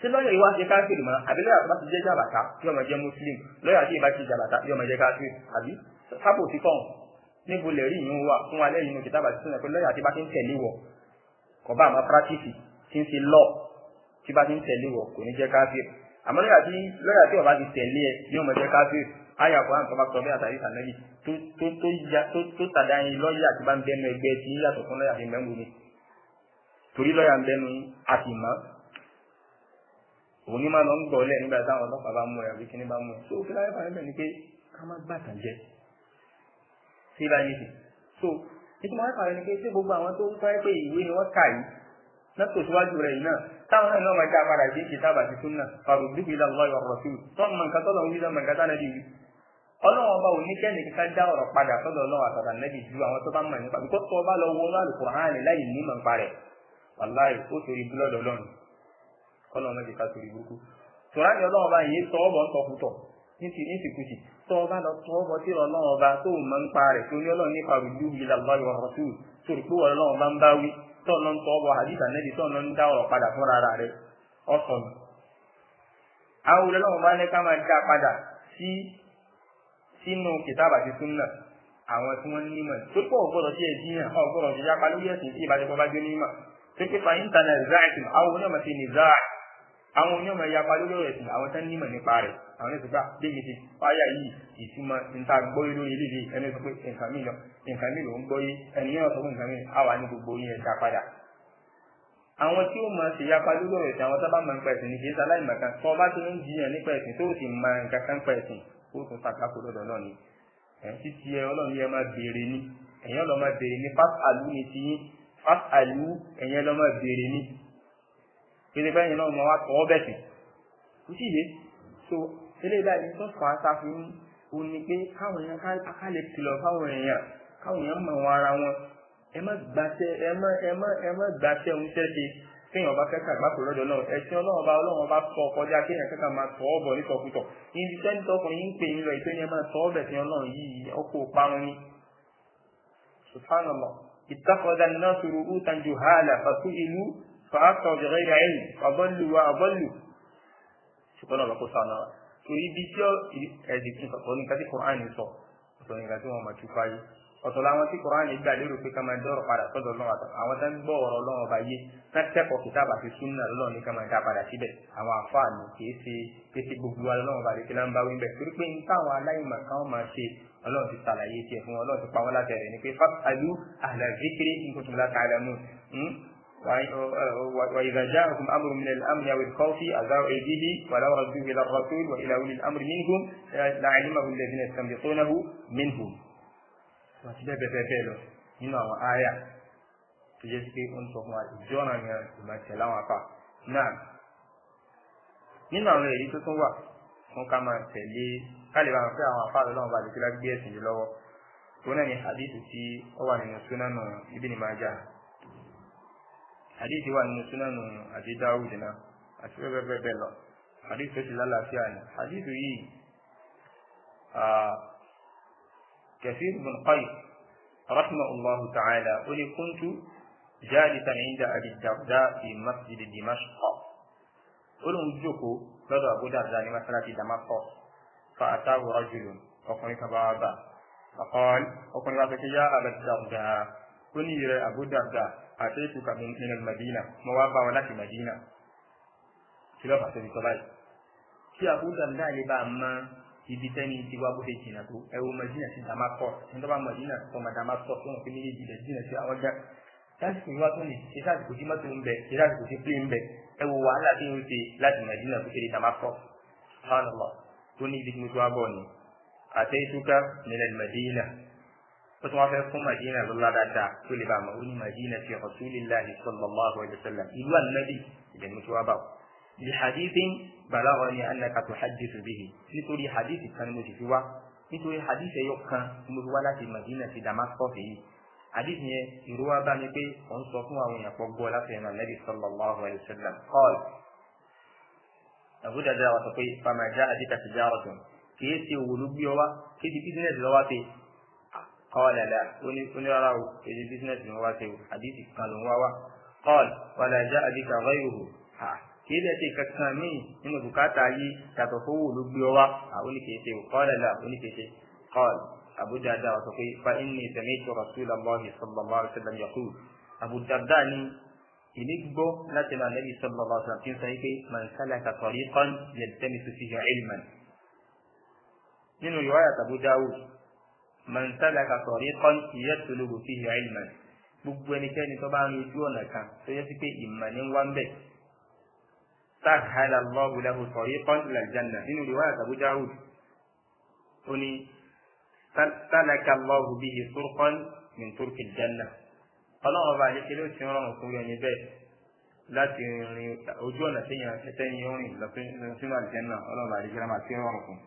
tí lọ́yà yìí wá ṣe káfíìn mọ́ àbí lọ́yà tó bá ti jẹ́ jàbàtà yóò máa jẹ́ muslim lọ́yà tí ì bá ti jàbàtà yóò máa jẹ́ káfíìn àbí sábò ti kọ́hún níbo lè rí ìyún wa fún alẹ́ yìí ní kìtàbà tí sọ̀rọ̀ pé lọ́yà tí bá ti ń tẹ̀lé wọ kò bá àmọ́ pírátìsì tí ń ṣe lọ tí bá ti ń tẹ̀lé wọ kò ní jẹ́ káfíìn àmọ́ lọ́yà tí lọ́yà tí wọ́n ti tẹ̀lé ẹ yóò máa jẹ́ káfíìn ayà kò tó bá sọ bẹ́ẹ̀ àtàrí sànẹ́bì tó tó tó ya tó tó tàdá yín lọ́ọ̀yà tó bá ń bẹnu ẹgbẹ́ tí yín yàtọ̀ fún lọ́ọ̀yà tó ń bẹ́nu mi torí lọ́ọ̀yà ń bẹnu àtìmọ́ òun ní máa lọ ń gbọ́ lẹ̀ nígbà táwọn ọlọ́pàá bá mú ẹ àbí kíní bá mú ẹ so kí láyé fàáyé bẹ̀ ni pé ká má gbàtàn jẹ sí ibà yìí so ìtumọ̀ láyé fàáyé ni pé ṣé gbogbo àwọn tó ń sọ pé ìwé ni wọ́n kà yìí náà tó síwájú rẹ̀ yìí náà táwọn náà náà máa já padà dé kìtàbà àti ọlọ́run ọba òní kẹ́ni ká dá ọ̀rọ̀ padà sọ́dọ̀ ọlọ́run àtàtà nẹ́bí ju àwọn tó bá mọ̀ nípa bí lọ wọnú àlùkùránì láì ní mọ̀ nípa rẹ̀ wàláì ó torí búlọ́dọ̀ ọlọ́run ọlọ́run mẹ́jẹ ká torí burúkú tòrádìí ọlọ́run ọba yìí tọ́ ọ̀bọ̀ ń tọ́ kútọ̀ tọ́ ọba lọ tọ́ ọbọ̀ tí ọlọ́run ọba tó mọ̀ nípa rẹ̀ sínú kìtàbà àti súnà àwọn tí wọ́n ní ìmọ̀ tó pọ̀ gbọ́dọ̀ sí ẹ̀jìyàn ọ̀ gbọ́dọ̀ sí yápa lórí ẹ̀sìn tí ìbáṣepọ̀ bá gbé ní tó pé fa internet zaati àwọn onímọ̀ sí ni zaati àwọn onímọ̀ yápa lórí ẹ̀sìn àwọn tán nímọ̀ nípa rẹ̀ àwọn ẹ̀sìn gbà débi ti fáyà yìí ìtumọ̀ níta gbọ́ yìí lórí ilé ẹni sọ pé nǹkan mi lọ nǹkan mi ló ń gbọ́ yìí ẹni yẹn sọ pé nǹkan mi àwa ní gbogbo yẹn dá padà. àwọn tí ó mọ ṣe yápa lórí ẹ̀sìn àwọn sábà máa ń pa ẹ̀sìn ní kí ẹ ó tún ṣàkàtò lọ́dọ̀ náà ni ẹ̀yìn títí ẹ ọlọ́run yẹ máa béèrè ni ẹ̀yìn ọlọ́ máa béèrè ni fat alu ni ti yín fat alu ẹ̀yìn ọlọ́ máa béèrè ni pèsè bẹ́yìn náà mo wá tọ́ ọ bẹ̀sẹ̀ kò sí yé so eléyìí báyìí tó fà á sáfin ó ní pé káwọn èèyàn ká lè kìlọ̀ fáwọn èèyàn káwọn èèyàn mọ̀ wọn ara wọn ẹ má gbàṣẹ ẹ má ẹ má gbàṣẹ òun ṣẹ́ṣe téèyàn bá fẹ́ kàgbákò lọ́dọ̀ náà ẹ̀sìn ọlọ́run bá ọlọ́run bá sọ kọjá kéèyàn kẹ́kà máa tọ́ ọ bọ̀ nítọkùtọ̀ ibi tẹ́ni tọkùnrin yín pè yín lọ ètò yẹn máa tọ́ ọ bẹ̀sìn ọlọ́run yìí ọkọ̀ parun ni. subhanallah ittakhadha an-nasu ru'usan juhala fasu'ilu fa'aftau bighayri 'ilm fadallu wa adallu. ṣùgbọ́n ọ̀rọ̀ sànà ọ̀tọ̀ làwọn tí kùránì gbà lérò pé ká máa dọ́rọ̀ padà sọ́dọ̀ lọ́wọ́ àtọ̀ àwọn tó ń gbọ́ ọ̀rọ̀ ọlọ́run ọba yé kẹ́kọ̀ọ́ kìtàbà àti súnà lọ́lọ́run ní ká máa dá padà síbẹ̀ àwọn àfáàní kìí ṣe gbogbo wa lọ́wọ́ ọba àdékè náà wí bẹ̀ torí pé nípa àwọn aláìmọ̀ kan máa ṣe ọlọ́run ti ṣàlàyé tiẹ̀ fún wọn ti pa láti ẹ̀rẹ̀ ni pé fásitì àlà zikiri nkutum la ta'lamun وإذا جاءكم أمر من الأمن أو الخوف أذاعوا أيديه ولو ردوه إلى الرسول وإلى أولي الأمر منهم لعلمه الذين يستنبطونه منهم àti bẹ́ẹ̀ bẹ́ẹ̀ bẹ́ẹ̀ lọ nínú àwọn àyà tó yẹ pé ó ń sọ fún wa ìjọ́ràn yẹn ìmọ̀tẹ̀ láwọn apá náà nínú àwọn èrí tó tún wà fún ká máa tẹ̀lé ká lè máa fẹ́ àwọn apá lọ́wọ́ bá lè kí lágbé ẹ̀sìn yìí lọ́wọ́ tó náà ni hadith tí ó wà nínú súnánù Ibn Majah hadith wà nínú súnánù Abi Dawud náà àti bẹ́ẹ̀ bẹ́ẹ̀ bẹ́ẹ̀ lọ hadith tó ti lálàáfíà ni hadith yìí كثير بن قيس رحمه الله تعالى قل كنت جالسا عند أبي الدرداء في مسجد دمشق قل جوكو بدأ أبو الدرداء لمسألة دمشق فأتاه رجل وقل كبابا فقال وقل لك يا أبا الدرداء قل يا أبو الدرداء أتيتك من المدينة موابا ولكن مدينة كلا فأتيتك بي كي أبو الدرداء لبا ibi tẹ́ni ti wá bó ṣe jìnnà tó ẹ wo Madina sí Damascus nígbà bá Madina sọ ma Damascus tó wọn fi méjèèjì lẹ jìnnà sí àwọn jẹ lásìkò yìí wá tó ní ṣe lásìkò tí mọ́tò ń bẹ ṣe lásìkò tí plé ń bẹ ẹ wo wàhálà tí ń ṣe láti Madina tó ṣe di Damascus subhanallah tó ní ibi tí mo ti wá bọ̀ ni àti ìtúkà nílẹ̀ Madina ó tún wá fẹ́ fún Madina lọ́la dáadáa tó lè bá a mọ̀ ó ní Madina fi Rasulillahi sallallahu alaihi wasallam ìlú ànábì ìdẹ̀mú tí wá bá o bàláwọ̀ ni anaka tó hadith bihi nítorí hadith kan ni mo sì fi wá nítorí hadith ẹ̀yọ kan ni mo fi wá láti Madina sí Damascus yìí hadith yẹn ìró wa bá mi pé ò ń sọ fún àwọn èèyàn pọ̀ gbọ́ láti ẹ̀nà Nabi sallallahu alayhi wa sallam qala Abu Darda wa sọ pé fama já àdìkà ti já ọ̀tún kìí ṣe òwò ló gbé ọ wá kìí ṣe business lọ́wọ́ ṣe qala la onírara o kìí business lọ́wọ́ ṣe o hadith kan ló ń wá wá qala wàlá já àdìkà ghayruhu kì í dẹ̀ ṣe kankan míì nínú bùkátà yìí yàtọ̀ fowó ló gbé ọ wá oníkèéṣe kọ́lẹ̀lá oníkèéṣe kọ́l Abu Darda sọ pé fa inni sami'tu Rasulullahi sallallahu alaihi wasallam yaqul Abu Darda ni ìní gbọ́ láti máa Nabi sallallahu alaihi wasallam tí sọ pé man salaka tariqan yaltamisu fihi ilman nínú tó bá ń lójú ọ̀nà kan tó sahala Allahu lahu tariqan ila al-janna nínú riwaya Abu Dawud ó ní salaka Allahu bihi turqan min turqi al-janna ọlọ́run bá yẹn kéré ó ti rọrùn fún yẹn bẹ́ẹ̀ láti rin ojú ọ̀nà téèyàn tẹ́yìn ó rìn lọ sínú àlùjànnà ọlọ́run bá yẹn kéré máa ti rọrùn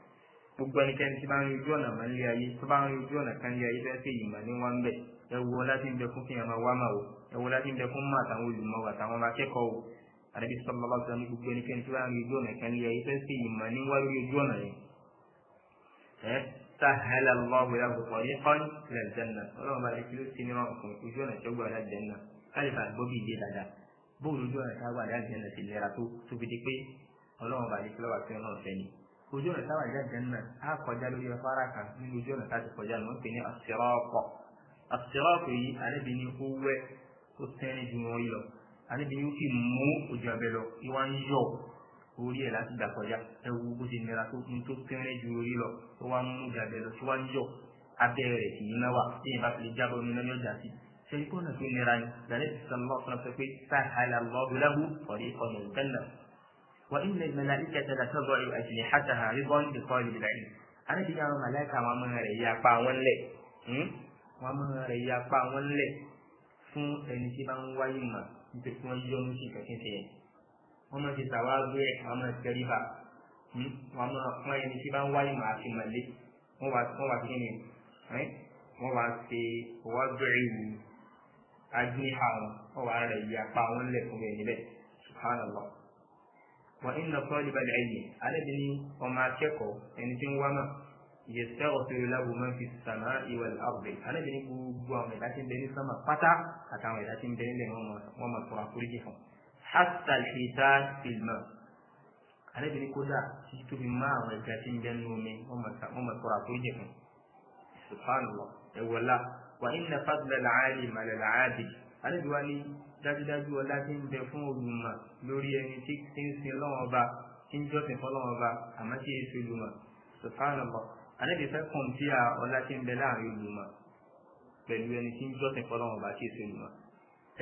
fún gbogbo ẹnikẹ́ni tí bá ń rí ojú ọ̀nà máa ń lé ayé tó bá ń rí ojú ọ̀nà kan lé ayé fẹ́ẹ́ fèyí mà ní wọ́n ń bẹ̀ ẹ wo láti ń bẹ fún kéèyàn máa wá mà o ẹ wo láti ń bẹ fún mà àtàwọn olùmọ̀ àtàwọn akẹ́kọ̀ọ́ àdàbí sọlọ́lá sọ ní gbogbo ẹnikẹ́ni tó bá ń rí ojú ọ̀nà kan yẹ ife sí ìmọ̀ ní wá lórí ojú ọ̀nà yẹn ẹ sahhala Allahu lahu tariqan ila al-janna ọlọ́run bá ti ló ti ní wọn fún ojú ọ̀nà tó gbà láti janna káyọ̀ bá gbọ́ bí ìdí dáadáa bóòlù ojú ọ̀nà tá a gbà láti janna ti lera tó tó fi di pé ọlọ́run bá ti ló wà fún ọ̀nà fẹ́ni ojú ọ̀nà táwọn àjá janna á kọjá lórí afárá kan nínú ojú ọ̀nà tá kọjá lọ wọ́n pè ní as-sirat as-sirat yìí àrẹ́bìnrin ó wẹ́ ó tẹ́rin ju wọn lọ àníbi yóò sì mú ojú abẹ lọ ìwà ń yọ orí ẹ̀ láti dà kọjá ẹ wo bó ti nira tó kún tó kẹ́rẹ́ ju orí lọ tó wá ń mú ojú abẹ lọ tó wá ń yọ abẹ́ rẹ̀ sì ní náwà tí yẹn bá fi lè jábọ̀ nínú ẹni ọjà sí sẹ́yìn kọ́nà tó nira ni dàdé ti sọ lọ́wọ́ fúnra sọ pé sáhàlà lọ́ọ̀dù láwù ọ̀rẹ́ ọ̀nà ìgbẹ́nà wà ilẹ̀ mẹlẹ́kẹ́ tẹ̀lé fún ẹni tí bá ń wáyé mọ̀ nípa tí wọ́n yọ lóṣù kẹ̀kẹ́ tẹ̀ yẹn wọ́n máa ti tàwáàdù ẹ̀ wọ́n máa tẹ̀rí bá wọ́n máa fún ẹni tí bá ń wáyé màá fi màlẹ́ hmm? wọ́n wá wọ́n wá kí ni eh? wọ́n wá ṣe wájú ìlú ajínigbà wọn wọ́n wá rẹ̀ yí apá wọn lẹ̀ fún ẹni bẹ́ẹ̀ subhanallah wọ́n ń nà fọ́ọ̀lì balẹ̀ ẹ̀yìn alẹ́ bí ni ọmọ akẹ́kọ̀ọ́ ẹni tí ń wá náà yastaghfiru lahu man fi samaa'i wal ardi alábi ní gbogbo àwọn ẹ̀dá tí ń bẹ ní sánmà pátá àtàwọn ẹ̀dá tí ń bẹ nílẹ̀ wọn mọ̀ tọrọ àforíjì fún hatta al-hitan fil ma alábi ní kódà tí tóbi má àwọn ẹ̀dá tí ń bẹ nínú omi wọn mọ̀ tọrọ àforíjì fún subhanallah ẹ̀wọ̀lá wa inna fadla al-'alimi 'ala al-'abid alábi wá ní dájúdájú ọlá tí ń bẹ fún olùmọ̀ lórí ẹni tí ń sin ọlọ́wọ́n ọba tí ń jọ́sìn fọlọ́wọ́n ọba àmọ́ tí èso olùmọ̀ subhanallah ànábì fẹ́ kàn bí a ọlá tí ń bẹ láàrin olùmọ̀ pẹ̀lú ẹni tí ń jọ́sìn fọlọ́run ọba tí èso olùmọ̀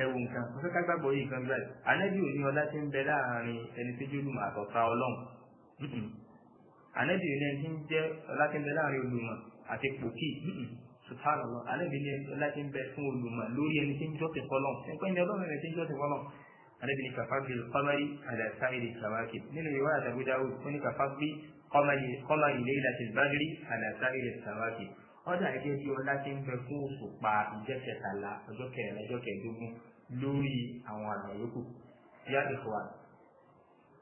ẹwù nǹkan mo fẹ́ ká gbàgbọ́ yìí kan báyìí ànábì ò ní ọlá tí ń bẹ láàrin ẹni tí jólùmọ̀ àtọ̀ta ọlọ́run ànábì ò ní ẹni tí ń jẹ́ ọlá tí ń bẹ láàrin olùmọ̀ àti pòkì subhanallah ànábì ní ọlá tí ń bẹ fún olùmọ̀ lórí ẹni tí ń jọ́sìn fọlọ́run ni ọlọ́run ẹni tí ń jọ́sìn fọlọ́run ànábì ní kàfáàbì kọ́mẹ́rì àdàsáìrì kọ́mọ̀lì laylatil badri ala sa'iris sawaki ọ̀dà ẹgbẹ́ bí ọlá ti ń bẹ fún òṣùpá ìjẹ́ kẹtàlá ọjọ́ kẹrìnlá ọjọ́ kẹẹ̀ẹ́dógún lórí àwọn àgbà yòókù yá ìfọ̀wà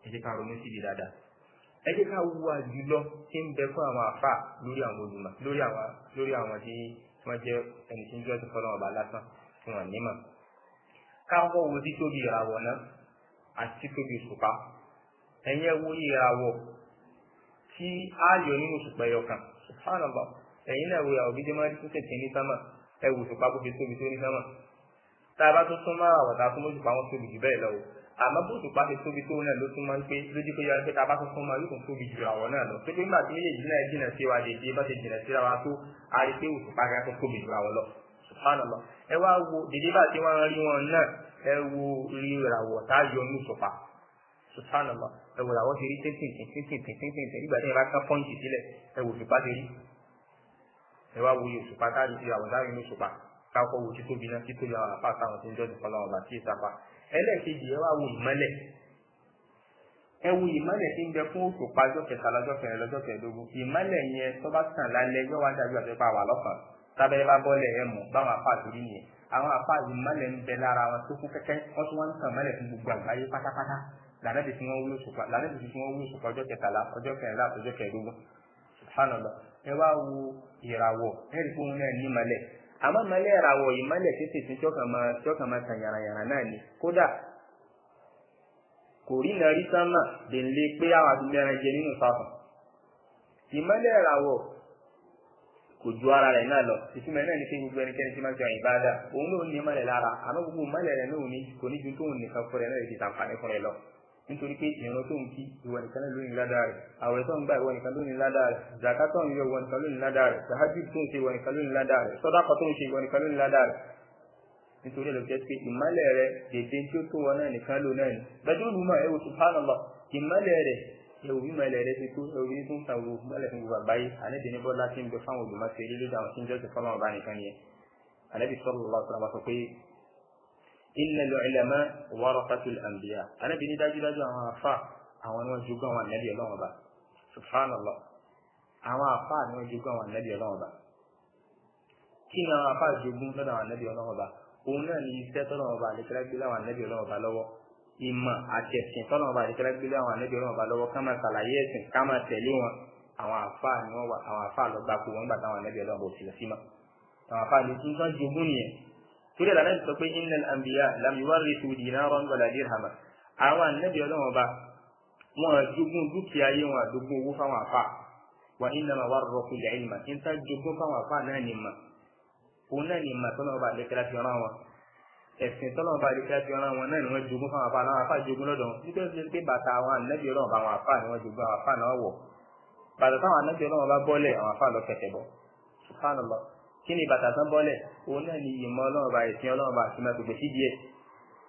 ẹ jẹ́ ká ronú síbi dáadáa ẹ jẹ́ ká wú àjùlọ tí ń bẹ fún àwọn àfà lórí àwọn olùmọ̀ lórí àwọn lórí àwọn tí wọ́n jẹ́ ẹni tí ń jọ́ ti fọ́lọ́ ọba lásán fún wọn nímọ̀ ká wọ́ wo títóbi ìràwọ̀ náà àti títóbi òṣùpá ẹ̀yẹ́ wo ìràwọ̀ tí a yọ nínú òṣùpá ẹyọ kan subhanallah ẹ̀yin náà wo àwọn gidi máa rí títẹ̀ tí ní sámà ẹ wò òṣùpá bó fi tóbi tó ní sámà tá a bá tó súnmọ́ àwàdà tó mójúpá wọn tóbi jù bẹ́ẹ̀ lọ o àmọ́ bó òṣùpá fi tóbi tó náà ló tún máa ń pé lójú pé yára pé tá a bá tó súnmọ́ yóò tóbi jù àwọn náà lọ pé nígbà tí méjèèjì náà jìnà sí wa dèjì bá ti jìnà síra wa tó a rí pé òṣùpá kan tó tóbi jù àwọn lọ subhanallah ẹ wá wo dèjì bá ti wọn rí wọn náà ẹ wo rí ìràwọ̀ tá a yọ ní òṣùpá subhanallah ẹ làwọn ti rí tẹ́tẹ̀tẹ̀ tẹ́tẹ̀tẹ̀ tẹ́tẹ̀tẹ̀ nígbà tí ẹ pọ́ǹtì sílẹ̀ ẹ wò ti rí ẹ wo yóò sùpá káàdì sí àwọn dáhùn inú sùpá káàkó wo títóbi náà títóbi àwọn àpá àtàwọn tó ń jọ́sìn fọlọ́wọ́n bá tí ì ẹlẹ́ẹ̀kejì ẹ wo ìmọ́lẹ̀ ẹ ìmọ́lẹ̀ tí ń bẹ fún òṣùpá jọ́kẹta lọ́jọ́ kẹrin lọ́jọ́ kẹẹ̀ẹ́dógún ìmọ́lẹ̀ yẹn tó bá tàn lálẹ́ yóò wá dàbí àfẹ́fà wà lọ́kàn tábẹ́ bá bọ́lẹ̀ ẹ mọ̀ báwọn apá àtúrí nìyẹn àwọn apá ìmọ́lẹ̀ ń bẹ lára wọn tó kú kẹ́kẹ́ wọ́n tún wá ń tàn mọ́lẹ̀ fún gbogbo àgbáyé pátápátá lànàbì tí wọ́n wúlò sùpà lànàbì tí wọ́n wúlò sùpà ọjọ́ kẹtàlá ọjọ́ kẹrìnlá ọjọ́ kẹẹ̀ẹ́dógún subhanallah ẹ wá wo ìràwọ̀ ẹ rí fóun náà ní malẹ̀ àmọ́ malẹ̀ ìràwọ̀ yìí malẹ̀ tètè tí tíọ́kà máa tíọ́kà máa tàn yàràyàrà náà ni kódà kò rí nàrí sánmà dèlé pé àwọn àtúndẹ̀rẹ̀ jẹ nínú fàfà ìmọ́lẹ̀ ìràwọ̀ kò ju ara rẹ̀ náà lọ ìtumọ̀ náà ni pé gbogbo ẹnikẹ́ni tí máa ń sọ ìbáadà òun náà ní ìmọ́lẹ̀ lára àmọ́ gbogbo ìmọ́lẹ̀ rẹ̀ náà kò ní ju tóun nìkan fún rẹ̀ náà lè ti tàǹfààní fún rẹ̀ lọ nítorí pé ìran tó ń kí ìwọ nìkan ló ní ládàá rẹ̀ àwẹ̀ tó ń gbà ìwọ nìkan ló ní ládàá rẹ̀ zaka tó ń yọ ìwọ nìkan ló ní ládàá rẹ̀ sahaju tó ń ṣe ìwọ nìkan ló ní ládàá rẹ̀ sọdákọ tó ń ṣe ìwọ nìkan ló ní ládàá rẹ̀ nítorí ẹ̀ ló jẹ́ pé ìmọ̀lẹ̀ rẹ̀ dèdè tí ó tó wọn náà nìkan ló náà ni bẹ́ẹ̀ ló mọ̀ ẹ̀wò subhanallah ìmọ̀lẹ̀ rẹ̀ ẹ̀wò ìmọ̀lẹ̀ rẹ̀ ti tó ẹ̀wò ní tó ń ta wo mọ̀lẹ̀ fún gbogbo àgbáyé àlejò ní bọ́lá tí ń bẹ fáwọn olùmọ̀ṣẹ́ ilé lóde àwọn tí ń jọ́sìn fọlọ́mọba nìkan nìyẹn àlejò sọ́lọ́lá ọ̀sán wa sọ inna al-ulama warathatul anbiya anábì ní dájúdájú àwọn afa àwọn ni wọ́n jogún àwọn ànábì ọlọ́wọ́n ba subhanallah àwọn afa ni wọ́n jogún àwọn ànábì ọlọ́wọ́n ba kí ni àwọn afa jogún lọ́dọ̀ àwọn ànábì ọlọ́wọ́n ba òun náà ni iṣẹ́ tọ́lọ́wọ́n ba àlekẹ́lá gbé láwọn ànábì ọlọ́wọ́n ba lọ́wọ́ ìmọ̀ àti ẹ̀sìn tọ́nà ọba àti kẹlẹ́gbẹ́lẹ́ àwọn àlejò ọ̀nà ọba lọ́wọ́ ká máa ṣàlàyé ẹ̀sìn ká máa tẹ̀lé wọn àwọn àfáà ni wọ́n wà àwọn àfáà lọ́gbàkú wọn gbà táwọn àlejò ọ̀nà ọba òsì lọ sí ma àwọn àfáà ni nǹkan jogún nìyẹn torí ẹ̀ lànà sọ pé innal anbiya lam yuwarrisu dinaran wala dirhama àwọn ànábì ọlọ́run ọba wọn àjogún dúkìá yé wọn àjogún owó fáwọn àfa wa innama warrasu al-ilma kí n ta jogún fáwọn àfa náà ni mà òun náà ni mà tọ́lọ́ ọba àdékẹ́lá fi rán wọn ẹ̀sìn tọ́lọ́ ọba àdékẹ́lá fi rán wọn náà ni wọ́n jogún fáwọn àfa àwọn àfa jogún lọ́dọ̀ wọn nítorí pé bàtà àwọn ànábì ọlọ́run ọba àwọn àfa ni wọ́n jogún àwọn àfa náà wọ̀ bàtà táwọn ànábì ọlọ́run ọba bọ́lẹ̀ àwọn àfa lọ kẹ̀kẹ́ bọ̀ subhanallah kí ni bàtà sán bọ́lẹ̀ òun náà ni ìmọ̀ ọlọ́run bá ìsìn ọlọ́run bá ìsìn àgbègbè sí díẹ̀.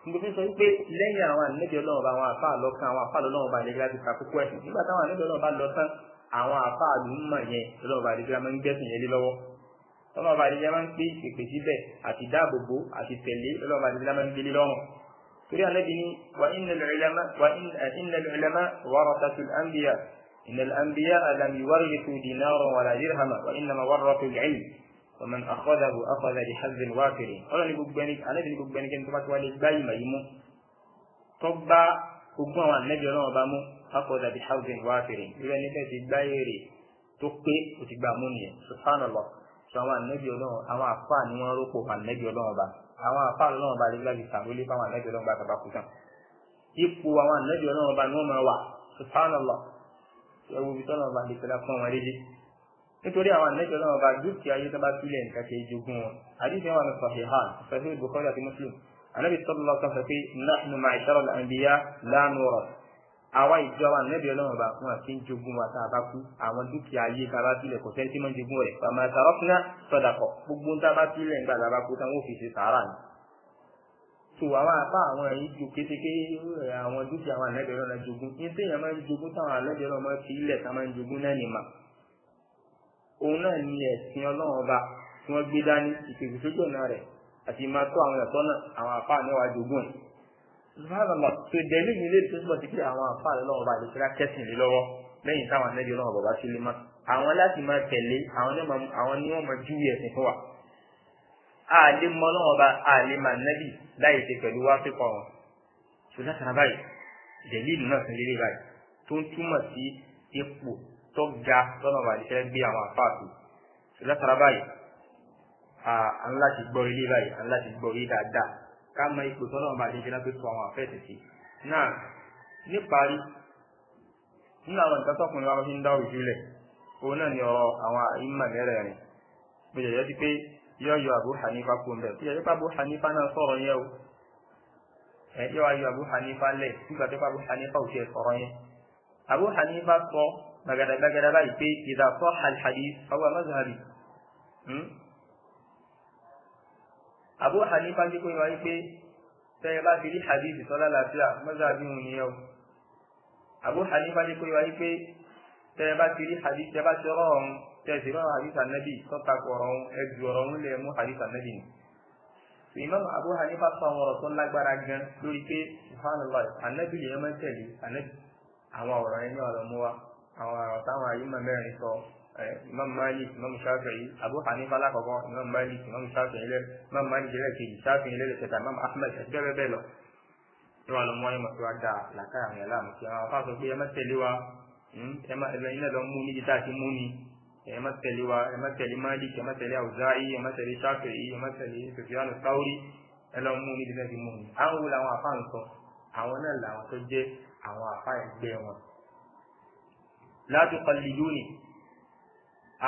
mo fi sọ wípé lẹ́yìn àwọn àníjẹ́ ọlọ́run bá àwọn àfa àlọ́kan àwọn àfa àlọ́run bá ìlera ti kàkókò ẹ̀sìn nígbà táwọn àníjẹ́ ọlọ́run bá lọ tán àwọn àfa àlùmọ̀ yẹn ọlọ́run bá ìlera máa ń gbẹ́sùn yẹn lé lọ́wọ́ ọlọ́run bá ìlera máa ń pín ìpè síbẹ̀ àti dáàbòbò àti tẹ̀lé ọlọ́run ìlera máa ń gbélé lọ́rùn torí àlẹ́bí ni wà innal ulama wà eh, innal ulama warathatul anbiya innal ọmọ akọ́dàbò akọ́dàbò hasbin wákìrì ọlọ́ni gbogbo ẹni alẹ́ ní gbogbo ẹni kí n tó bá ti wálé gbá ìmọ̀ yìí mú tó bá ogún àwọn ànẹ́bí ọlọ́run ọba mú akọ́dàbò hasbin wákìrì irú ẹni bẹ́ẹ̀ ti gbá èrè tó pé o ti gbà mú nìyẹn subhanallah sọ àwọn ànẹ́bí ọlọ́run àwọn àfa ni wọ́n rọ́pò ànẹ́bí ọlọ́run ọba àwọn àfa ọlọ́run ọba lẹ́gbẹ́ láti sàrólé fáwọn ànẹ́bí ọlọ́run ọba tàbá kúta ipò àwọn ànẹ́bí ọlọ́run ọba ni wọ́n máa wà subhanallah ẹwù ibi tọ́lọ́run ọba lè fẹ́ lá fún àwọn àlejò nítorí àwọn àlejò náà bá dúkìá yìí tó bá sílẹ̀ nǹkan kì í jogún wọn àdìsí wọn ní sahihan sahih bukhari àti muslim anabi sallallahu alaihi wa sallam pé nahnu ma'ishara al-anbiya la nurath àwa ìjọ àwọn àlejò náà bá wọn kì í jogún wa tá a bá kú àwọn dúkìá yìí tá a bá sílẹ̀ kò sẹ́ni tí wọ́n jogún rẹ̀ fama tarafna sadaqa gbogbo tá a bá sílẹ̀ nígbà tá a bá kú òun náà ni ẹ̀sìn ọlọ́run ọba tí wọ́n gbé dání ìpèsè sójú ọ̀nà rẹ̀ àti máa tó àwọn ẹ̀tọ́ náà àwọn àfa níwájú ogún ẹ̀. Subhanallah tó dẹ́lí mi lé tó túbọ̀ sí pé àwọn àfa ọlọ́run ọba àdìsíra kẹ́sìn lé lọ́wọ́ lẹ́yìn táwọn anẹ́bí ọlọ́run bàbá sílé mọ́. Àwọn láti máa tẹ̀lé àwọn ni wọ́n máa júwe ẹ̀sìn fún wa. A lè mọ ọlọ́run ọba a lè máa nẹ́bì láì ṣe pẹ̀lú wá pípọ̀ wọn. Ṣùgbọ́n tó ga lọ́nà àbàdìsẹ́ gbé àwọn àfáàtò látara báyìí à ń láti gbọ́ ilé báyìí à ń láti gbọ́ ilé dáadáa ká mọ ipò tọ́nà àbàdìsẹ́ láti tó àwọn àfẹ́ tètè náà níparí nínú àwọn nǹkan tọkùnrin wa fi ń dá òjú lẹ̀ òun náà ni ọ̀rọ̀ àwọn ìmọ̀ mẹ́rẹ̀ẹ̀rin bó jẹ́ yẹ́ sí pé yóò yọ Abu Hanifa kó mbẹ tí yẹ́pẹ́ Abu Hanifa náà sọ̀rọ̀ yẹ́ o ẹ̀ yóò yọ Abu Hanifa lẹ̀ nígbà tó Abu Hanifa ò tiẹ̀ sọ̀rọ̀ yẹn Abu Hanifa sọ gbàgàdàgbàgàdà báyìí pé ìdá sọ alhadith àwọn mazhabi hmm? Abu Hanifa jẹ́ kó yẹ wáyé pé tẹ́yẹ bá fi rí hadith sọ́lá làáfíà mazhabi hùn nìyẹn o Abu Hanifa jẹ́ kó yẹ wáyé pé tẹ́yẹ bá fi rí hadith tẹ́yẹ bá ti rọ̀ ọ̀hún tẹ́yẹ sì rọ̀ hadith anabi sọ́ta kọ̀ọ̀rọ̀ ọ̀hún ẹ̀jú ọ̀rọ̀ ọ̀hún lẹ̀ mú hadith anabi ni imam abu hanifa sọ àwọn ọ̀rọ̀ tó lágbára gan lórí pé subhanallah anabi yẹn máa tẹ̀lé àwọn ọ̀rọ̀ yẹn ọ̀rọ̀ mú wa àwọn ọ̀rọ̀ táwọn àyímọ̀ mẹ́rin sọ imam malik imam shafi'i abu hanifa lákọ̀ọ́kọ́ imam malik imam shafi'i lẹ́rẹ̀ imam malik lẹ́ẹ̀kejì shafi'i lẹ́ẹ̀kẹta imam ahmed àti bẹ́ẹ̀ lọ. ní wàá lọ mú ọyàn mọ̀tò àdá làkàyà àwọn ẹ̀là àmọ̀tí àwọn afá pé ẹ má tẹ̀lé wa hmm? ẹ má ẹ̀lọ́ iná lọ mú níbi tá a mú ni ẹ má tẹ̀lé wa ẹ má tẹ̀lé malik ẹ má tẹ̀lé awza'i ẹ má tẹ̀lé shafi'i ẹ má tẹ̀lé sufyanu thawri ẹ lọ mú níbi tá a mú ni. àwọn wo làwọn afá àwọn náà làwọn tó jẹ́ àwọn afá ẹgbẹ́ wọn láti kọlìlú ni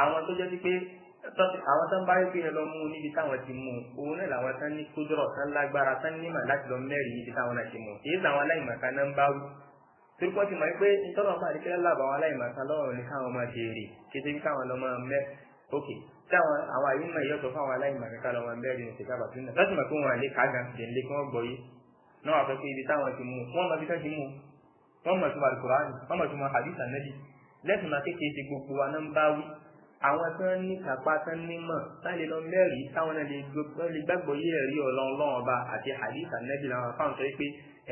àwọn tó jẹ́ sí pé àwọn tó ń báyé pé ẹ lọ mú níbi táwọn ti mú òun náà làwọn tán ní kódọ̀rọ̀ tán lágbára tán nímọ̀ láti lọ mẹ́rin níbi táwọn náà ti mú èyí làwọn aláìmọ̀ká náà ń bá wù torí wọ́n ti mọ̀ pé ìtọ́nà ọmọ àdìkẹ́lẹ́ làbọ̀ àwọn aláìmọ̀ká lọ́rùn ní káwọn máa ṣe èrè kété bí káwọn lọ máa mẹ́ òkè táwọn àwọn àyínmọ̀ yóò sọ fáwọn aláìmọ̀ká lọ́wọ́ mẹ́rin lẹ́sìn máa kékeré ṣe gbogbo wa náà ń bá wí àwọn tó ń ní kápá tó ń nímọ̀ láti lọ mẹ́rìí táwọn náà lè gbàgbọ́ yí ẹ̀rí ọlọ́run ọba àti àdìsá nẹ́bí làwọn fáwọn sọ pé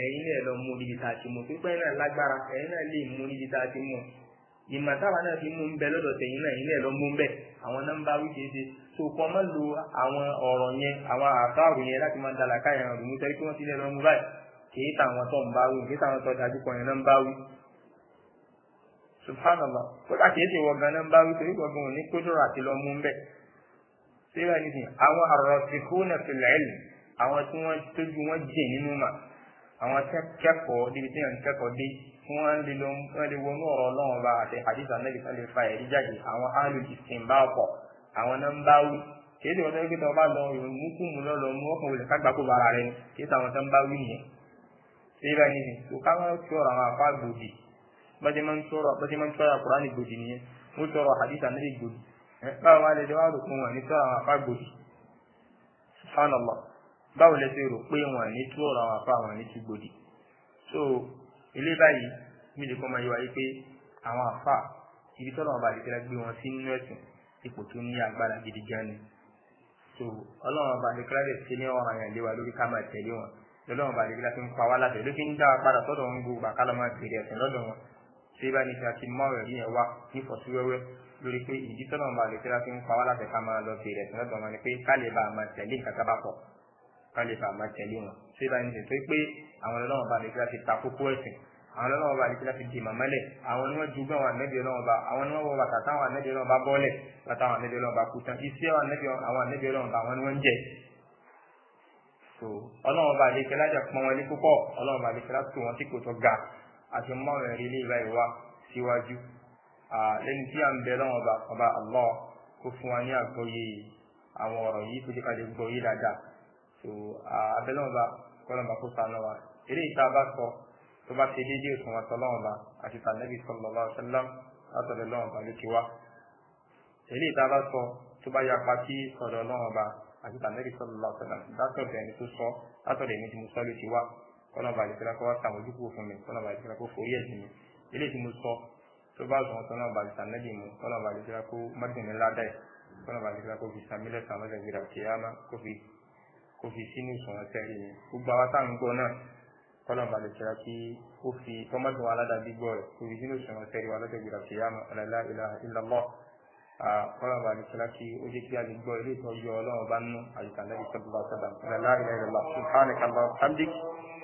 ẹ̀yin náà lọ mú níbi tá a ti mú pípẹ́ náà lágbára ẹ̀yin náà lè mú níbi tá a ti mú ìmọ̀ táwa náà fi mú ń bẹ lọ́dọ̀ tẹ̀yìn náà ẹ̀yin náà lọ mú ń bẹ̀ àwọn náà ń bá wí kìí ṣe tó kọ́ mọ́ lo àwọn ọ̀rọ̀ yẹn àwọn àtàrù yẹn láti máa dàlàkà yẹn rùn nítorí pé wọ́n ti lẹ́ lọ mú báyìí kìí tàwọn tó ń bá wí kìí tàwọn tó dájú kan yẹn náà ń bá wí subhanallah kódà kìí ṣe wọ ganan bá wípé gbọgbọn òní kódòrò àti lọ mú bẹ síbẹ̀ ní sìn àwọn arrasikuna fil ilm àwọn tí wọ́n tójú wọn jẹ nínú mà àwọn kẹ́kọ̀ọ́ níbi tí wọ́n kẹ́kọ̀ọ́ dé tí wọ́n lè lọ wọ́n lè wọnú ọ̀rọ̀ ọlọ́run bá àti àdìsá náà lè lè fa ẹ̀rí jáde àwọn alùpùpù bá pọ̀ àwọn náà ń bá wí kìí ṣe wọ́n tẹ́lẹ̀ pé tí wọ́n bá lọ lọ lọ mú ọkàn wọlé kágbá kó bára rẹ ni kìí ṣe àwọn tó ń bá wí nìyẹn síbẹ̀ ní sìn tó ká wọ́n tó ọ̀rọ̀ àwọn àfáàgbòdì bàtí máa ń tọrọ bàtí máa ń tọrọ àkùránì gbòdì nìyẹn wọ́n tọrọ àdìsá náà gbòdì báwo wá lè wá rò pé wọn ní tọrọ àwọn afá gbòdì subhanallah báwo lè ṣe rò pé wọn ní tọrọ àwọn afá wọn ní ti gbòdì so ilé báyìí mi lè kọ́ máa yẹ wáyé pé àwọn afá ibi tọ́lọ̀ ọba àdìsẹ́lá gbé wọn sí nínú ẹ̀sìn ipò tó ní agbára gidi gan ni so ọlọ́run ọba àdìsẹ́lá lè ṣe ní ọ̀ràn yàn lé lórí ká máa tẹ̀lé wọn lọ́lọ́run ọba àdìsẹ́lá fi ń pa wá láti ló fi ń dá padà sọ́dọ̀ wọn gbogbo àkálọ́ máa tẹ̀lé ẹ̀sìn lọ́dọ̀ wọn tí bá ní ti àti mọ́ rẹ̀ ní ẹ̀wá ní fọ̀síwẹ́wẹ́ lórí pé ìdí tọ́nà ọba àlè tíra fi ń pa wá láti ká máa lọ bèrè ẹ̀sìn lọ́dọ̀ wọn ni pé ká lè bá máa tẹ̀lé nǹkan tá bá pọ̀ ká lè bá máa tẹ̀lé wọn tí bá ní ti tó pé àwọn ọlọ́wọ́n ọba àlè tíra fi ta kókó ẹ̀sìn àwọn ọlọ́wọ́n ọba àlè tíra fi di màmọ́lẹ̀ àwọn ni wọ́n ju gbọ́n àwọn ànẹ́bí ọlọ́wọ́n ọba àwọn ni wọ́n wọ bàtà táwọn ànẹ́bí ọlọ́wọ́n so ọlọ́wọ́n ọba àlè tíra jẹ́ pọ́n wọn ní púpọ̀ ọlọ́wọ́n ọba àlè tó wọn tí kò tó ga àti mọ́rọ̀ ẹ̀rí ilé ìbáyìí wá síwájú lẹ́ni tí a ń bẹ lọ́wọ́ bá bàbá Allah kó fún wa ní àgbọ́yé àwọn ọ̀rọ̀ yìí tó jẹ́ ká lè gbọ́ yé dáadáa tó abẹ́lọ́wọ́ bá kọ́lọ́mbà kó sànú wa eré ìta bá sọ tó bá ṣe déédé òsùn wọn tọ́lọ́wọ́ bá àti tànẹ́bí sallallahu alaihi wasallam látọ̀dọ̀ lọ́wọ́ bá lókè wá eré ìta bá sọ tó bá yapa sí ọ̀dọ̀ lọ́wọ́ bá àti tànẹ́bí sallallahu alaihi wasallam látọ̀dọ̀ ẹni tó sọ látọ̀dọ̀ ẹni tí mo sọ lókè wá kọ́nà bàlẹ̀ fẹ́lá kọ́ wá sàmójú kúrò fún mi kọ́nà bàlẹ̀ fẹ́lá kó forí ẹ̀jẹ̀ mi eléyìí tí mo sọ tó bá sọ wọn tọ́nà bàlẹ̀ sànẹ́bì mu kọ́nà bàlẹ̀ fẹ́lá kó mọ́tìmí ládàá ẹ̀ kọ́nà bàlẹ̀ fẹ́lá kó fi sàmílẹ̀ sàmọ́sẹ̀ gbéra kìyàmá kó fi kó fi sínú ìsọ̀rọ̀ sẹ́rí mi gbogbo àwọn táwọn ń gbọ́ náà kọ́nà bàlẹ̀ fẹ́lá kí ó fi tọ́mọ́tò wa ládàá gbígbọ́ rẹ̀ kó fi sínú ìsọ̀rọ̀ sẹ́rí wa lọ́sẹ̀ gbéra kìyàmá la ilaha illallah kọ́nà bàlẹ̀ fẹ́lá kí ó jẹ́ kí a lè gbọ́ ilé ìtọ́jú ọlọ́run bá nú àyíká lẹ́yìn sọ́dọ̀ bá sọ́dọ̀ la ilaha illallah subhanaka allahumma hamdik